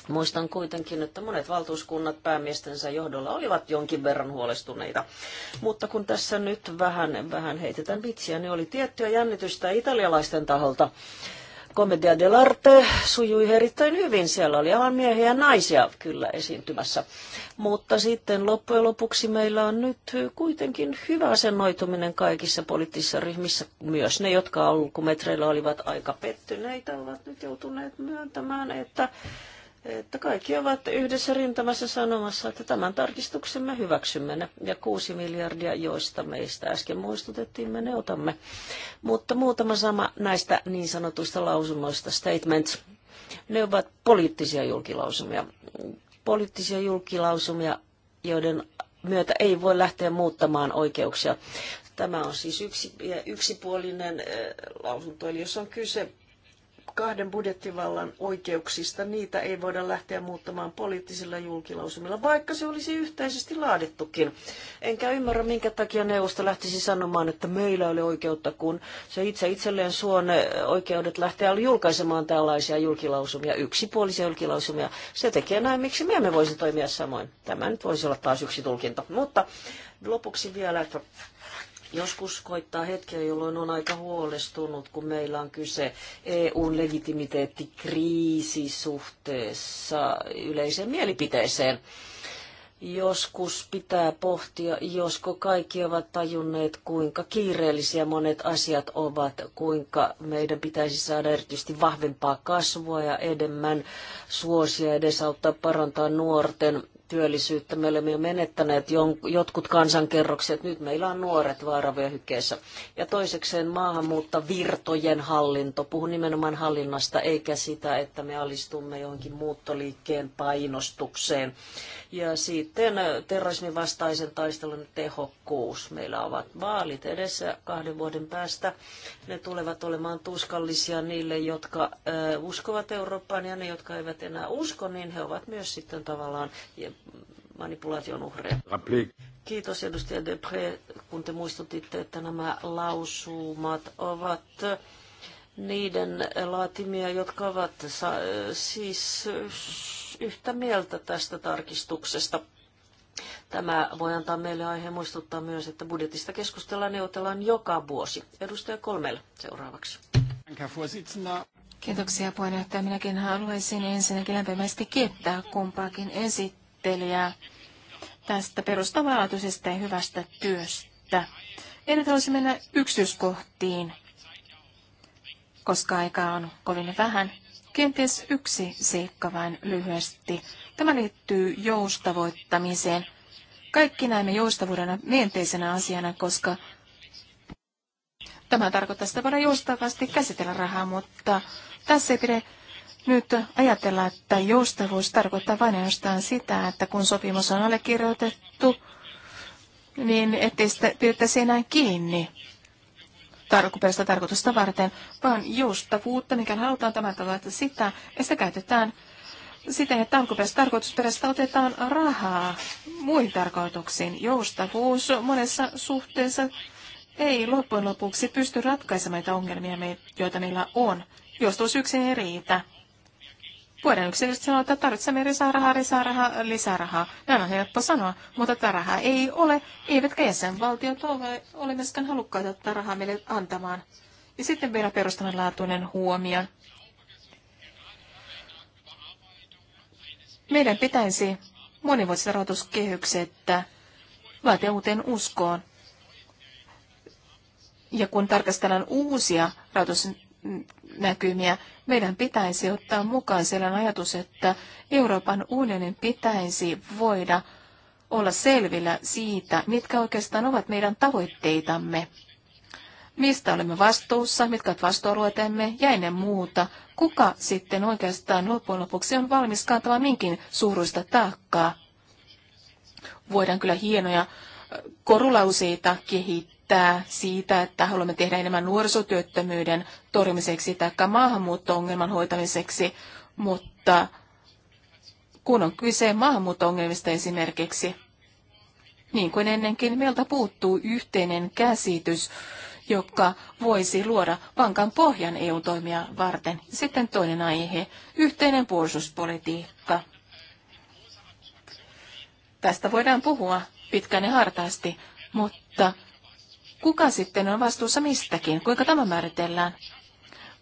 Muistan kuitenkin, että monet valtuuskunnat päämiestensä johdolla olivat jonkin verran huolestuneita. Mutta kun tässä nyt vähän, vähän heitetään vitsiä, niin oli tiettyä jännitystä italialaisten taholta. Komedia dell'arte sujui erittäin hyvin. Siellä oli aivan miehiä ja naisia kyllä esiintymässä. Mutta sitten loppujen lopuksi meillä on nyt kuitenkin hyvä asennoituminen kaikissa poliittisissa ryhmissä. Myös ne, jotka alkumetreillä olivat aika pettyneitä, ovat nyt joutuneet myöntämään, että että kaikki ovat yhdessä rintamassa sanomassa, että tämän tarkistuksen me hyväksymme ne. Ja kuusi miljardia, joista meistä äsken muistutettiin, me ne otamme. Mutta muutama sama näistä niin sanotuista lausunnoista, statements, ne ovat poliittisia julkilausumia. Poliittisia julkilausumia, joiden myötä ei voi lähteä muuttamaan oikeuksia. Tämä on siis yksi, yksipuolinen eh, lausunto, eli jos on kyse kahden budjettivallan oikeuksista, niitä ei voida lähteä muuttamaan poliittisilla julkilausumilla, vaikka se olisi yhteisesti laadittukin. Enkä ymmärrä, minkä takia neuvosto lähtisi sanomaan, että meillä oli oikeutta, kun se itse itselleen suone oikeudet lähteä julkaisemaan tällaisia julkilausumia, yksipuolisia julkilausumia. Se tekee näin, miksi me emme voisi toimia samoin. Tämä nyt voisi olla taas yksi tulkinta. Mutta lopuksi vielä, että Joskus koittaa hetkiä, jolloin on aika huolestunut, kun meillä on kyse EUn legitimiteetti kriisisuhteessa yleiseen mielipiteeseen. Joskus pitää pohtia, josko kaikki ovat tajunneet, kuinka kiireellisiä monet asiat ovat, kuinka meidän pitäisi saada erityisesti vahvempaa kasvua ja enemmän suosia edesauttaa parantaa nuorten työllisyyttä. Me olemme jo menettäneet jotkut kansankerrokset. Nyt meillä on nuoret vaaravyöhykkeessä. Ja toisekseen maahanmuuttavirtojen hallinto. Puhun nimenomaan hallinnasta, eikä sitä, että me alistumme johonkin muuttoliikkeen painostukseen ja sitten äh, terrorismin vastaisen taistelun tehokkuus. Meillä ovat vaalit edessä kahden vuoden päästä. Ne tulevat olemaan tuskallisia niille, jotka äh, uskovat Eurooppaan ja ne, jotka eivät enää usko, niin he ovat myös sitten tavallaan manipulaation uhreja. Kiitos edustaja Depre, kun te muistutitte, että nämä lausumat ovat äh, niiden laatimia, jotka ovat siis yhtä mieltä tästä tarkistuksesta. Tämä voi antaa meille aiheen muistuttaa myös, että budjetista keskustellaan neuvotellaan joka vuosi. Edustaja Kolmel seuraavaksi. Kiitoksia puheenjohtaja. Minäkin haluaisin ensinnäkin lämpimästi kiittää kumpaakin esittelijää tästä perustavanlaatuisesta ja hyvästä työstä. En nyt haluaisi mennä yksityiskohtiin, koska aikaa on kovin vähän. Kenties yksi seikka vain lyhyesti. Tämä liittyy joustavoittamiseen. Kaikki näemme joustavuudena myönteisenä asiana, koska tämä tarkoittaa sitä voidaan joustavasti käsitellä rahaa, mutta tässä ei pidä nyt ajatella, että joustavuus tarkoittaa vain ainoastaan sitä, että kun sopimus on allekirjoitettu, niin ettei sitä pidettäisi enää kiinni tarkoperäistä tarkoitusta varten, vaan joustavuutta, mikä halutaan tämän tavalla, sitä, ja sitä käytetään siten, että alkuperäistä tarkoitusperäistä otetaan rahaa muihin tarkoituksiin. Joustavuus monessa suhteessa ei loppujen lopuksi pysty ratkaisemaan näitä ongelmia, joita meillä on. Joustavuus yksin ei riitä. Vuoden yksityiset sanoo, että tarvitsemme lisää rahaa, lisää rahaa, lisää rahaa. Näin on helppo sanoa, mutta tätä rahaa ei ole, eivätkä jäsenvaltiot ole, ole myöskään halukkaita tätä rahaa meille antamaan. Ja sitten vielä perustavanlaatuinen huomio. Meidän pitäisi monivuotiset rahoituskehykset vaatia uuteen uskoon. Ja kun tarkastellaan uusia rahoitusnäkymiä, meidän pitäisi ottaa mukaan sellainen ajatus, että Euroopan unionin pitäisi voida olla selvillä siitä, mitkä oikeastaan ovat meidän tavoitteitamme, mistä olemme vastuussa, mitkä ovat vastuualueetemme ja ennen muuta, kuka sitten oikeastaan loppujen lopuksi on valmis kantamaan minkin suuruista taakkaa. Voidaan kyllä hienoja korulauseita kehittää päättää siitä, että haluamme tehdä enemmän nuorisotyöttömyyden torjumiseksi tai maahanmuutto-ongelman hoitamiseksi, mutta kun on kyse maahanmuutto-ongelmista esimerkiksi, niin kuin ennenkin, meiltä puuttuu yhteinen käsitys, joka voisi luoda vankan pohjan EU-toimia varten. Sitten toinen aihe, yhteinen puolustuspolitiikka. Tästä voidaan puhua pitkään ja hartaasti, mutta Kuka sitten on vastuussa mistäkin? Kuinka tämä määritellään?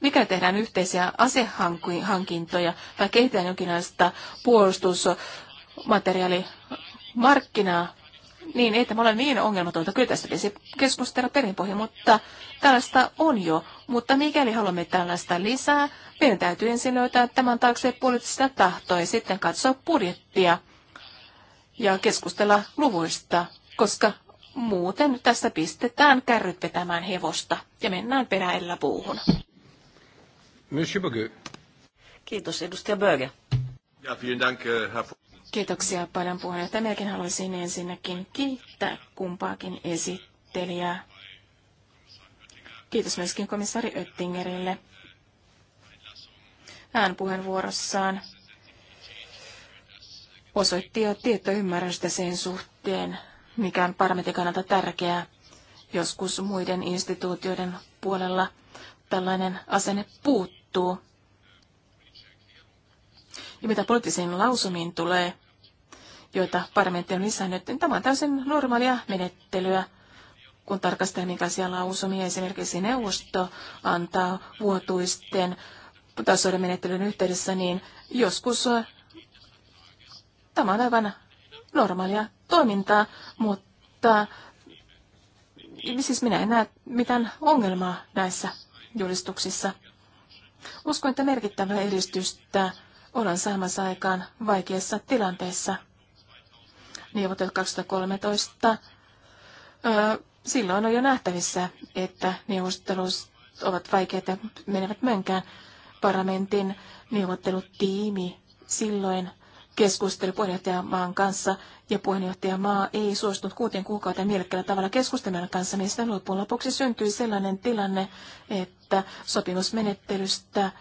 Mikä tehdään yhteisiä asehankintoja vai kehitetään jonkinlaista puolustusmateriaalimarkkinaa, niin ei tämä ole niin ongelmatonta. Kyllä tästä pitäisi keskustella perinpohja, mutta tällaista on jo. Mutta mikäli haluamme tällaista lisää, meidän täytyy ensin löytää tämän taakse poliittista tahtoa ja sitten katsoa budjettia ja keskustella luvuista, koska Muuten tässä pistetään kärryt vetämään hevosta ja mennään peräillä puuhun. Kiitos, edustaja Böge. Ja, vielen dank, eh, Herr... Kiitoksia paljon puheenjohtaja. Minäkin haluaisin ensinnäkin kiittää kumpaakin esittelijää. Kiitos myöskin komissaari Öttingerille. Hän puheenvuorossaan osoitti jo tietoymmärrystä sen suhteen, mikä on parametin kannalta tärkeää. Joskus muiden instituutioiden puolella tällainen asenne puuttuu. Ja mitä poliittisiin lausumiin tulee, joita parlamentti on lisännyt, niin tämä on täysin normaalia menettelyä, kun tarkastellaan, minkälaisia lausumia esimerkiksi neuvosto antaa vuotuisten tasoiden menettelyn yhteydessä, niin joskus äh, tämä on aivan normaalia toimintaa, mutta siis minä en näe mitään ongelmaa näissä julistuksissa. Uskon, että merkittävää edistystä ollaan saamassa aikaan vaikeassa tilanteessa. Neuvottelut 2013. silloin on jo nähtävissä, että neuvottelut ovat vaikeita menevät mönkään. Parlamentin neuvottelutiimi silloin keskusteli puheenjohtajamaan kanssa ja puheenjohtajamaa ei suostunut kuuteen kuukauden mielekkäällä tavalla keskustelemaan kanssa, niin sitten loppujen lopuksi syntyi sellainen tilanne, että sopimusmenettelystä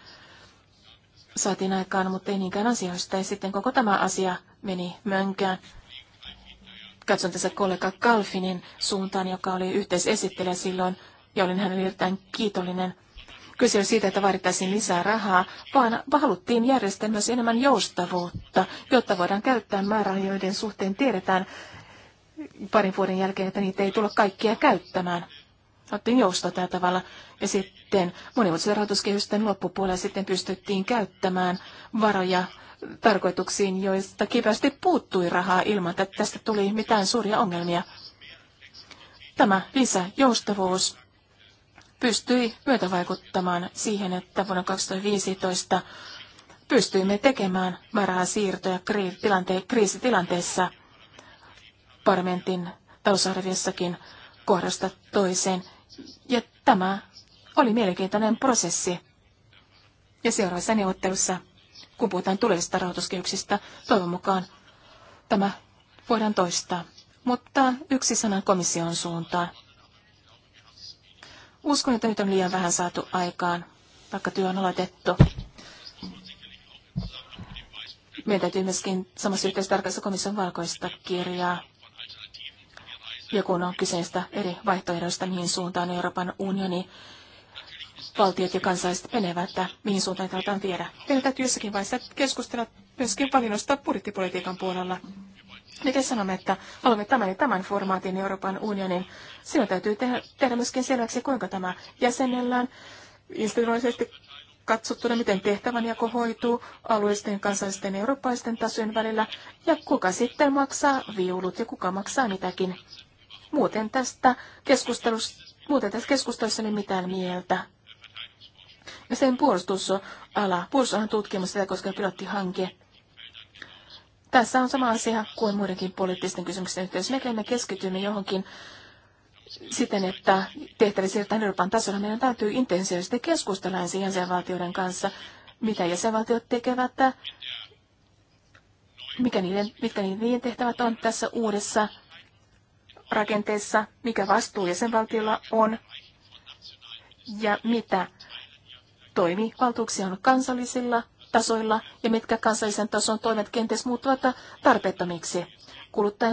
saatiin aikaan, mutta ei niinkään asioista. Ja sitten koko tämä asia meni mönkään. Katson tässä kollega Kalfinin suuntaan, joka oli yhteisesittelijä silloin, ja olin hänelle erittäin kiitollinen kyse on siitä, että vaadittaisiin lisää rahaa, vaan haluttiin järjestää myös enemmän joustavuutta, jotta voidaan käyttää määrää, joiden suhteen tiedetään parin vuoden jälkeen, että niitä ei tulla kaikkia käyttämään. Otettiin joustoa tällä tavalla ja sitten monivuotisen rahoituskehysten loppupuolella sitten pystyttiin käyttämään varoja tarkoituksiin, joista kipeästi puuttui rahaa ilman, että tästä tuli mitään suuria ongelmia. Tämä lisäjoustavuus pystyi myötävaikuttamaan siihen, että vuonna 2015 pystyimme tekemään varasiirtoja kriisitilanteessa parlamentin talousarviossakin kohdasta toiseen. Ja tämä oli mielenkiintoinen prosessi. Ja seuraavassa neuvottelussa, kun puhutaan tulevista rahoituskehyksistä, toivon mukaan tämä voidaan toistaa. Mutta yksi sana komission suuntaan. Uskon, että nyt on liian vähän saatu aikaan, vaikka työ on aloitettu. Meidän täytyy myöskin samassa yhteydessä tarkastaa komission valkoista kirjaa. Ja kun on kyseistä eri vaihtoehdoista, mihin suuntaan Euroopan unioni valtiot ja kansalaiset menevät, että mihin suuntaan halutaan viedä. Meidän täytyy jossakin vaiheessa keskustella myöskin valinnoista budjettipolitiikan puolella. Mikä sanomme, että haluamme tämän ja tämän formaatin Euroopan unionin, silloin täytyy tehdä, tehdä myöskin selväksi, kuinka tämä jäsenellään instituutioisesti katsottuna, miten tehtävänjako hoituu alueisten, kansallisten ja eurooppalaisten tasojen välillä, ja kuka sitten maksaa viulut ja kuka maksaa mitäkin. Muuten tästä keskustelussa, muuten tästä keskustelussa ei mitään mieltä. Ja sen puolustusala, puolustusalan tutkimus, sitä koskee pilottihanke, tässä on sama asia kuin muidenkin poliittisten kysymysten yhteydessä. Mikäli me keskitymme johonkin siten, että tehtäviä siirretään Euroopan tasolla, meidän täytyy intensiivisesti keskustella ensin jäsenvaltioiden kanssa, mitä jäsenvaltiot tekevät, mikä niiden, mitkä niiden tehtävät on tässä uudessa rakenteessa, mikä vastuu jäsenvaltiolla on ja mitä toimivaltuuksia on kansallisilla tasoilla ja mitkä kansallisen tason toimet kenties muuttuvat tarpeettomiksi.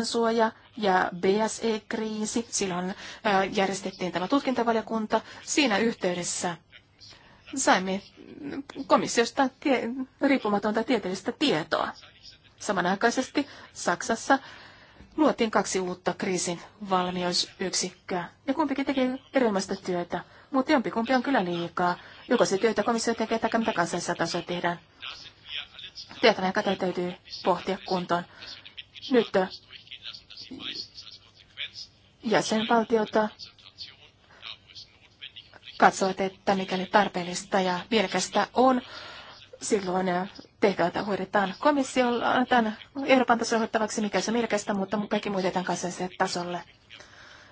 suoja ja BSE-kriisi, silloin järjestettiin tämä tutkintavaliokunta. Siinä yhteydessä saimme komissiosta tie- riippumatonta tieteellistä tietoa. Samanaikaisesti Saksassa luotiin kaksi uutta kriisin valmiusyksikköä, ja kumpikin tekee erilaista työtä, mutta jompikumpi on kyllä liikaa. Joko se työtä komissio tekee, tai mitä kansallisella tasolla tehdään. Tehtävä, joka täytyy pohtia kuntoon. Nyt äh, jäsenvaltiota katsovat, että mikäli tarpeellista ja mielekästä on, silloin äh, tehtävältä hoidetaan komissiolla, annetaan Euroopan tasolla hoidettavaksi, mikä se on mielekästä, mutta kaikki muut jätetään kansalliselle tasolle.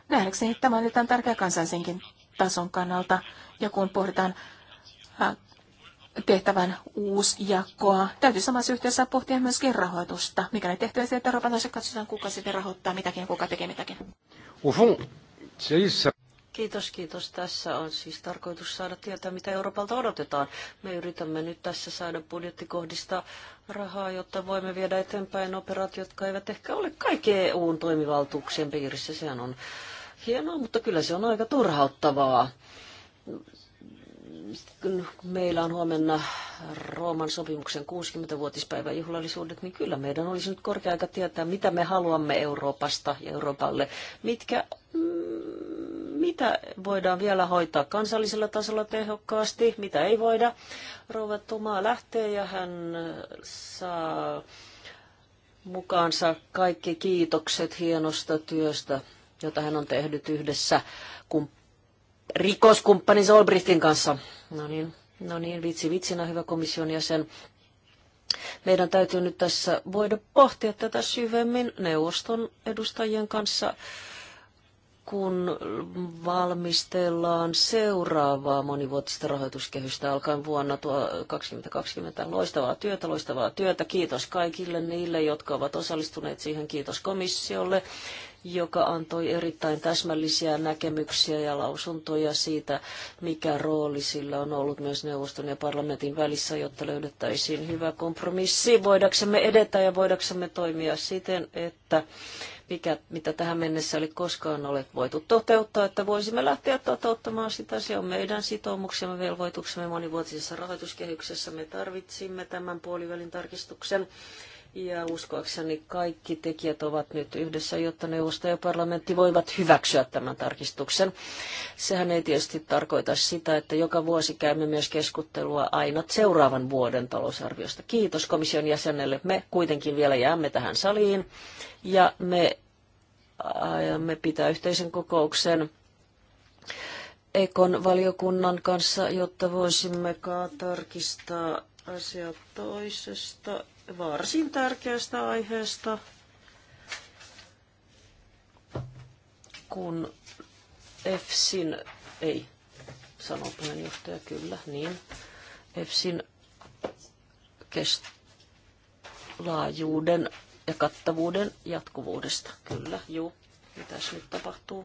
Nähdäkseni tämä on erittäin tärkeä kansallisenkin tason kannalta, ja kun pohditaan äh, tehtävän uusjakoa. Täytyy samassa yhteydessä pohtia myös rahoitusta. Mikä ne tehtävä sieltä Euroopan tasolla katsotaan, kuka sitten rahoittaa mitäkin, kuka tekee mitäkin. Kiitos, kiitos. Tässä on siis tarkoitus saada tietää, mitä Euroopalta odotetaan. Me yritämme nyt tässä saada budjettikohdista rahaa, jotta voimme viedä eteenpäin operaatiot, jotka eivät ehkä ole kaikki EUn toimivaltuuksien piirissä. Sehän on hienoa, mutta kyllä se on aika turhauttavaa meillä on huomenna Rooman sopimuksen 60-vuotispäivän juhlallisuudet, niin kyllä meidän olisi nyt korkea aika tietää, mitä me haluamme Euroopasta ja Euroopalle. Mitkä, mm, mitä voidaan vielä hoitaa kansallisella tasolla tehokkaasti, mitä ei voida. Rouva Tumaa lähtee ja hän saa mukaansa kaikki kiitokset hienosta työstä, jota hän on tehnyt yhdessä kun rikoskumppani Solbrichtin kanssa. No niin, no niin vitsi vitsinä, no hyvä komission jäsen. Meidän täytyy nyt tässä voida pohtia tätä syvemmin neuvoston edustajien kanssa, kun valmistellaan seuraavaa monivuotista rahoituskehystä alkaen vuonna 2020. Loistavaa työtä, loistavaa työtä. Kiitos kaikille niille, jotka ovat osallistuneet siihen. Kiitos komissiolle joka antoi erittäin täsmällisiä näkemyksiä ja lausuntoja siitä, mikä rooli sillä on ollut myös neuvoston ja parlamentin välissä, jotta löydettäisiin hyvä kompromissi. Voidaksemme edetä ja voidaksemme toimia siten, että mikä, mitä tähän mennessä oli koskaan ole voitu toteuttaa, että voisimme lähteä toteuttamaan sitä. Se on meidän sitoumuksemme, velvoituksemme monivuotisessa rahoituskehyksessä. Me tarvitsimme tämän puolivälin tarkistuksen ja uskoakseni kaikki tekijät ovat nyt yhdessä, jotta neuvosto ja parlamentti voivat hyväksyä tämän tarkistuksen. Sehän ei tietysti tarkoita sitä, että joka vuosi käymme myös keskustelua aina seuraavan vuoden talousarviosta. Kiitos komission jäsenelle. Me kuitenkin vielä jäämme tähän saliin ja me aiomme pitää yhteisen kokouksen Ekon valiokunnan kanssa, jotta voisimme tarkistaa asia toisesta varsin tärkeästä aiheesta, kun EFSin, ei, sanoo puheenjohtaja, kyllä, niin, EFSin kest, laajuuden ja kattavuuden jatkuvuudesta, kyllä, juu, mitäs nyt tapahtuu.